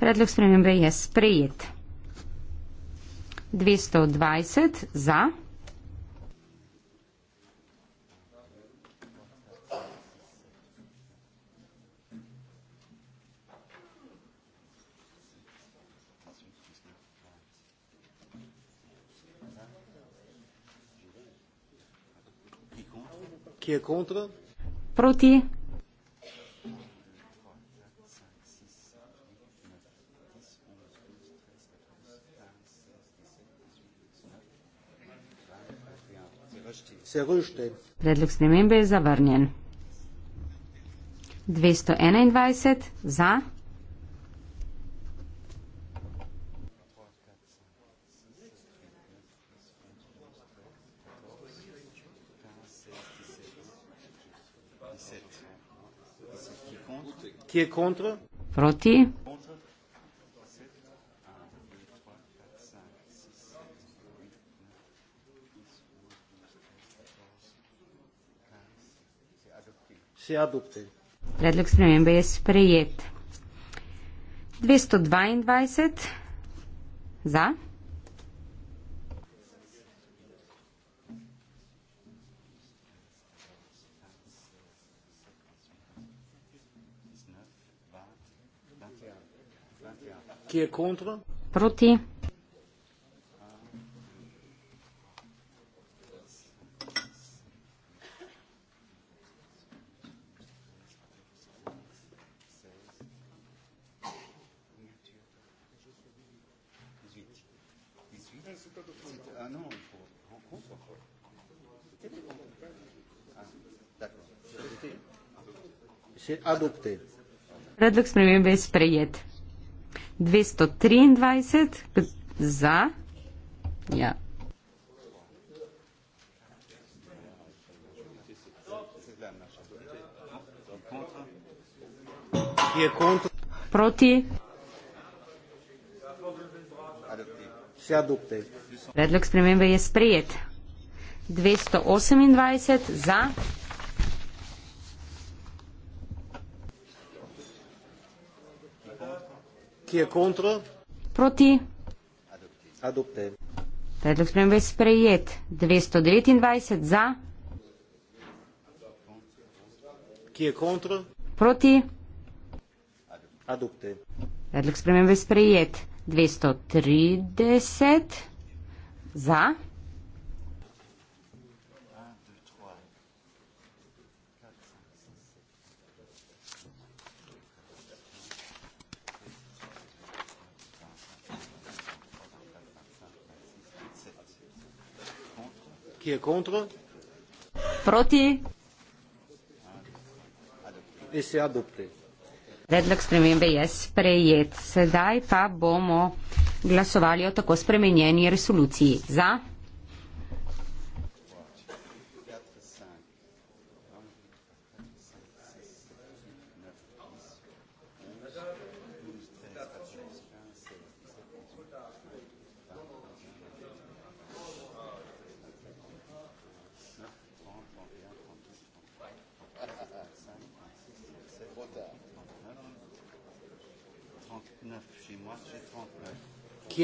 Predlog spremembe je sprejet. 220 za. Ki je kontra? Proti Predlog spremembe je zavrnjen. 221 za. Ki je kontra? Proti. se je adoptiral. Predlog spremembe je sprejet. 222 za. Ki je kontra? Proti. c'est adopté. Predlog spremembe je sprejet. 223 za. Ja. Proti. Predlog spremembe je sprejet. 228 za. ki je kontro. Proti. Adopte. Predlog sprememb je sprejet. 229 za. Ki je kontro. Proti. Adopte. Predlog sprememb je sprejet. 230 za. qui est contre proti et c'est adopté Predlog spremembe je sprejet. Sedaj pa bomo glasovali o tako spremenjeni resoluciji. Za?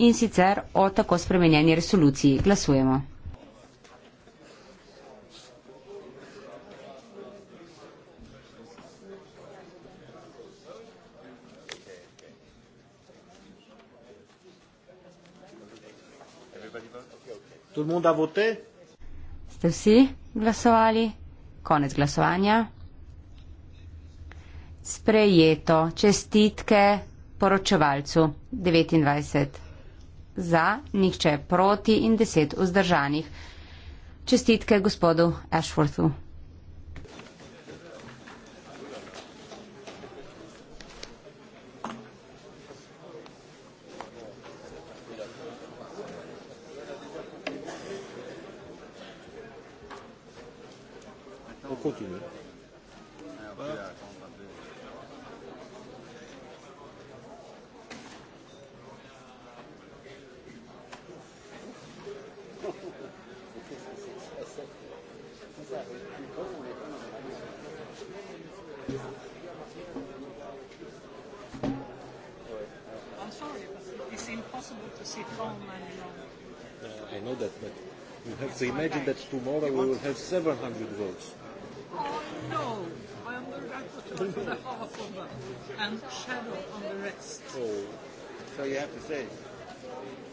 in sicer o tako spremenjeni resoluciji. Glasujemo. Ste vsi glasovali? Konec glasovanja. Sprejeto. Čestitke poročevalcu 29 za, nihče proti in deset vzdržanih. Čestitke gospodu Ashworthu. Continue. So imagine okay. that tomorrow we will have 700 votes. Oh, no. and shadow on the rest. Oh, so you have to say.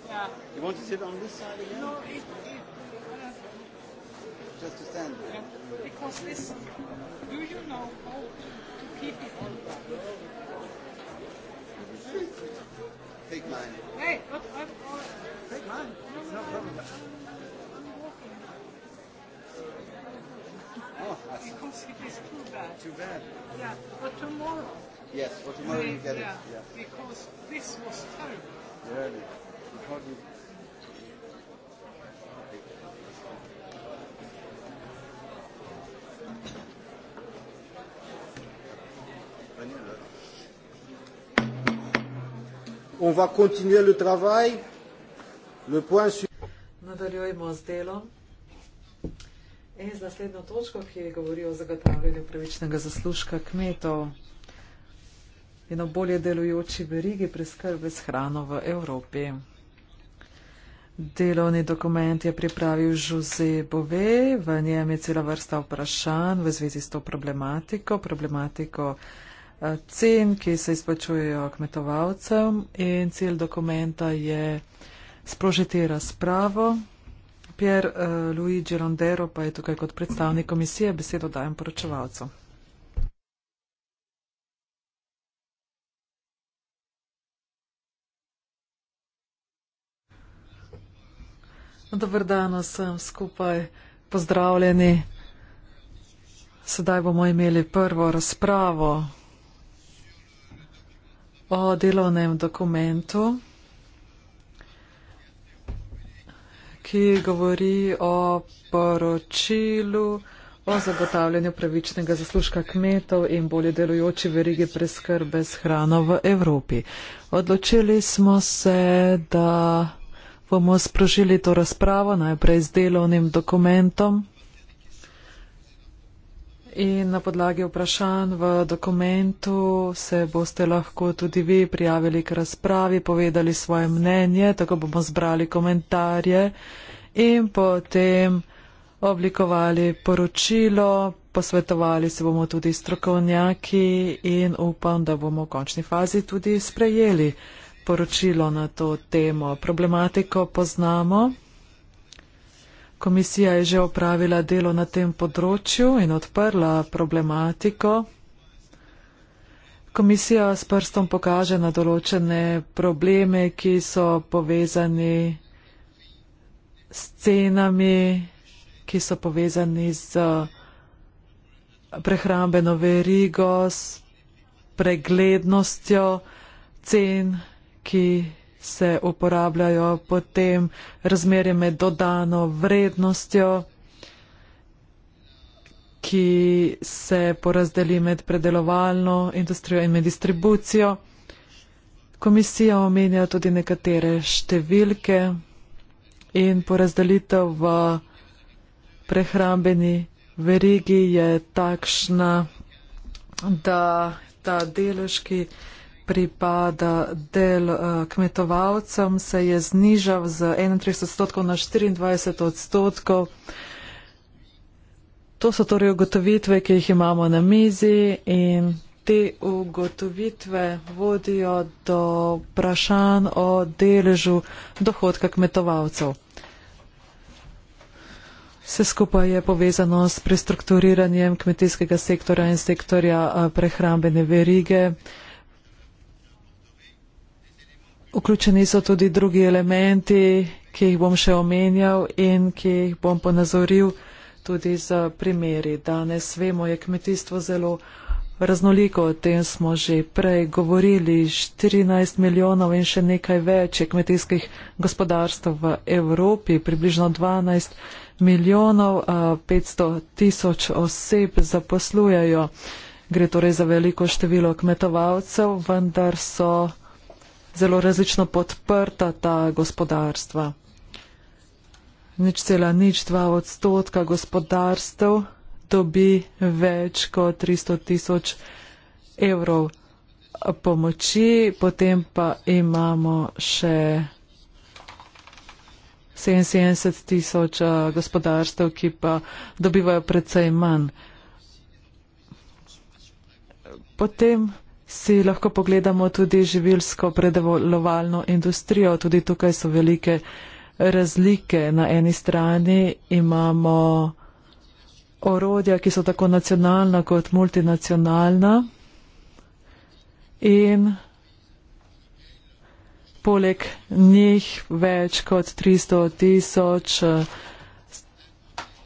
Yeah. You want to sit on this side again? No, it, it, uh, Just to stand there. Yeah. Because this, do you know how to keep it on? Take mine. Hey, but I'm. Uh, Take mine. No, it's no problem. problem. because it is too bad. Too bad. Yeah, but tomorrow. Yes, for tomorrow we, you get yeah, it. Yeah. Because this was terrible. Really? Because On va continuer le travail. Le point su... Nadaljujemo z delom. In z naslednjo točko, ki je govorila o zagotavljanju pravičnega zaslužka kmetov in o bolje delujoči verigi preskrbe s hrano v Evropi. Delovni dokument je pripravil Jose Bove, v njem je cela vrsta vprašanj v zvezi s to problematiko, problematiko eh, cen, ki se izplačujejo kmetovalcem in cilj dokumenta je sprožiti razpravo Pier uh, Luigi Rondero pa je tukaj kot predstavnik komisije. Besedo dajem poročevalcu. No, Dobr dan vsem skupaj, pozdravljeni. Sedaj bomo imeli prvo razpravo o delovnem dokumentu. ki govori o poročilu o zagotavljanju pravičnega zaslužka kmetov in bolje delujoči verigi preskrbe s hrano v Evropi. Odločili smo se, da bomo sprožili to razpravo najprej z delovnim dokumentom In na podlagi vprašanj v dokumentu se boste lahko tudi vi prijavili k razpravi, povedali svoje mnenje, tako bomo zbrali komentarje in potem oblikovali poročilo, posvetovali se bomo tudi strokovnjaki in upam, da bomo v končni fazi tudi sprejeli poročilo na to temo. Problematiko poznamo. Komisija je že opravila delo na tem področju in odprla problematiko. Komisija s prstom pokaže na določene probleme, ki so povezani s cenami, ki so povezani z prehrambeno verigo, s preglednostjo cen, ki se uporabljajo, potem razmerje med dodano vrednostjo, ki se porazdeli med predelovalno industrijo in med distribucijo. Komisija omenja tudi nekatere številke in porazdelitev v prehrambeni verigi je takšna, da ta delež, ki pripada del eh, kmetovalcem, se je znižal z 31 odstotkov na 24 odstotkov. To so torej ugotovitve, ki jih imamo na mizi in te ugotovitve vodijo do vprašanj o deležu dohodka kmetovalcev. Vse skupaj je povezano s prestrukturiranjem kmetijskega sektora in sektorja eh, prehrambene verige. Vključeni so tudi drugi elementi, ki jih bom še omenjal in ki jih bom ponazoril tudi z primeri. Danes vemo, je kmetijstvo zelo raznoliko, o tem smo že prej govorili, 14 milijonov in še nekaj več je kmetijskih gospodarstv v Evropi, približno 12 milijonov, 500 tisoč oseb zaposlujajo. Gre torej za veliko število kmetovalcev, vendar so zelo različno podprta ta gospodarstva. Nič cela nič dva odstotka gospodarstv dobi več kot 300 tisoč evrov pomoči, potem pa imamo še 77 tisoč eh, gospodarstv, ki pa dobivajo precej manj. Potem si lahko pogledamo tudi živilsko predelovalno industrijo. Tudi tukaj so velike razlike. Na eni strani imamo orodja, ki so tako nacionalna kot multinacionalna. In poleg njih več kot 300 tisoč eh,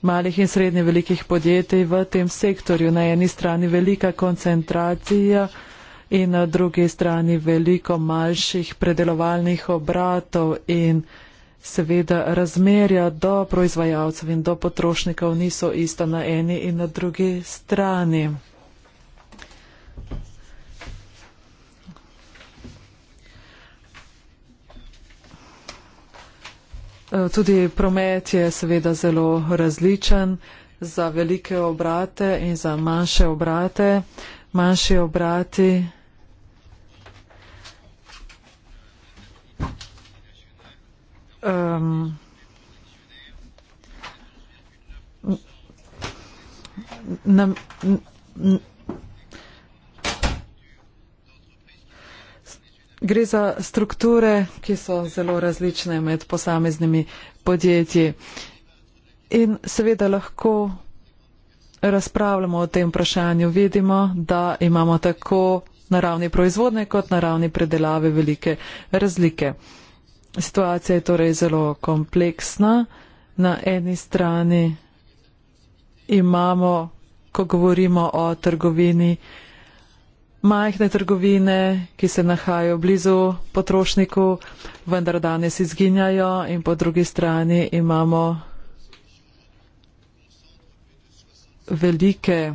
malih in srednje velikih podjetij v tem sektorju. Na eni strani velika koncentracija in na drugi strani veliko manjših predelovalnih obratov in seveda razmerja do proizvajalcev in do potrošnikov niso ista na eni in na drugi strani. Eh, tudi promet je seveda zelo različen za velike obrate in za manjše obrate. Manjši obrati um, na, gre za strukture, ki so zelo različne med posameznimi podjetji. In seveda lahko razpravljamo o tem vprašanju. Vidimo, da imamo tako na ravni proizvodne kot na ravni predelave velike razlike. Situacija je torej zelo kompleksna. Na eni strani imamo, ko govorimo o trgovini, majhne trgovine, ki se nahajajo blizu potrošniku, vendar danes izginjajo in po drugi strani imamo velike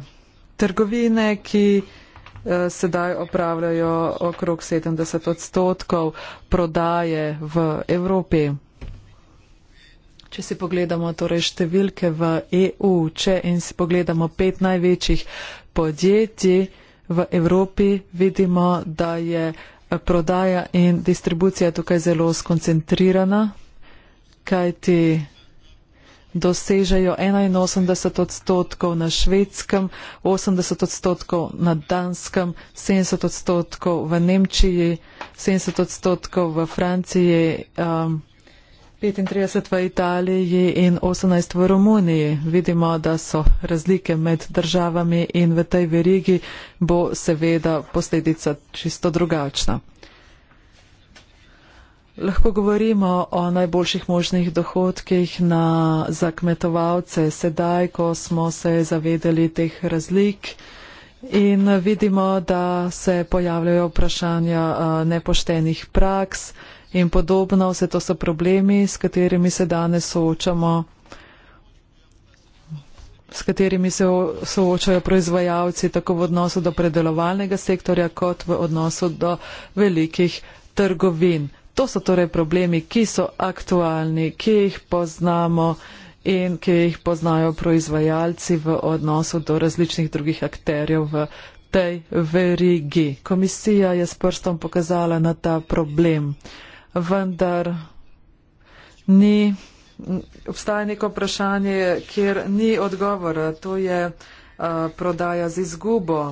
trgovine, ki Eh, sedaj opravljajo okrog 70 odstotkov prodaje v Evropi. Če si pogledamo torej številke v EU, če in si pogledamo pet največjih podjetij v Evropi, vidimo, da je eh, prodaja in distribucija tukaj zelo skoncentrirana, kajti dosežejo 81 odstotkov na švedskem, 80 odstotkov na danskem, 70 odstotkov v Nemčiji, 70 odstotkov v Franciji, um, 35 v Italiji in 18 v Romuniji. Vidimo, da so razlike med državami in v tej verigi bo seveda posledica čisto drugačna. Lahko govorimo o najboljših možnih dohodkih na, za kmetovalce sedaj, ko smo se zavedali teh razlik in vidimo, da se pojavljajo vprašanja a, nepoštenih praks in podobno. Vse to so problemi, s katerimi se danes soočamo, s katerimi se soočajo proizvajalci tako v odnosu do predelovalnega sektorja, kot v odnosu do velikih trgovin. To so torej problemi, ki so aktualni, ki jih poznamo in ki jih poznajo proizvajalci v odnosu do različnih drugih akterjev v tej verigi. Komisija je s prstom pokazala na ta problem, vendar ni, obstaja neko vprašanje, kjer ni odgovora. To je uh, prodaja z izgubo.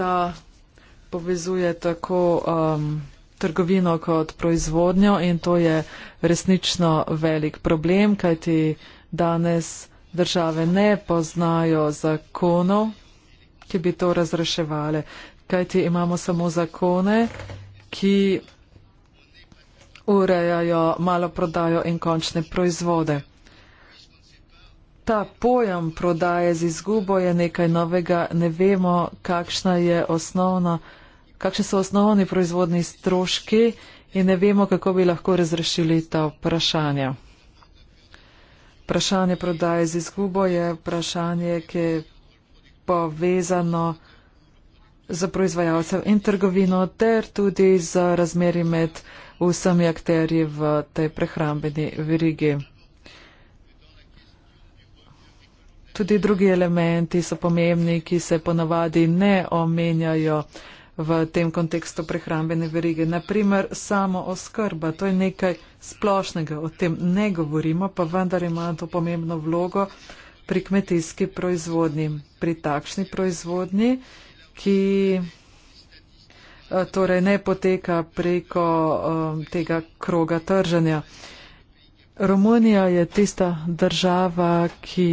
Ta povezuje tako. Um, trgovino kot proizvodnjo in to je resnično velik problem, kajti danes države ne poznajo zakonov, ki bi to razreševali, kajti imamo samo zakone, ki urejajo malo prodajo in končne proizvode. Ta pojem prodaje z izgubo je nekaj novega, ne vemo, kakšna je osnovna kakšni so osnovni proizvodni stroški in ne vemo, kako bi lahko razrešili ta vprašanja. Vprašanje prodaje z izgubo je vprašanje, ki je povezano z proizvajalcev in trgovino, ter tudi z razmeri med vsemi akterji v tej prehrambeni verigi. Tudi drugi elementi so pomembni, ki se ponavadi ne omenjajo v tem kontekstu prehrambene verige. Naprimer, samo oskrba, to je nekaj splošnega, o tem ne govorimo, pa vendar ima to pomembno vlogo pri kmetijski proizvodnji, pri takšni proizvodnji, ki eh, torej ne poteka preko um, tega kroga trženja. Romunija je tista država, ki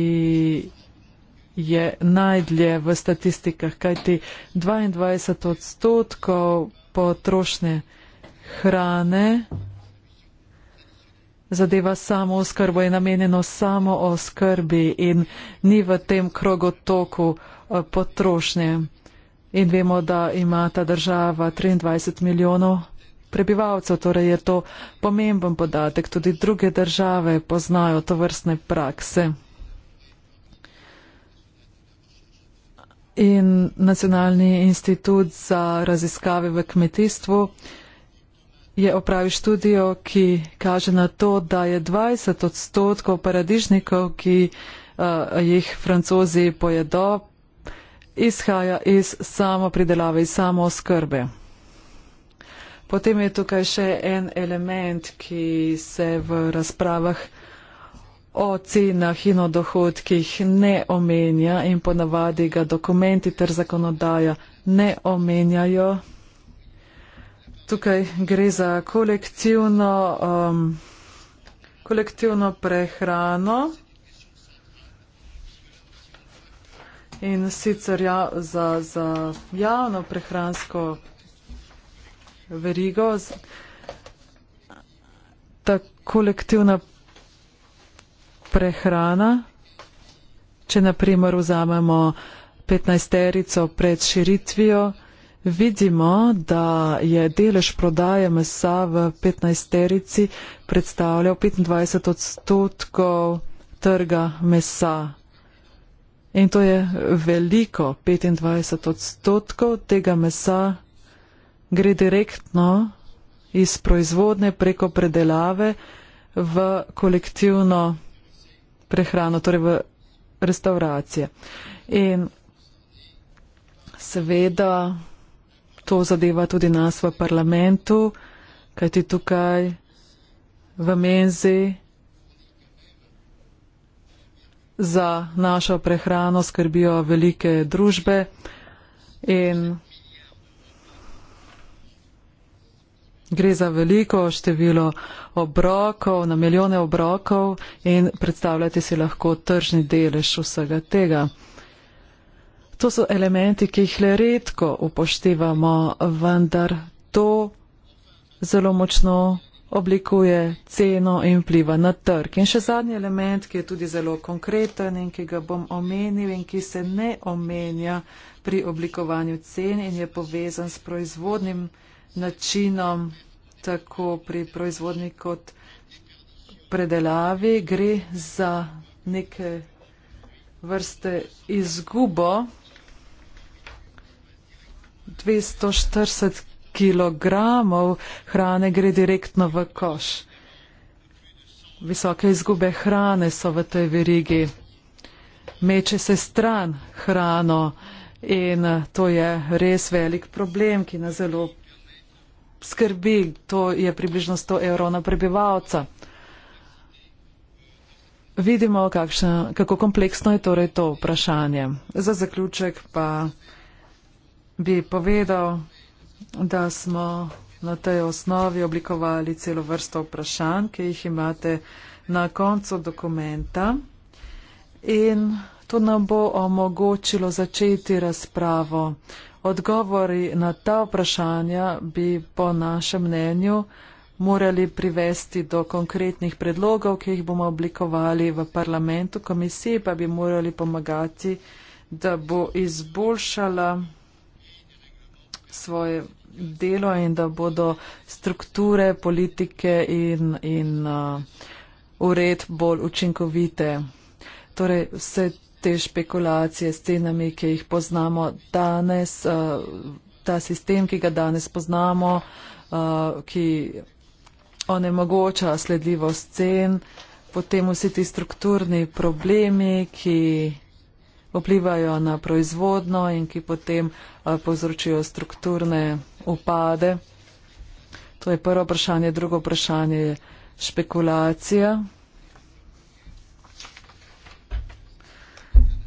je najdlje v statistikah, kajti 22 odstotkov potrošne hrane zadeva samo oskrbo, je namenjeno samo oskrbi in ni v tem krogotoku eh, potrošnje. In vemo, da ima ta država 23 milijonov prebivalcev, torej je to pomemben podatek. Tudi druge države poznajo to vrstne prakse. in Nacionalni institut za raziskave v kmetijstvu je opravil študijo, ki kaže na to, da je 20 odstotkov paradižnikov, ki uh, jih francozi pojedo, izhaja iz samo pridelave, iz samo oskrbe. Potem je tukaj še en element, ki se v razpravah uh, o cenah in o dohodkih ne omenja in ponavadi ga dokumenti ter zakonodaja ne omenjajo. Tukaj gre za kolektivno, um, kolektivno prehrano in sicer ja, za, za javno prehransko verigo. Ta kolektivna prehrana prehrana, če naprimer vzamemo 15-terico pred širitvijo, vidimo, da je delež prodaje mesa v 15-terici predstavljal 25 odstotkov trga mesa. In to je veliko, 25 odstotkov tega mesa gre direktno iz proizvodne preko predelave v kolektivno prehrano, torej v restauracije. In seveda to zadeva tudi nas v parlamentu, kajti tukaj v menzi za našo prehrano skrbijo velike družbe in Gre za veliko število obrokov, na milijone obrokov in predstavljate si lahko tržni delež vsega tega. To so elementi, ki jih le redko upoštevamo, vendar to zelo močno oblikuje ceno in vpliva na trg. In še zadnji element, ki je tudi zelo konkreten in ki ga bom omenil in ki se ne omenja pri oblikovanju cen in je povezan s proizvodnim načinom, tako pri proizvodni kot predelavi, gre za neke vrste izgubo 240 kg hrane gre direktno v koš. Visoke izgube hrane so v tej verigi. Meče se stran hrano in to je res velik problem, ki nas zelo skrbi, to je približno 100 evrov na prebivalca. Vidimo, kakšen, kako kompleksno je torej to vprašanje. Za zaključek pa bi povedal, da smo na tej osnovi oblikovali celo vrsto vprašanj, ki jih imate na koncu dokumenta. In to nam bo omogočilo začeti razpravo Odgovori na ta vprašanja bi po našem mnenju morali privesti do konkretnih predlogov, ki jih bomo oblikovali v parlamentu, komisiji pa bi morali pomagati, da bo izboljšala svoje delo in da bodo strukture, politike in, in uh, ured bolj učinkovite. Torej, vse te špekulacije s cenami, ki jih poznamo danes, eh, ta sistem, ki ga danes poznamo, eh, ki onemogoča sledljivost cen, potem vsi ti strukturni problemi, ki vplivajo na proizvodno in ki potem eh, povzročijo strukturne upade. To je prvo vprašanje. Drugo vprašanje je špekulacija.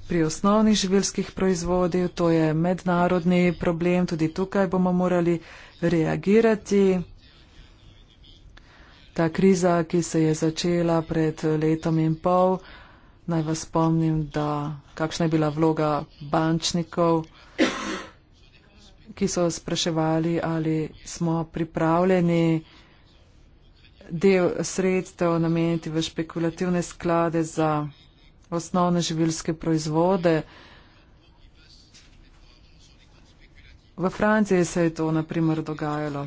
pri osnovnih živilskih proizvodih, to je mednarodni problem, tudi tukaj bomo morali reagirati. Ta kriza, ki se je začela pred letom in pol, naj vas spomnim, da kakšna je bila vloga bančnikov, ki so spraševali, ali smo pripravljeni del sredstev nameniti v špekulativne sklade za osnovne živilske proizvode. V Franciji se je to, na primer, dogajalo.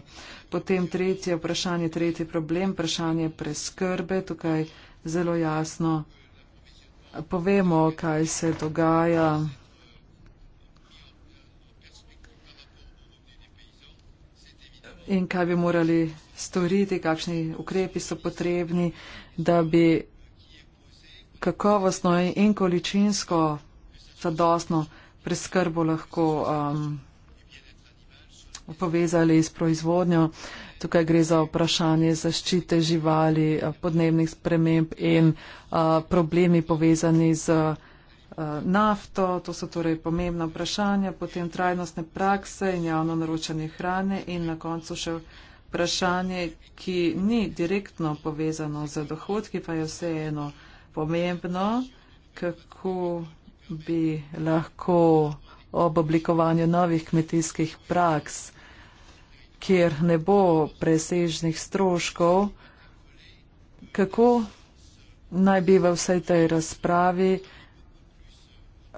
Potem tretje vprašanje, tretji problem, vprašanje preskrbe. Tukaj zelo jasno povemo, kaj se dogaja. In kaj bi morali storiti, kakšni ukrepi so potrebni, da bi kakovostno in količinsko zadostno preskrbo lahko um, povezali s proizvodnjo. Tukaj gre za vprašanje zaščite živali, podnebnih sprememb in uh, problemi povezani z uh, nafto. To so torej pomembna vprašanja, potem trajnostne prakse in javno naročanje hrane in na koncu še vprašanje, ki ni direktno povezano z dohodki, pa je vseeno pomembno, kako bi lahko ob oblikovanju novih kmetijskih praks, kjer ne bo presežnih stroškov, kako naj bi v vsej tej razpravi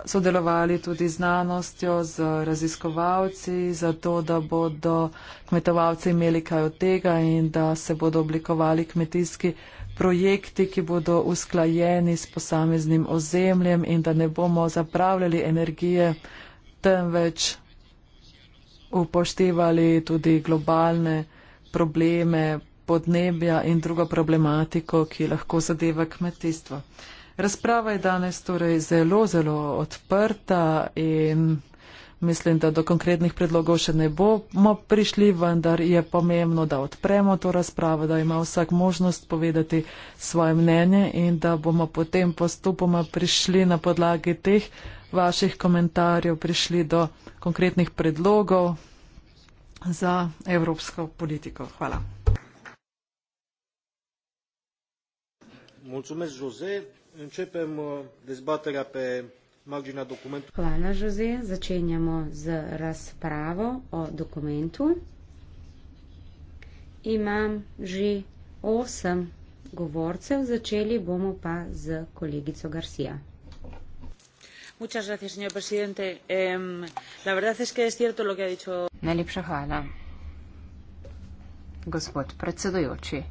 sodelovali tudi znanostjo z raziskovalci, zato da bodo kmetovalci imeli kaj od tega in da se bodo oblikovali kmetijski projekti, ki bodo usklajeni s posameznim ozemljem in da ne bomo zapravljali energije, temveč upoštevali tudi globalne probleme podnebja in drugo problematiko, ki lahko zadeva kmetijstvo. Razprava je danes torej zelo, zelo odprta in Mislim, da do konkretnih predlogov še ne bomo prišli, vendar je pomembno, da odpremo to razpravo, da ima vsak možnost povedati svoje mnenje in da bomo potem postupoma prišli na podlagi teh vaših komentarjev, prišli do konkretnih predlogov za evropsko politiko. Hvala. Mulțumesc, José. Începem uh, dezbaterea pe Magdina dokumentu. Hvala, Jose. Začenjamo z razpravo o dokumentu. Imam že osem govorcev, začeli bomo pa z kolegico Garcia. Najlepša hvala. Gospod predsedujoči,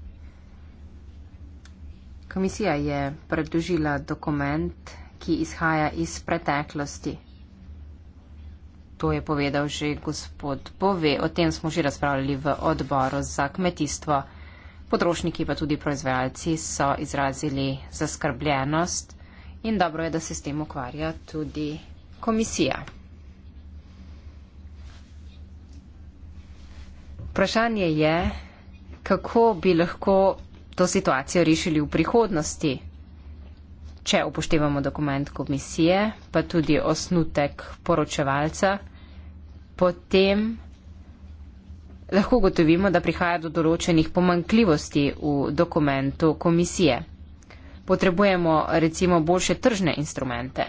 komisija je predložila dokument ki izhaja iz preteklosti. To je povedal že gospod Bove, o tem smo že razpravljali v odboru za kmetijstvo. Potrošniki pa tudi proizvajalci so izrazili zaskrbljenost in dobro je, da se s tem ukvarja tudi komisija. Vprašanje je, kako bi lahko to situacijo rešili v prihodnosti če upoštevamo dokument komisije, pa tudi osnutek poročevalca, potem lahko gotovimo, da prihaja do določenih pomankljivosti v dokumentu komisije. Potrebujemo recimo boljše tržne instrumente.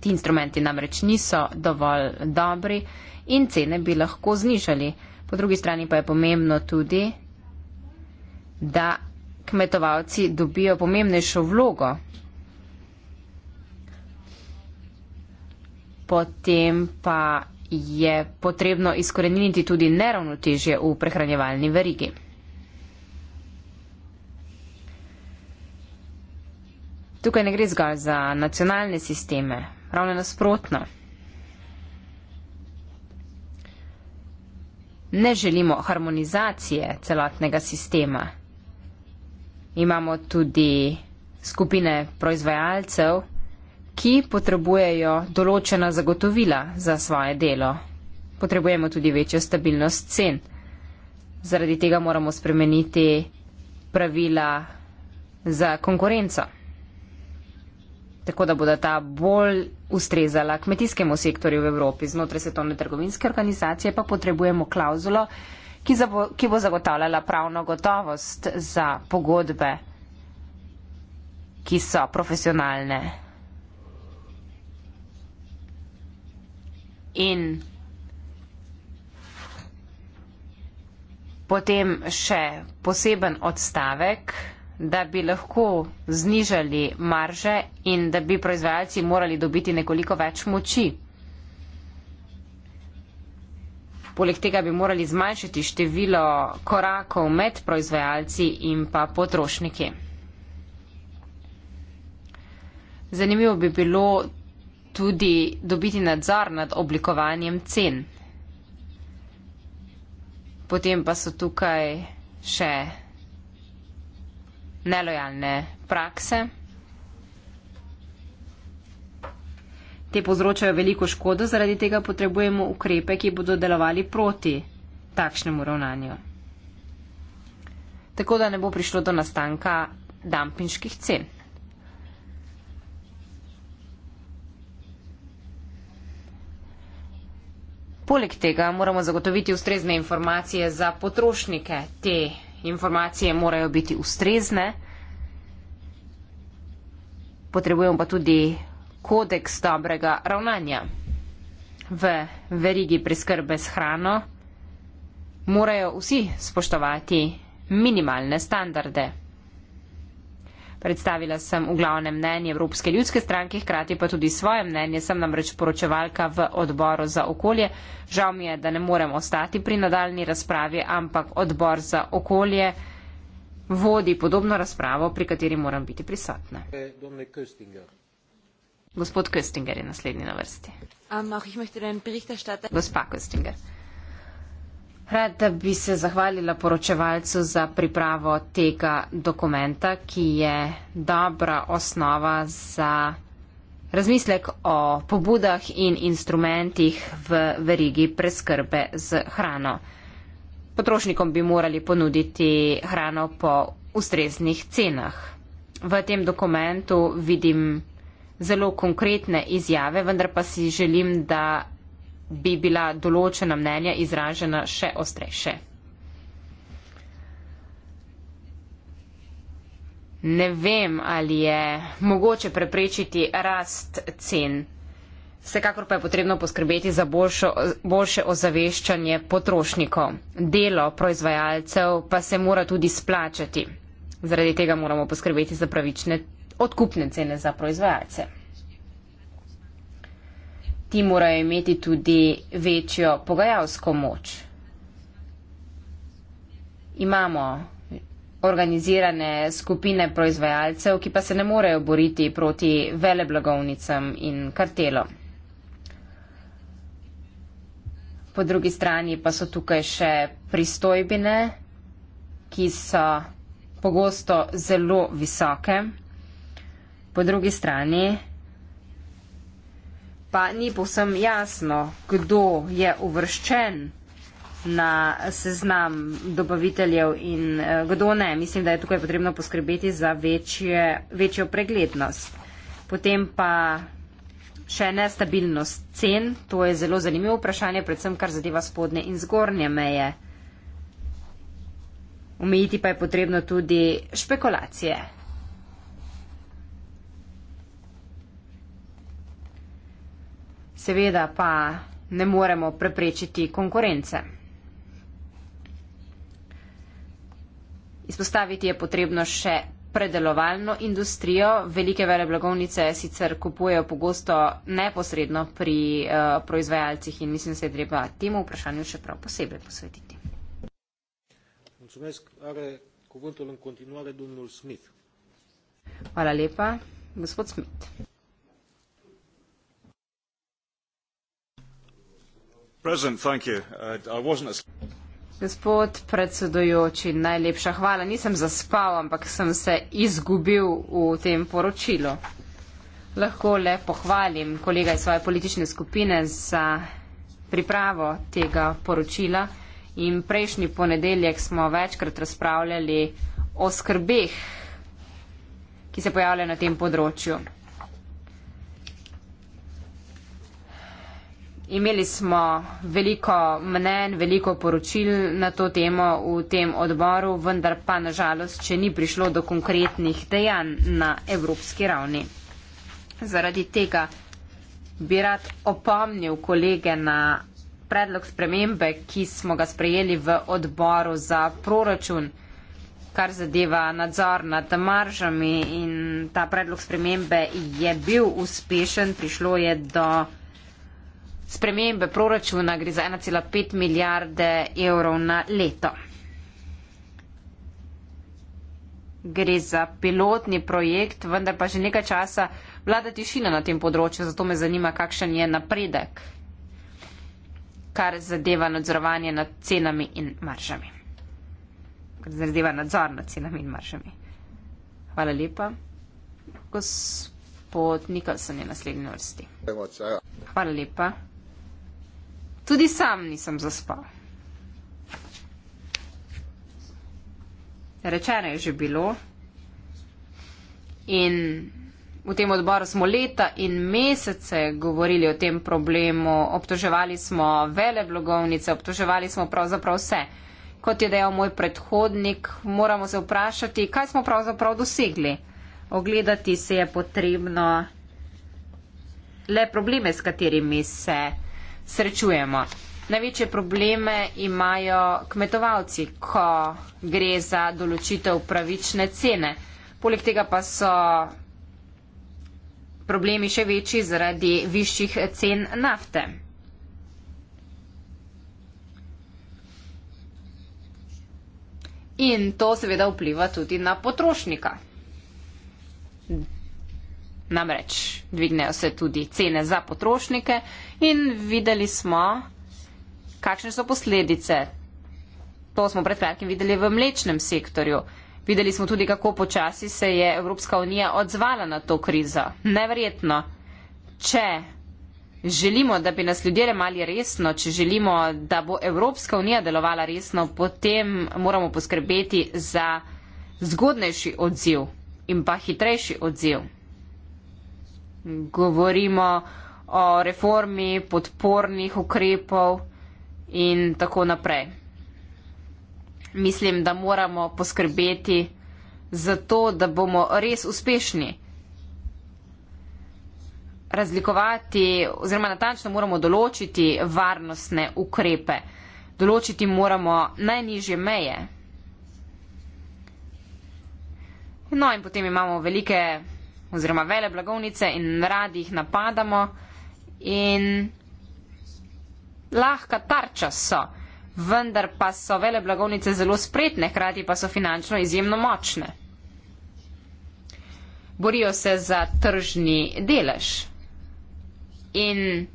Ti instrumenti namreč niso dovolj dobri in cene bi lahko znižali. Po drugi strani pa je pomembno tudi, da kmetovalci dobijo pomembnejšo vlogo. Potem pa je potrebno izkoreniniti tudi neravnotežje v prehranjevalni verigi. Tukaj ne gre zgolj za nacionalne sisteme, ravno nasprotno. Ne želimo harmonizacije celotnega sistema imamo tudi skupine proizvajalcev, ki potrebujejo določena zagotovila za svoje delo. Potrebujemo tudi večjo stabilnost cen. Zaradi tega moramo spremeniti pravila za konkurenco, tako da bodo ta bolj ustrezala kmetijskemu sektorju v Evropi. Znotraj svetovne trgovinske organizacije pa potrebujemo klauzulo, ki, zavo, ki bo zagotavljala pravno gotovost za pogodbe, ki so profesionalne. In potem še poseben odstavek, da bi lahko znižali marže in da bi proizvajalci morali dobiti nekoliko več moči. Poleg tega bi morali zmanjšati število korakov med proizvajalci in pa potrošniki. Zanimivo bi bilo tudi dobiti nadzor nad oblikovanjem cen. Potem pa so tukaj še nelojalne prakse. Te povzročajo veliko škodo, zaradi tega potrebujemo ukrepe, ki bodo delovali proti takšnemu ravnanju. Tako da ne bo prišlo do nastanka dampinških cen. Poleg tega moramo zagotoviti ustrezne informacije za potrošnike. Te informacije morajo biti ustrezne. Potrebujemo pa tudi kodeks dobrega ravnanja. V verigi priskrbe s hrano morajo vsi spoštovati minimalne standarde. Predstavila sem v glavnem mnenje Evropske ljudske stranke, hkrati pa tudi svoje mnenje, sem namreč poročevalka v odboru za okolje. Žal mi je, da ne morem ostati pri nadaljni razpravi, ampak odbor za okolje vodi podobno razpravo, pri kateri moram biti prisotna. E, Gospod Köstinger je naslednji na vrsti. Um, Gospa Köstinger. Rada bi se zahvalila poročevalcu za pripravo tega dokumenta, ki je dobra osnova za razmislek o pobudah in instrumentih v verigi preskrbe z hrano. Potrošnikom bi morali ponuditi hrano po ustreznih cenah. V tem dokumentu vidim zelo konkretne izjave, vendar pa si želim, da bi bila določena mnenja izražena še ostrejše. Ne vem, ali je mogoče preprečiti rast cen. Vsekakor pa je potrebno poskrbeti za boljšo, boljše ozaveščanje potrošnikov. Delo proizvajalcev pa se mora tudi splačati. Zaradi tega moramo poskrbeti za pravične odkupne cene za proizvajalce. Ti morajo imeti tudi večjo pogajalsko moč. Imamo organizirane skupine proizvajalcev, ki pa se ne morejo boriti proti veleblagovnicam in kartelom. Po drugi strani pa so tukaj še pristojbine, ki so pogosto zelo visoke po drugi strani pa ni povsem jasno, kdo je uvrščen na seznam dobaviteljev in eh, kdo ne. Mislim, da je tukaj potrebno poskrbeti za večje, večjo preglednost. Potem pa še nestabilnost cen. To je zelo zanimivo vprašanje, predvsem kar zadeva spodne in zgornje meje. Omejiti pa je potrebno tudi špekulacije. seveda pa ne moremo preprečiti konkurence. Izpostaviti je potrebno še predelovalno industrijo. Velike vele blagovnice sicer kupujejo pogosto neposredno pri uh, proizvajalcih in mislim, da se je treba temu vprašanju še prav posebej posvetiti. Hvala lepa, gospod Smith. Gospod predsedujoči, najlepša hvala. Nisem zaspal, ampak sem se izgubil v tem poročilu. Lahko le pohvalim kolega iz svoje politične skupine za pripravo tega poročila in prejšnji ponedeljek smo večkrat razpravljali o skrbeh, ki se pojavljajo na tem področju. Imeli smo veliko mnen, veliko poročil na to temo v tem odboru, vendar pa nažalost, če ni prišlo do konkretnih dejanj na evropski ravni. Zaradi tega bi rad opomnil kolege na predlog spremembe, ki smo ga sprejeli v odboru za proračun, kar zadeva nadzor nad maržami in ta predlog spremembe je bil uspešen, prišlo je do spremembe proračuna gre za 1,5 milijarde evrov na leto. Gre za pilotni projekt, vendar pa že nekaj časa vlada tišina na tem področju, zato me zanima, kakšen je napredek, kar zadeva nadzorovanje nad cenami in maržami. Kar zadeva nadzor nad cenami in maržami. Hvala lepa. Gospod Nikolson je naslednji vrsti. Hvala lepa. Tudi sam nisem zaspal. Rečeno je že bilo. In v tem odboru smo leta in mesece govorili o tem problemu, obtoževali smo vele blogovnice, obtoževali smo pravzaprav vse. Kot je dejal moj predhodnik, moramo se vprašati, kaj smo pravzaprav dosegli. Ogledati se je potrebno le probleme, s katerimi se srečujemo. Največje probleme imajo kmetovalci, ko gre za določitev pravične cene. Poleg tega pa so problemi še večji zaradi višjih cen nafte. In to seveda vpliva tudi na potrošnika. Namreč dvignejo se tudi cene za potrošnike in videli smo, kakšne so posledice. To smo pred kratkim videli v mlečnem sektorju. Videli smo tudi, kako počasi se je Evropska unija odzvala na to krizo. Neverjetno. Če želimo, da bi nas ljudje remali resno, če želimo, da bo Evropska unija delovala resno, potem moramo poskrbeti za zgodnejši odziv in pa hitrejši odziv. Govorimo o reformi podpornih ukrepov in tako naprej. Mislim, da moramo poskrbeti za to, da bomo res uspešni. Razlikovati oziroma natančno moramo določiti varnostne ukrepe. Določiti moramo najnižje meje. No in potem imamo velike oziroma vele blagovnice in radi jih napadamo in lahka tarča so, vendar pa so vele blagovnice zelo spretne, hkrati pa so finančno izjemno močne. Borijo se za tržni delež in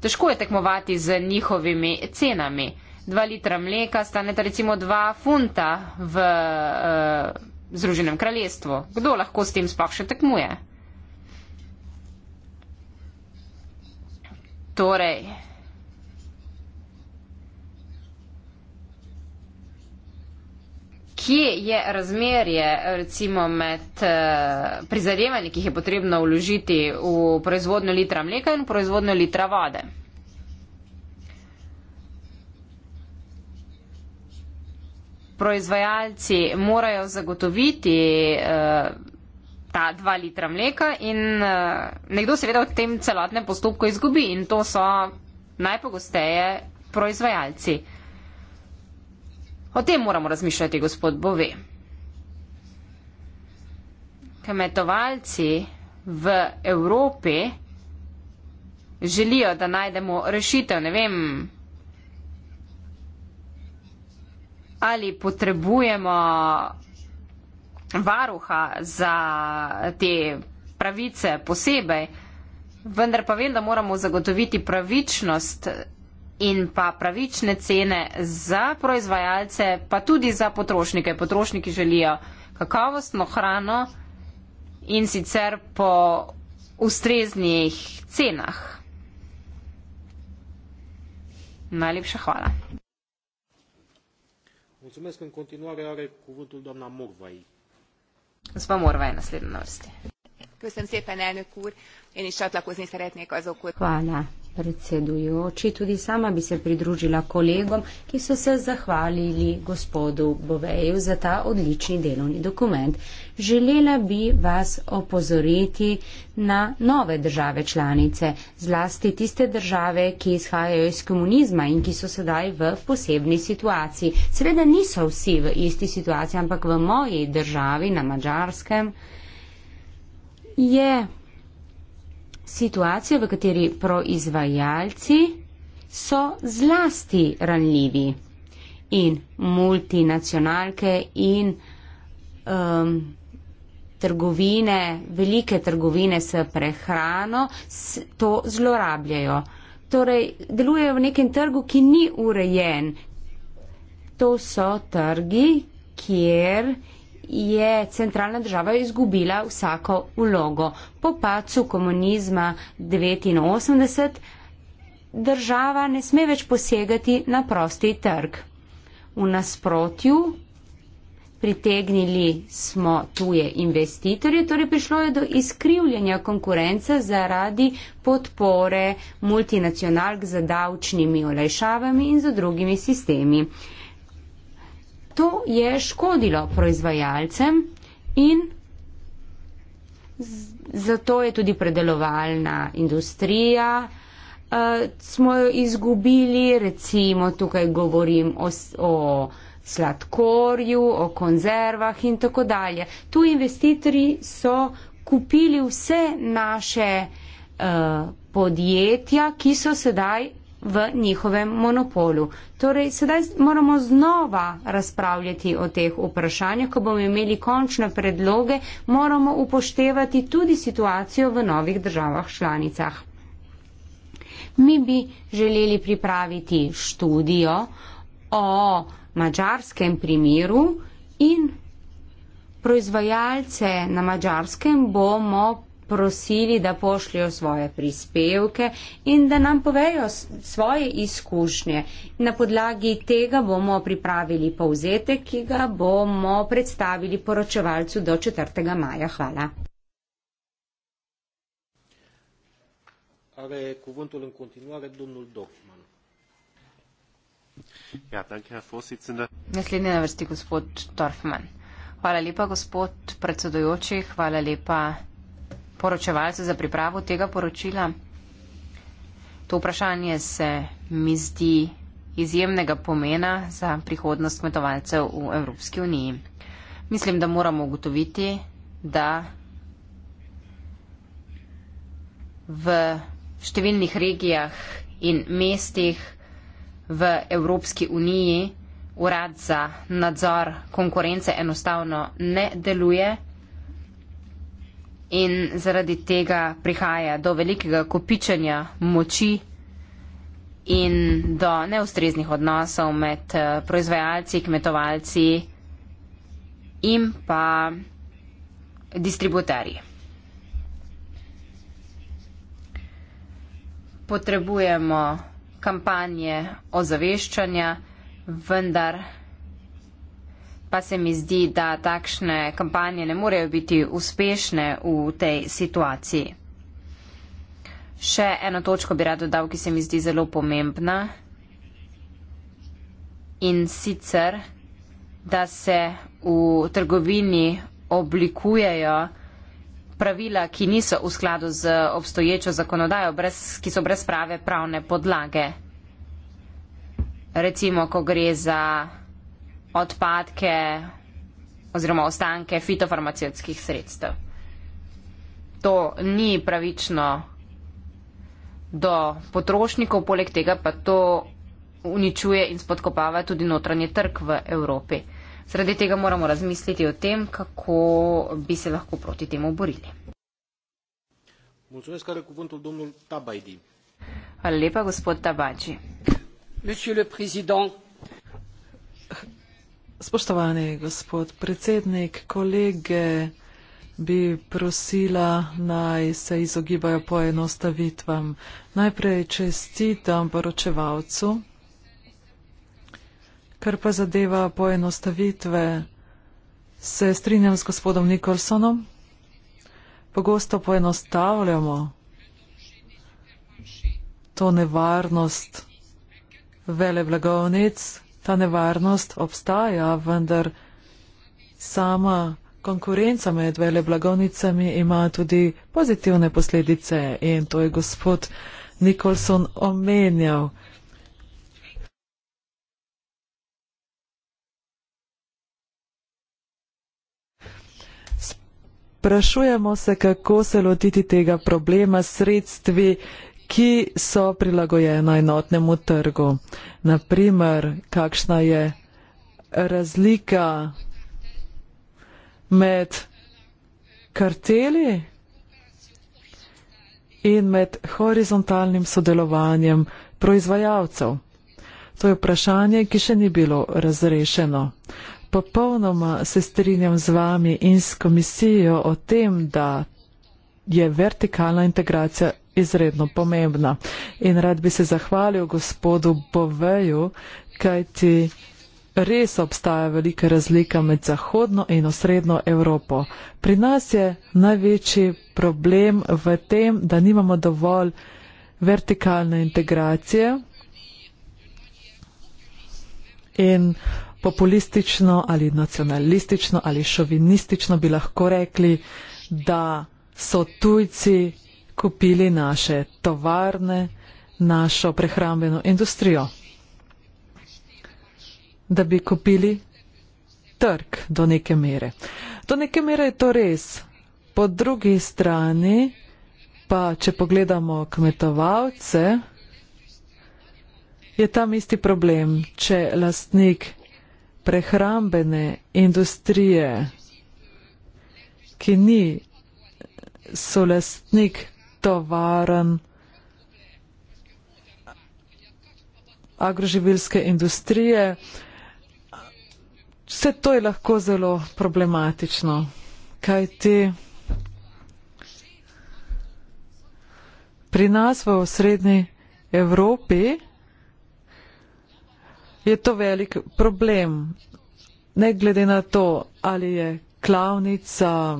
težko je tekmovati z njihovimi cenami. Dva litra mleka staneta recimo dva funta v uh, Združenem kraljestvu. Kdo lahko s tem sploh še tekmuje? Torej, kje je razmerje recimo med eh, prizadevanji, ki jih je potrebno vložiti v proizvodno litra mleka in proizvodno litra vode? Proizvajalci morajo zagotoviti uh, ta dva litra mleka in uh, nekdo seveda v tem celotnem postopku izgubi in to so najpogosteje proizvajalci. O tem moramo razmišljati, gospod Bove. Kmetovalci v Evropi želijo, da najdemo rešitev, ne vem, ali potrebujemo varuha za te pravice posebej, vendar pa vem, da moramo zagotoviti pravičnost in pa pravične cene za proizvajalce, pa tudi za potrošnike. Potrošniki želijo kakovostno hrano in sicer po ustreznih cenah. Najlepša hvala. Mulțumesc în continuare, are cuvântul doamna Morvai. Hvala, predsedujoči. Tudi sama bi se pridružila kolegom, ki so se zahvalili gospodu Boveju za ta odlični delovni dokument. Želela bi vas opozoriti na nove države članice, zlasti tiste države, ki izhajajo iz komunizma in ki so sedaj v posebni situaciji. Seveda niso vsi v isti situaciji, ampak v moji državi na Mačarskem je situacija, v kateri proizvajalci so zlasti ranljivi in multinacionalke in um, trgovine, velike trgovine s prehrano to zlorabljajo. Torej, delujejo v nekem trgu, ki ni urejen. To so trgi, kjer je centralna država izgubila vsako ulogo. Po pacu komunizma 89 država ne sme več posegati na prosti trg. V nasprotju pritegnili smo tuje investitorje, torej prišlo je do izkrivljanja konkurence zaradi podpore multinacionalk za davčnimi olajšavami in za drugimi sistemi. To je škodilo proizvajalcem in zato je tudi predelovalna industrija. Uh, smo jo izgubili, recimo tukaj govorim o, o sladkorju, o konzervah in tako dalje. Tu investitorji so kupili vse naše uh, podjetja, ki so sedaj v njihovem monopolu. Torej, sedaj moramo znova razpravljati o teh vprašanjah, ko bomo imeli končne predloge, moramo upoštevati tudi situacijo v novih državah članicah. Mi bi želeli pripraviti študijo o mađarskem primeru in proizvajalce na mađarskem bomo prosili, da pošljajo svoje prispevke in da nam povejo svoje izkušnje. Na podlagi tega bomo pripravili povzetek, ki ga bomo predstavili poročevalcu do 4. maja. Hvala. Are cuvântul în continuare domnul doctor. Ja, danke, Herr Vorsitzender. Naslednji na vrsti gospod Dorfman. Hvala lepa, gospod predsedojoči, hvala lepa poročevalce za pripravo tega poročila. To vprašanje se mi zdi izjemnega pomena za prihodnost kmetovalcev v Evropski uniji. Mislim, da moramo ugotoviti, da v številnih regijah in mestih v Evropski uniji urad za nadzor konkurence enostavno ne deluje in zaradi tega prihaja do velikega kopičanja moči in do neustreznih odnosov med eh, proizvajalci, kmetovalci in pa distributerji. Potrebujemo kampanje ozaveščanja, vendar pa se mi zdi, da takšne kampanje ne morejo biti uspešne v tej situaciji. Še eno točko bi rad dodal, ki se mi zdi zelo pomembna in sicer, da se v trgovini oblikujejo pravila, ki niso v skladu z obstoječo zakonodajo, brez, ki so brez prave pravne podlage. Recimo, ko gre za odpadke oziroma ostanke fitofarmacijskih sredstev. To ni pravično do potrošnikov, poleg tega pa to uničuje in spodkopava tudi notranji trg v Evropi. Sredi tega moramo razmisliti o tem, kako bi se lahko proti temu borili. Mulțumesc, are cuvântul domnul Tabaidi. Hvala lepa, gospod Tabaci. Monsieur le président. Spoštovani gospod predsednik, kolege bi prosila, naj se izogibajo poenostavitvam. Najprej čestitam poročevalcu. Kar pa zadeva poenostavitve, se strinjam s gospodom Nikolsonom. Pogosto poenostavljamo to nevarnost vele blagovnic. Ta nevarnost obstaja, vendar sama konkurenca med vele blagovnicami ima tudi pozitivne posledice in to je gospod Nikolson omenjal. Sprašujemo se, kako se lotiti tega problema s sredstvi, ki so prilagojena enotnemu trgu. Naprimer, kakšna je razlika med karteli in med horizontalnim sodelovanjem proizvajalcev. To je vprašanje, ki še ni bilo razrešeno. Popolnoma se strinjam z vami in s komisijo o tem, da je vertikalna integracija izredno pomembna. In rad bi se zahvalil gospodu Boveju, kajti res obstaja velika razlika med Zahodno in Osrednjo Evropo. Pri nas je največji problem v tem, da nimamo dovolj vertikalne integracije. In populistično ali nacionalistično ali šovinistično bi lahko rekli, da so tujci kupili naše tovarne, našo prehrambeno industrijo, da bi kupili trg do neke mere. Do neke mere je to res. Po drugi strani pa, če pogledamo kmetovalce, je tam isti problem. Če lastnik prehrambene industrije, ki ni solastnik tovaran agroživilske industrije, vse to je lahko zelo problematično, kaj ti pri nas v srednji Evropi je to velik problem. Ne glede na to, ali je klavnica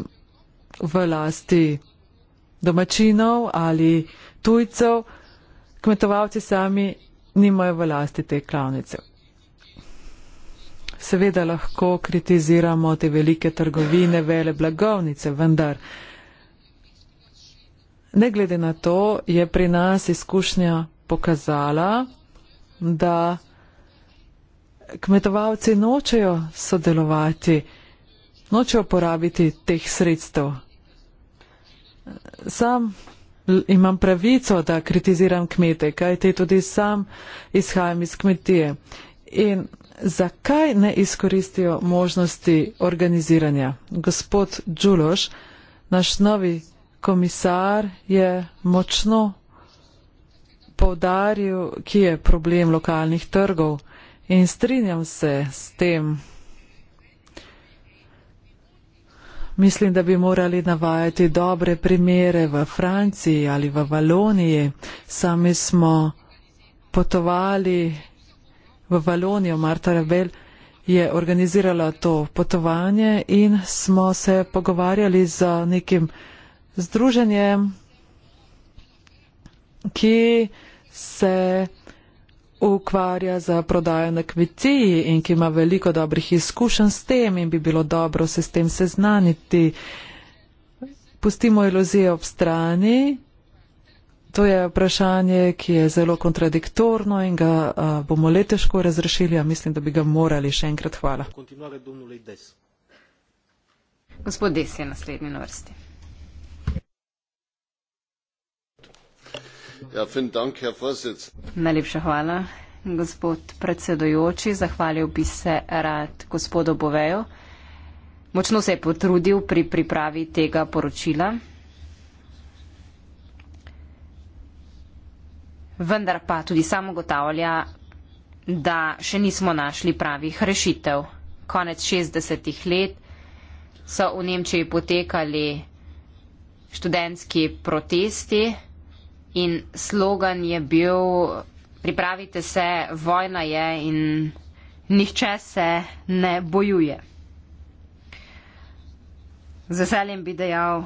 v lasti domačinov ali tujcev, kmetovalci sami nimajo v lasti te klavnice. Seveda lahko kritiziramo te velike trgovine, vele blagovnice, vendar ne glede na to je pri nas izkušnja pokazala, da kmetovalci nočejo sodelovati, nočejo porabiti teh sredstev. Sam imam pravico, da kritiziram kmete, kajte tudi sam izhajam iz kmetije. In zakaj ne izkoristijo možnosti organiziranja? Gospod Đuloš, naš novi komisar, je močno povdaril, ki je problem lokalnih trgov. In strinjam se s tem. Mislim, da bi morali navajati dobre primere v Franciji ali v Valoniji. Sami smo potovali v Valonijo. Marta Rebel je organizirala to potovanje in smo se pogovarjali z nekim združenjem, ki se ukvarja za prodajo na kmetiji in ki ima veliko dobrih izkušenj s tem in bi bilo dobro se s tem seznaniti. Pustimo iluzije ob strani. To je vprašanje, ki je zelo kontradiktorno in ga a, bomo le težko razrešili, a mislim, da bi ga morali. Še enkrat hvala. Gospod Des je naslednji na vrsti. Ja, Najlepša hvala, gospod predsedujoči. Zahvalil bi se rad gospodu Boveju. Močno se je potrudil pri pripravi tega poročila. Vendar pa tudi sam ugotavlja, da še nismo našli pravih rešitev. Konec 60-ih let so v Nemčiji potekali študentski protesti in slogan je bil: Pripravite se, vojna je in nihče se ne bojuje. Z veseljem bi dejal,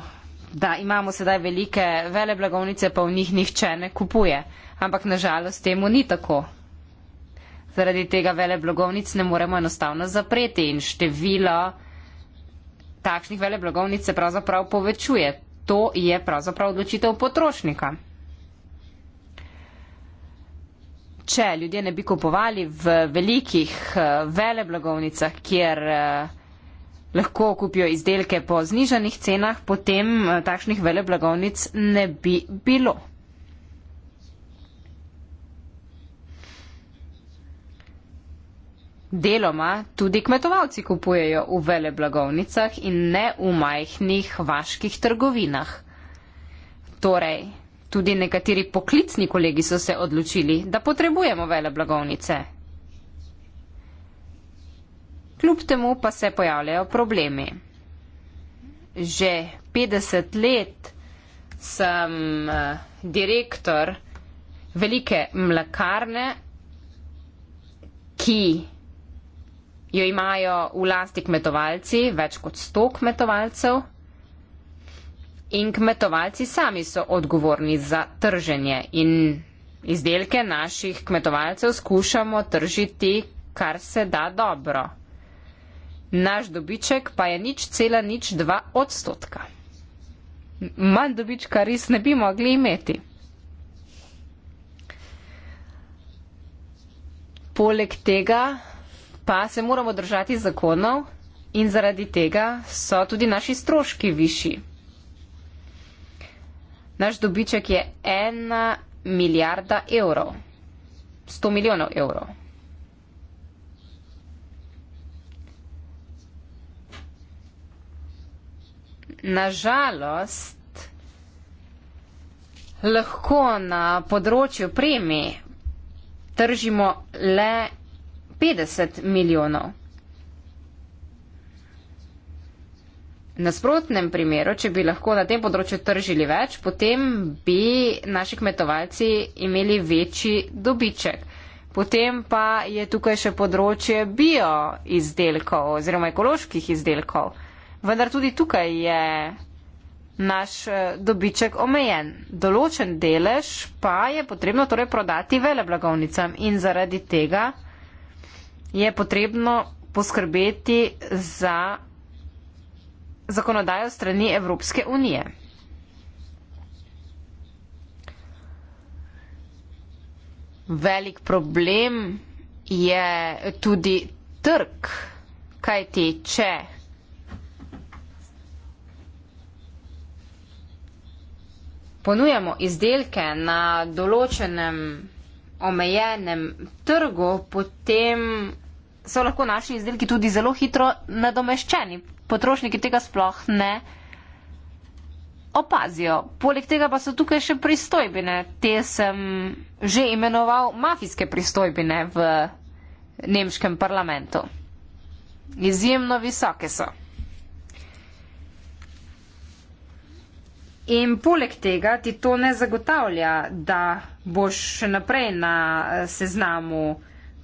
da imamo sedaj velike vele blagovnice, pa v njih nihče ne kupuje. Ampak nažalost temu ni tako. Zaradi tega vele blagovnic ne moremo enostavno zapreti in število takšnih vele blagovnic se pravzaprav povečuje. To je pravzaprav odločitev potrošnika. če ljudje ne bi kupovali v velikih eh, veleblagovnicah, kjer eh, lahko kupijo izdelke po znižanih cenah, potem eh, takšnih veleblagovnic ne bi bilo. Deloma tudi kmetovalci kupujejo v veleblagovnicah in ne v majhnih vaških trgovinah. Torej, Tudi nekateri poklicni kolegi so se odločili, da potrebujemo vele blagovnice. Kljub temu pa se pojavljajo problemi. Že 50 let sem eh, direktor velike mlekarne, ki jo imajo v lasti kmetovalci, več kot 100 kmetovalcev in kmetovalci sami so odgovorni za trženje in izdelke naših kmetovalcev skušamo tržiti, kar se da dobro. Naš dobiček pa je nič cela nič dva odstotka. Manj dobička res ne bi mogli imeti. Poleg tega pa se moramo držati zakonov in zaradi tega so tudi naši stroški višji. Naš dobiček je ena milijarda evrov. Sto milijonov evrov. Nažalost, lahko na področju premije tržimo le 50 milijonov. Nasprotnem primeru, če bi lahko na tem področju tržili več, potem bi naši kmetovalci imeli večji dobiček. Potem pa je tukaj še področje bio izdelkov oziroma ekoloških izdelkov. Vendar tudi tukaj je naš eh, dobiček omejen. Določen delež pa je potrebno torej prodati veleblagovnicam in zaradi tega je potrebno poskrbeti za zakonodajo strani Evropske unije. Velik problem je tudi trg, kaj ti če ponujamo izdelke na določenem omejenem trgu, potem so lahko naši izdelki tudi zelo hitro nadomeščeni potrošniki tega sploh ne opazijo. Poleg tega pa so tukaj še pristojbine. Te sem že imenoval mafijske pristojbine v nemškem parlamentu. Izjemno visoke so. In poleg tega ti to ne zagotavlja, da boš še naprej na eh, seznamu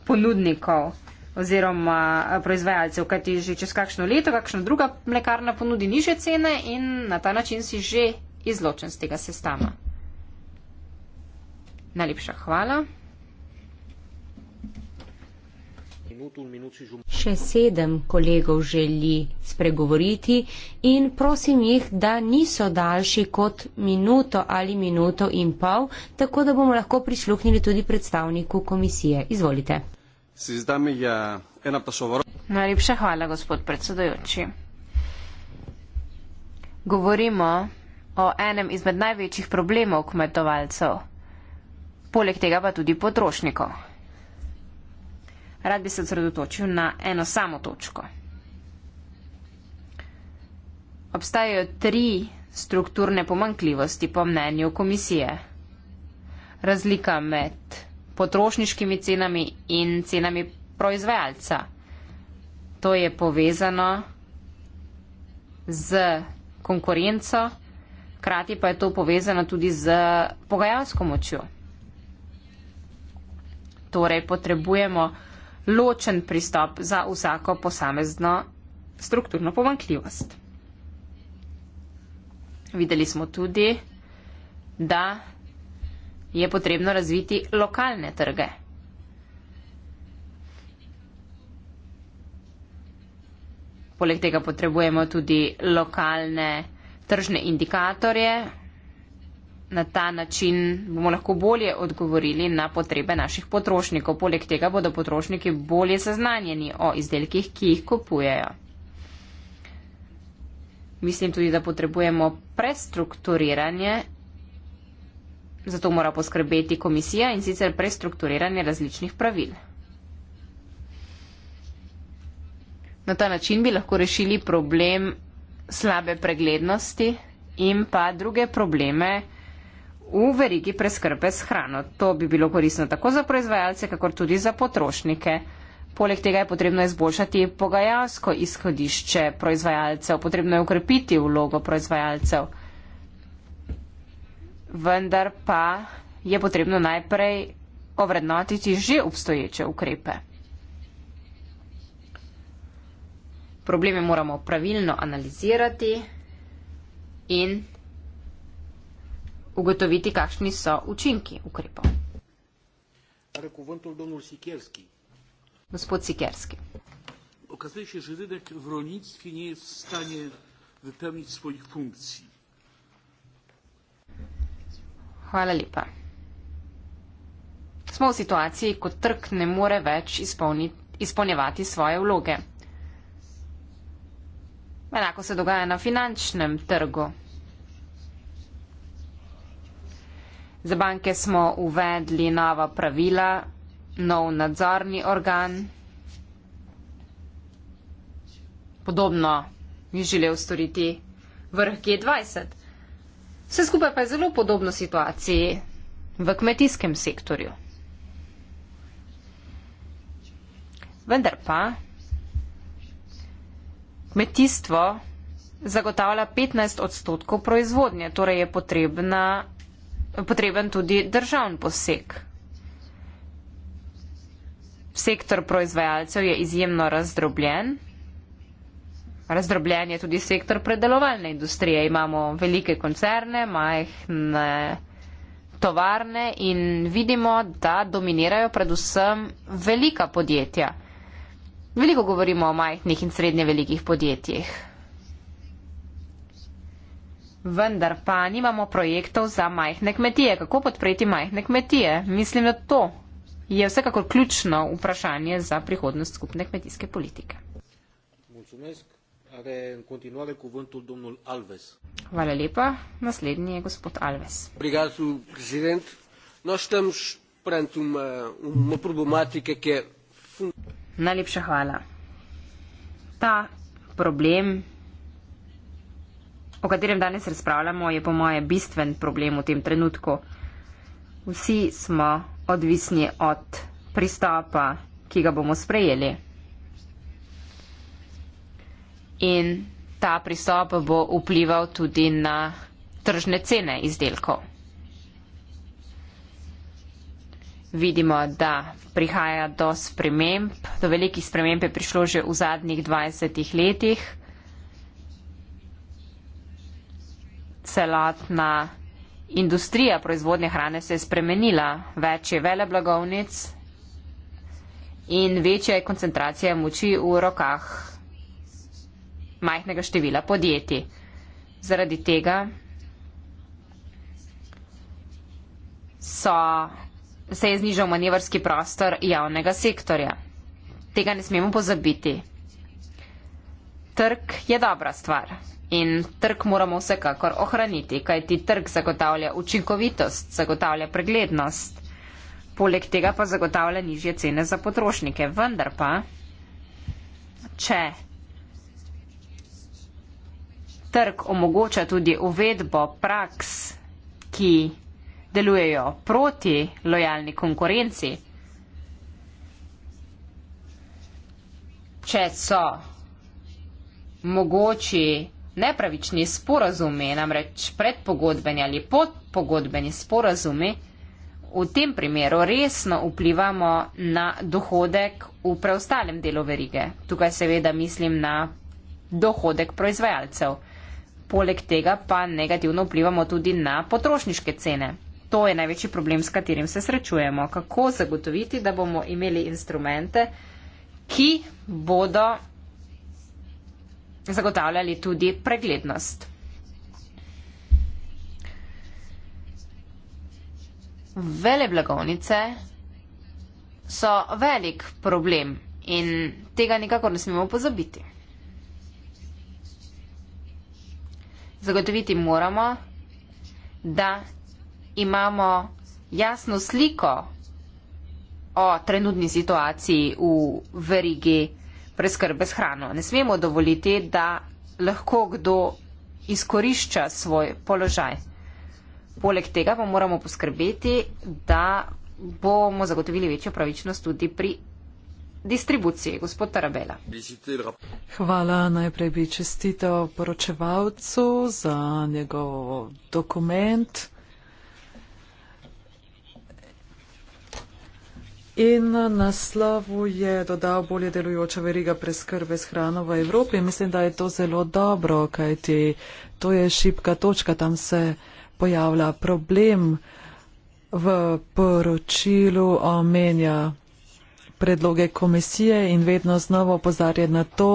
ponudnikov oziroma eh, proizvajalcev, kajti že čez kakšno leto, kakšna druga mlekarna ponudi niže cene in na ta način si že izločen z tega sestama. Najlepša hvala. Še sedem kolegov želi spregovoriti in prosim jih, da niso daljši kot minuto ali minuto in pol, tako da bomo lahko prisluhnili tudi predstavniku komisije. Izvolite. Najlepša hvala, gospod predsedujoči. Govorimo o enem izmed največjih problemov kmetovalcev, poleg tega pa tudi potrošnikov. Rad bi se osredotočil na eno samo točko. Obstajajo tri strukturne pomankljivosti po mnenju komisije. Razlika med potrošniškimi cenami in cenami proizvajalca. To je povezano z konkurenco, krati pa je to povezano tudi z pogajalsko močjo. Torej potrebujemo ločen pristop za vsako posamezno strukturno pomankljivost. Videli smo tudi, da je potrebno razviti lokalne trge. Poleg tega potrebujemo tudi lokalne tržne indikatorje. Na ta način bomo lahko bolje odgovorili na potrebe naših potrošnikov. Poleg tega bodo potrošniki bolje seznanjeni o izdelkih, ki jih kupujejo. Mislim tudi, da potrebujemo prestrukturiranje Zato mora poskrbeti komisija in sicer prestrukturiranje različnih pravil. Na ta način bi lahko rešili problem slabe preglednosti in pa druge probleme v verigi preskrbe s hrano. To bi bilo korisno tako za proizvajalce, kakor tudi za potrošnike. Poleg tega je potrebno izboljšati pogajalsko izhodišče proizvajalcev, potrebno je ukrepiti vlogo proizvajalcev vendar pa je potrebno najprej ovrednotiti že obstoječe ukrepe. Probleme moramo pravilno analizirati in ugotoviti, kakšni so učinki ukrepov. Gospod Sikerski. Okazuje se, že zidek v rolnictvu ni v stanju vypełnić svojih funkcij. Hvala lepa. Smo v situaciji, ko trg ne more več izpolnjevati svoje vloge. Enako se dogaja na finančnem trgu. Za banke smo uvedli nova pravila, nov nadzorni organ. Podobno je želel storiti vrh G20. Vse skupaj pa je zelo podobno situaciji v kmetijskem sektorju. Vendar pa kmetijstvo zagotavlja 15 odstotkov proizvodnje, torej je potrebna, potreben tudi državni poseg. Sektor proizvajalcev je izjemno razdrobljen, Razdrobljen je tudi sektor predelovalne industrije. Imamo velike koncerne, majhne tovarne in vidimo, da dominirajo predvsem velika podjetja. Veliko govorimo o majhnih in srednje velikih podjetjih. Vendar pa nimamo projektov za majhne kmetije. Kako podpreti majhne kmetije? Mislim, da to je vsekakor ključno vprašanje za prihodnost skupne kmetijske politike. Mocumesk. Are în continuare cuvântul domnul Alves. Vale lipa, naslednji je gospod Alves. Obrigado, presidente. Nós estamos perante uma, uma problemática que é... Najlepša hvala. Ta problem, o katerem danes razpravljamo, je po moje bistven problem v tem trenutku. Vsi smo odvisni od pristopa, ki ga bomo sprejeli in ta pristop bo vplival tudi na tržne cene izdelkov. Vidimo, da prihaja do sprememb, do velikih sprememb je prišlo že v zadnjih 20 letih. Celotna industrija proizvodnje hrane se je spremenila, več je veleblagovnic in večja je koncentracija moči v rokah majhnega števila podjetij. Zaradi tega so, se je znižal manevrski prostor javnega sektorja. Tega ne smemo pozabiti. Trg je dobra stvar in trg moramo vsekakor ohraniti, kajti trg zagotavlja učinkovitost, zagotavlja preglednost, poleg tega pa zagotavlja nižje cene za potrošnike. Vendar pa, če trg omogoča tudi uvedbo praks, ki delujejo proti lojalni konkurenci. Če so mogoči nepravični sporazumi, namreč predpogodbeni ali podpogodbeni sporazumi, v tem primeru resno vplivamo na dohodek v preostalem delu verige. Tukaj seveda mislim na dohodek proizvajalcev. Poleg tega pa negativno vplivamo tudi na potrošniške cene. To je največji problem, s katerim se srečujemo. Kako zagotoviti, da bomo imeli instrumente, ki bodo zagotavljali tudi preglednost. Vele blagovnice so velik problem in tega nikakor ne smemo pozabiti. zagotoviti moramo, da imamo jasno sliko o trenutni situaciji v verigi preskrbe s hrano. Ne smemo dovoliti, da lahko kdo izkorišča svoj položaj. Poleg tega pa moramo poskrbeti, da bomo zagotovili večjo pravičnost tudi pri distribuciji. Gospod Tarabela. Hvala najprej bi čestitev poročevalcu za njegov dokument. In naslovu je dodal bolje delujoča veriga preskrbe s hrano v Evropi. Mislim, da je to zelo dobro, kajti to je šipka točka, tam se pojavlja problem. V poročilu omenja predloge komisije in vedno znova opozarja na to,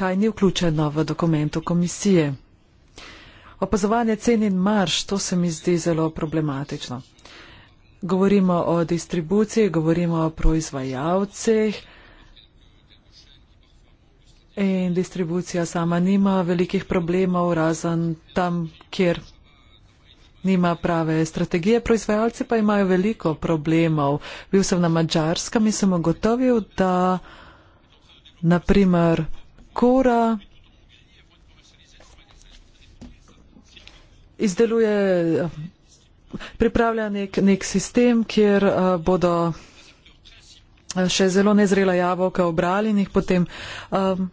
kaj ni vključeno v dokumentu komisije. Opazovanje cen in marš, to se mi zdi zelo problematično. Govorimo o distribuciji, govorimo o proizvajalcih in distribucija sama nima velikih problemov, razen tam, kjer Nima prave strategije, proizvajalci pa imajo veliko problemov. Bil sem na Mačarskem in sem ugotovil, da naprimer kura izdeluje, pripravlja nek, nek sistem, kjer uh, bodo eh, še zelo nezrela jabolka obrali in jih potem. Um,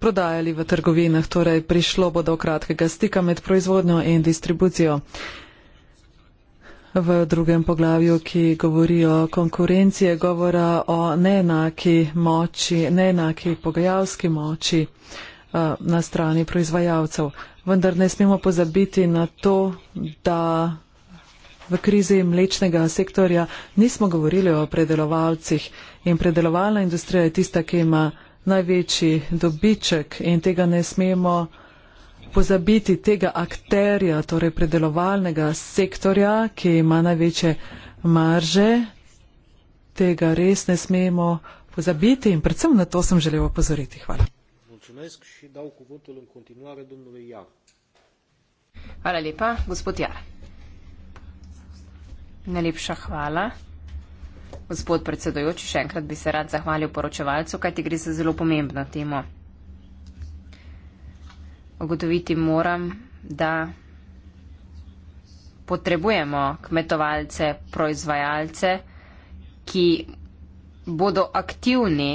prodajali v trgovinah, torej prišlo bo do kratkega stika med proizvodnjo in distribucijo. V drugem poglavju, ki govori o konkurenci, je govora o neenaki moči, neenaki pogajalski moči eh, na strani proizvajalcev. Vendar ne smemo pozabiti na to, da v krizi mlečnega sektorja nismo govorili o predelovalcih in predelovalna industrija je tista, ki ima največji dobiček in tega ne smemo pozabiti, tega akterja, torej predelovalnega sektorja, ki ima največje marže, tega res ne smemo pozabiti in predvsem na to sem želel opozoriti. Hvala. Hvala lepa, gospod Jar. Najlepša hvala. Gospod predsedojoči, še enkrat bi se rad zahvalil poročevalcu, kajti gre za zelo pomembno temo. Ogotoviti moram, da potrebujemo kmetovalce, proizvajalce, ki bodo aktivni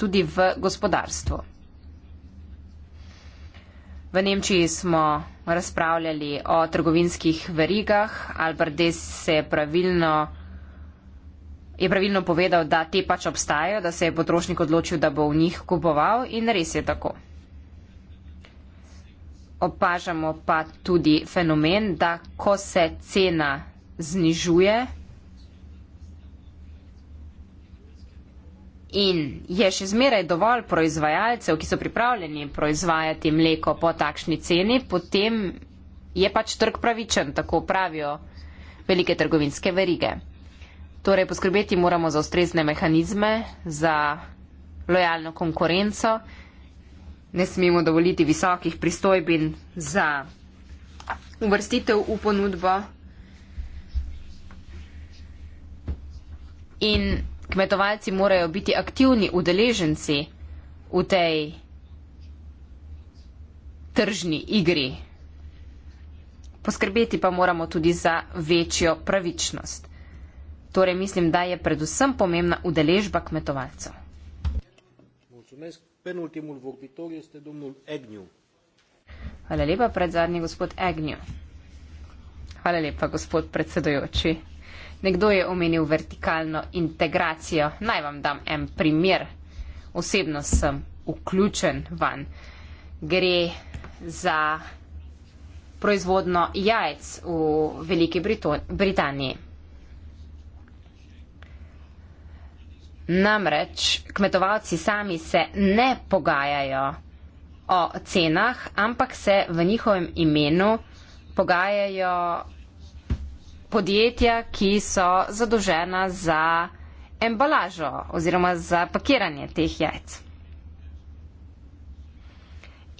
tudi v gospodarstvu. V Nemčiji smo razpravljali o trgovinskih verigah. Albert Des se je pravilno je pravilno povedal, da te pač obstajajo, da se je potrošnik odločil, da bo v njih kupoval in res je tako. Opažamo pa tudi fenomen, da ko se cena znižuje in je še zmeraj dovolj proizvajalcev, ki so pripravljeni proizvajati mleko po takšni ceni, potem je pač trg pravičen, tako pravijo velike trgovinske verige. Torej, poskrbeti moramo za ustrezne mehanizme, za lojalno konkurenco, ne smemo dovoliti visokih pristojbin za uvrstitev v ponudbo. In kmetovalci morajo biti aktivni udeleženci v tej tržni igri. Poskrbeti pa moramo tudi za večjo pravičnost. Torej mislim, da je predvsem pomembna udeležba kmetovalcev. Hvala lepa, predzadnji gospod Egnjo. Hvala lepa, gospod predsedojoči. Nekdo je omenil vertikalno integracijo. Naj vam dam en primer. Osebno sem vključen van. Gre za proizvodno jajc v Veliki Britoniji. Namreč kmetovalci sami se ne pogajajo o cenah, ampak se v njihovem imenu pogajajo podjetja, ki so zadolžena za embalažo oziroma za pakiranje teh jajc.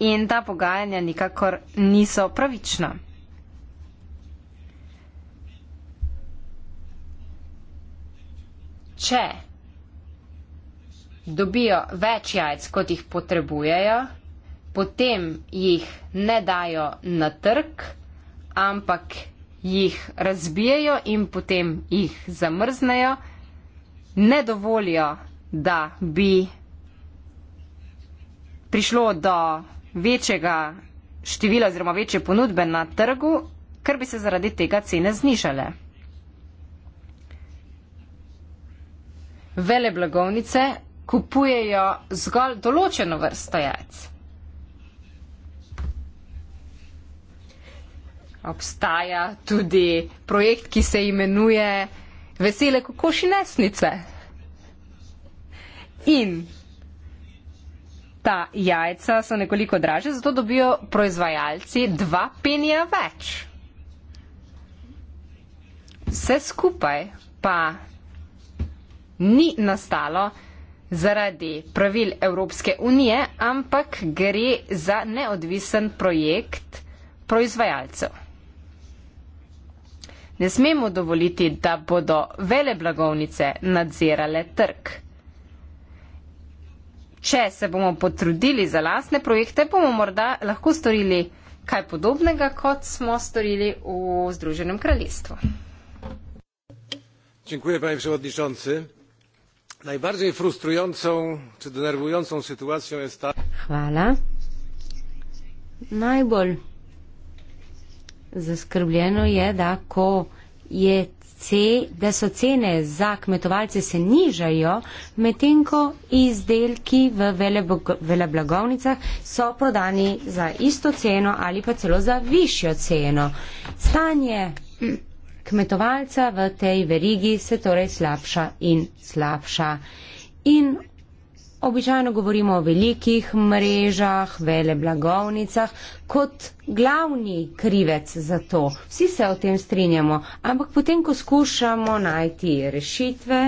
In ta pogajanja nikakor niso pravična. Če dobijo več jajc, kot jih potrebujejo, potem jih ne dajo na trg, ampak jih razbijajo in potem jih zamrznejo, ne dovolijo, da bi prišlo do večjega števila oziroma večje ponudbe na trgu, ker bi se zaradi tega cene znižale. Vele blagovnice kupujejo zgolj določeno vrsto jajc. Obstaja tudi projekt, ki se imenuje Vesele kokošinesnice. In ta jajca so nekoliko draže, zato dobijo proizvajalci dva penija več. Vse skupaj pa ni nastalo, zaradi pravil Evropske unije, ampak gre za neodvisen projekt proizvajalcev. Ne smemo dovoliti, da bodo vele blagovnice nadzirale trg. Če se bomo potrudili za lastne projekte, bomo morda lahko storili kaj podobnega, kot smo storili v Združenem kraljestvu. Dziękuję panie przewodniczący najbardziej frustrującą czy denerwującą sytuacją jest ta Chwala. Najbolj zaskrbljeno je, da ko je ce, da so cene za kmetovalce se nižajo, medtem ko izdelki v veleblagovnicah so prodani za isto ceno ali pa celo za višjo ceno. Stanje kmetovalca v tej verigi se torej slabša in slabša. In običajno govorimo o velikih mrežah, vele blagovnicah kot glavni krivec za to. Vsi se o tem strinjamo, ampak potem, ko skušamo najti rešitve,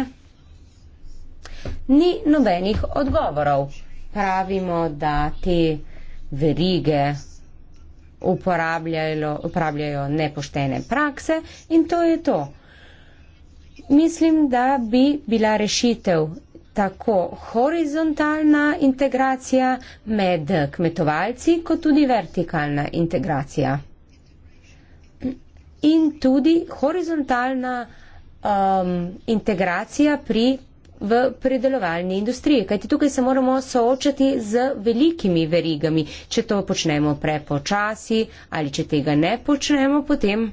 ni nobenih odgovorov. Pravimo, da te verige uporabljajo, uporabljajo nepoštene prakse in to je to. Mislim, da bi bila rešitev tako horizontalna integracija med kmetovalci, kot tudi vertikalna integracija. In tudi horizontalna um, integracija pri v predelovalni industriji. Kajti tukaj se moramo soočati z velikimi verigami. Če to počnemo prepočasi ali če tega ne počnemo, potem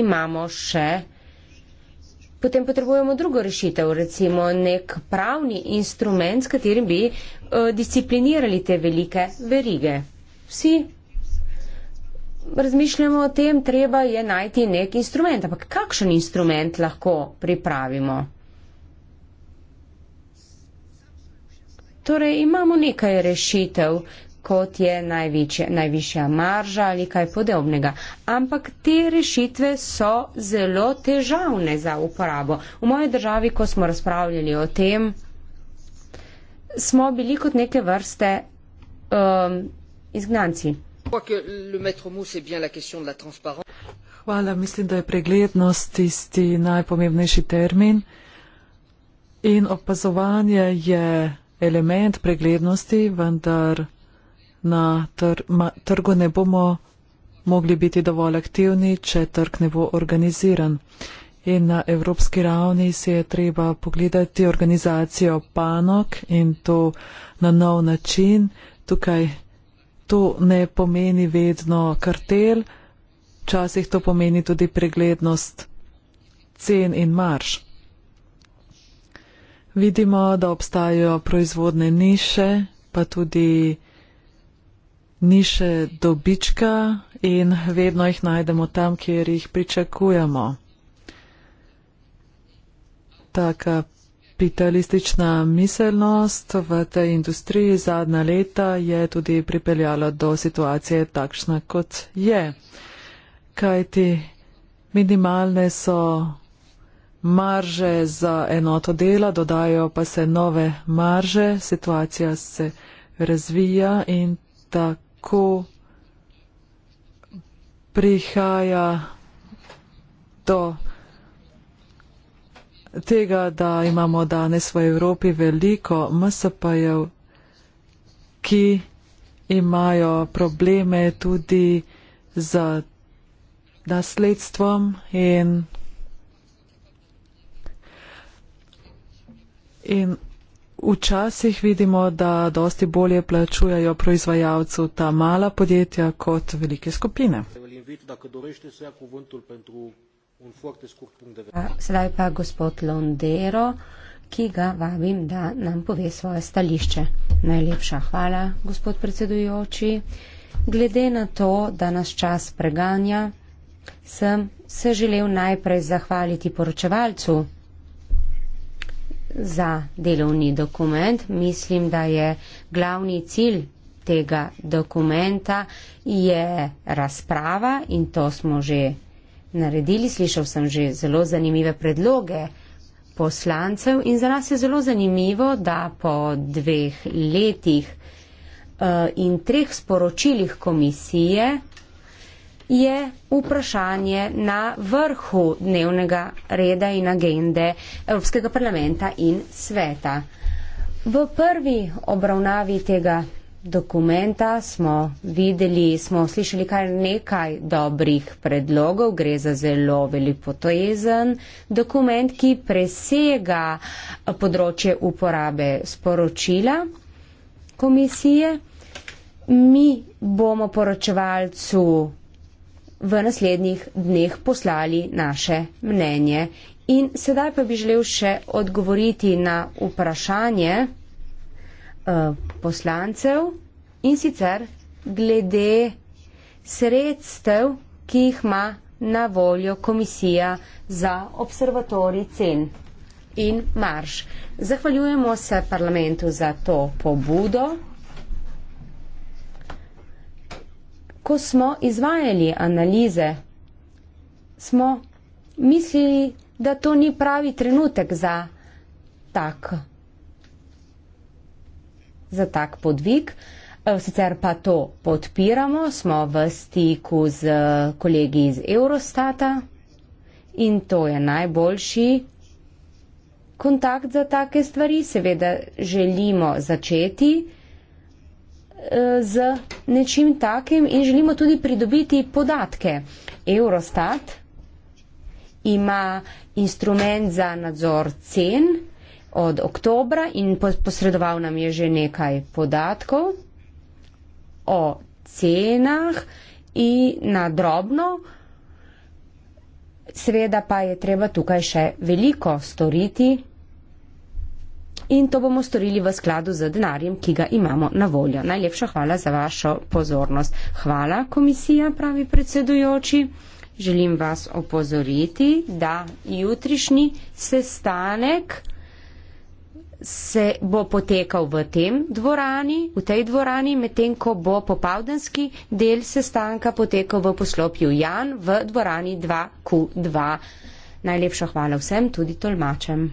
imamo še. Potem potrebujemo drugo rešitev, recimo nek pravni instrument, s katerim bi eh, disciplinirali te velike verige. Vsi razmišljamo o tem, treba je najti nek instrument. Ampak kakšen instrument lahko pripravimo? Torej, imamo nekaj rešitev, kot je največje, najvišja marža ali kaj podobnega. Ampak te rešitve so zelo težavne za uporabo. V moji državi, ko smo razpravljali o tem, smo bili kot neke vrste um, izgnanci crois que le maître mot, c'est bien la question de la transparence. Hvala, mislim, da je preglednost tisti najpomembnejši termin in opazovanje je element preglednosti, vendar na tr ma, trgu ne bomo mogli biti dovolj aktivni, če trg ne bo organiziran. In na evropski ravni se je treba pogledati organizacijo panok in to na nov način. Tukaj to ne pomeni vedno kartel, včasih to pomeni tudi preglednost cen in marš. Vidimo, da obstajajo proizvodne niše, pa tudi niše dobička in vedno jih najdemo tam, kjer jih pričakujemo. Taka kapitalistična miselnost v tej industriji zadnja leta je tudi pripeljala do situacije takšne, kot je. Kajti minimalne so marže za enoto dela, dodajo pa se nove marže, situacija se razvija in tako prihaja do tega, da imamo danes v Evropi veliko MSP-jev, ki imajo probleme tudi z nasledstvom in, in včasih vidimo, da dosti bolje plačujejo proizvajalcu ta mala podjetja kot velike skupine. Sedaj pa gospod Londero, ki ga vabim, da nam pove svoje stališče. Najlepša hvala, gospod predsedujoči. Glede na to, da nas čas preganja, sem se želel najprej zahvaliti poročevalcu za delovni dokument. Mislim, da je glavni cilj tega dokumenta je razprava in to smo že naredili. Slišal sem že zelo zanimive predloge poslancev in za nas je zelo zanimivo, da po dveh letih eh, in treh sporočilih komisije je vprašanje na vrhu dnevnega reda in agende Evropskega parlamenta in sveta. V prvi obravnavi tega dokumenta smo videli, smo slišali kar nekaj dobrih predlogov. Gre za zelo velipotojezen dokument, ki presega področje uporabe sporočila komisije. Mi bomo poročevalcu v naslednjih dneh poslali naše mnenje. In sedaj pa bi želel še odgovoriti na vprašanje, eh, poslancev in sicer glede sredstev, ki jih ima na voljo komisija za observatori cen in marš. Zahvaljujemo se parlamentu za to pobudo. Ko smo izvajali analize, smo mislili, da to ni pravi trenutek za tako za tak podvig. Eh, sicer pa to podpiramo, smo v stiku z eh, kolegi iz Eurostata in to je najboljši kontakt za take stvari. Seveda želimo začeti eh, z nečim takim in želimo tudi pridobiti podatke. Eurostat ima instrument za nadzor cen, od oktobra in posredoval nam je že nekaj podatkov o cenah in na drobno. Sveda pa je treba tukaj še veliko storiti in to bomo storili v skladu z denarjem, ki ga imamo na voljo. Najlepša hvala za vašo pozornost. Hvala, komisija, pravi predsedujoči. Želim vas opozoriti, da jutrišnji sestanek se bo potekal v tem dvorani, v tej dvorani, medtem ko bo popavdanski del sestanka potekal v poslopju Jan v dvorani 2Q2. Najlepša hvala vsem, tudi tolmačem.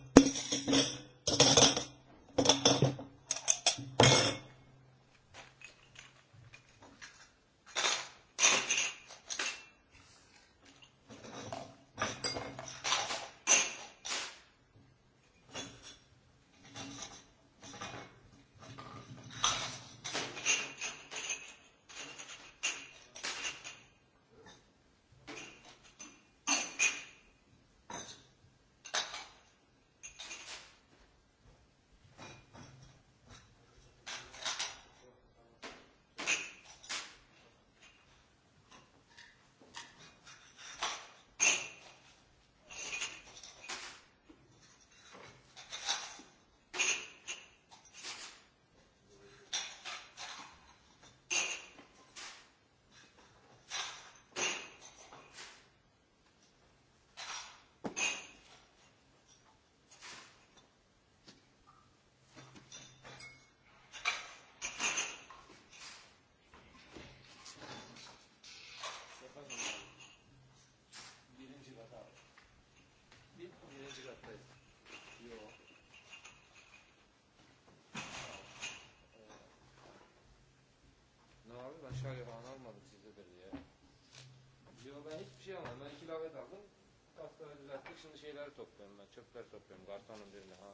şarjı falan almadım size bir diye. Yo ben hiçbir şey almadım. Ben kilavet aldım. Kaftaları düzelttik. Şimdi şeyleri topluyorum ben. Çöpleri topluyorum. Kartonun birini ha.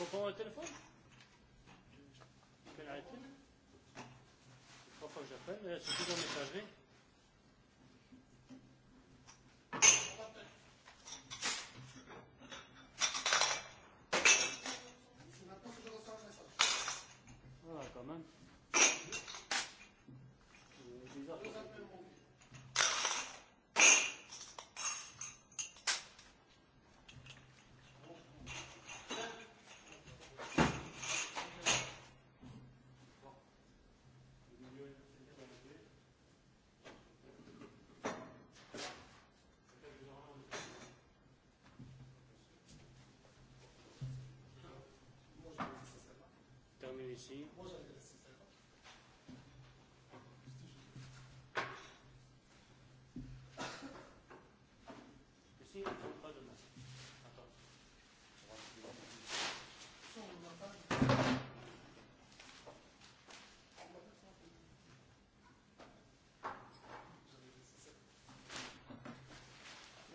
faut prendre le téléphone Je vais l'arrêter. Il faut pas que j'appelle. C'est toujours messagerie. Amici.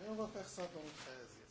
On va faire ça dans le 13.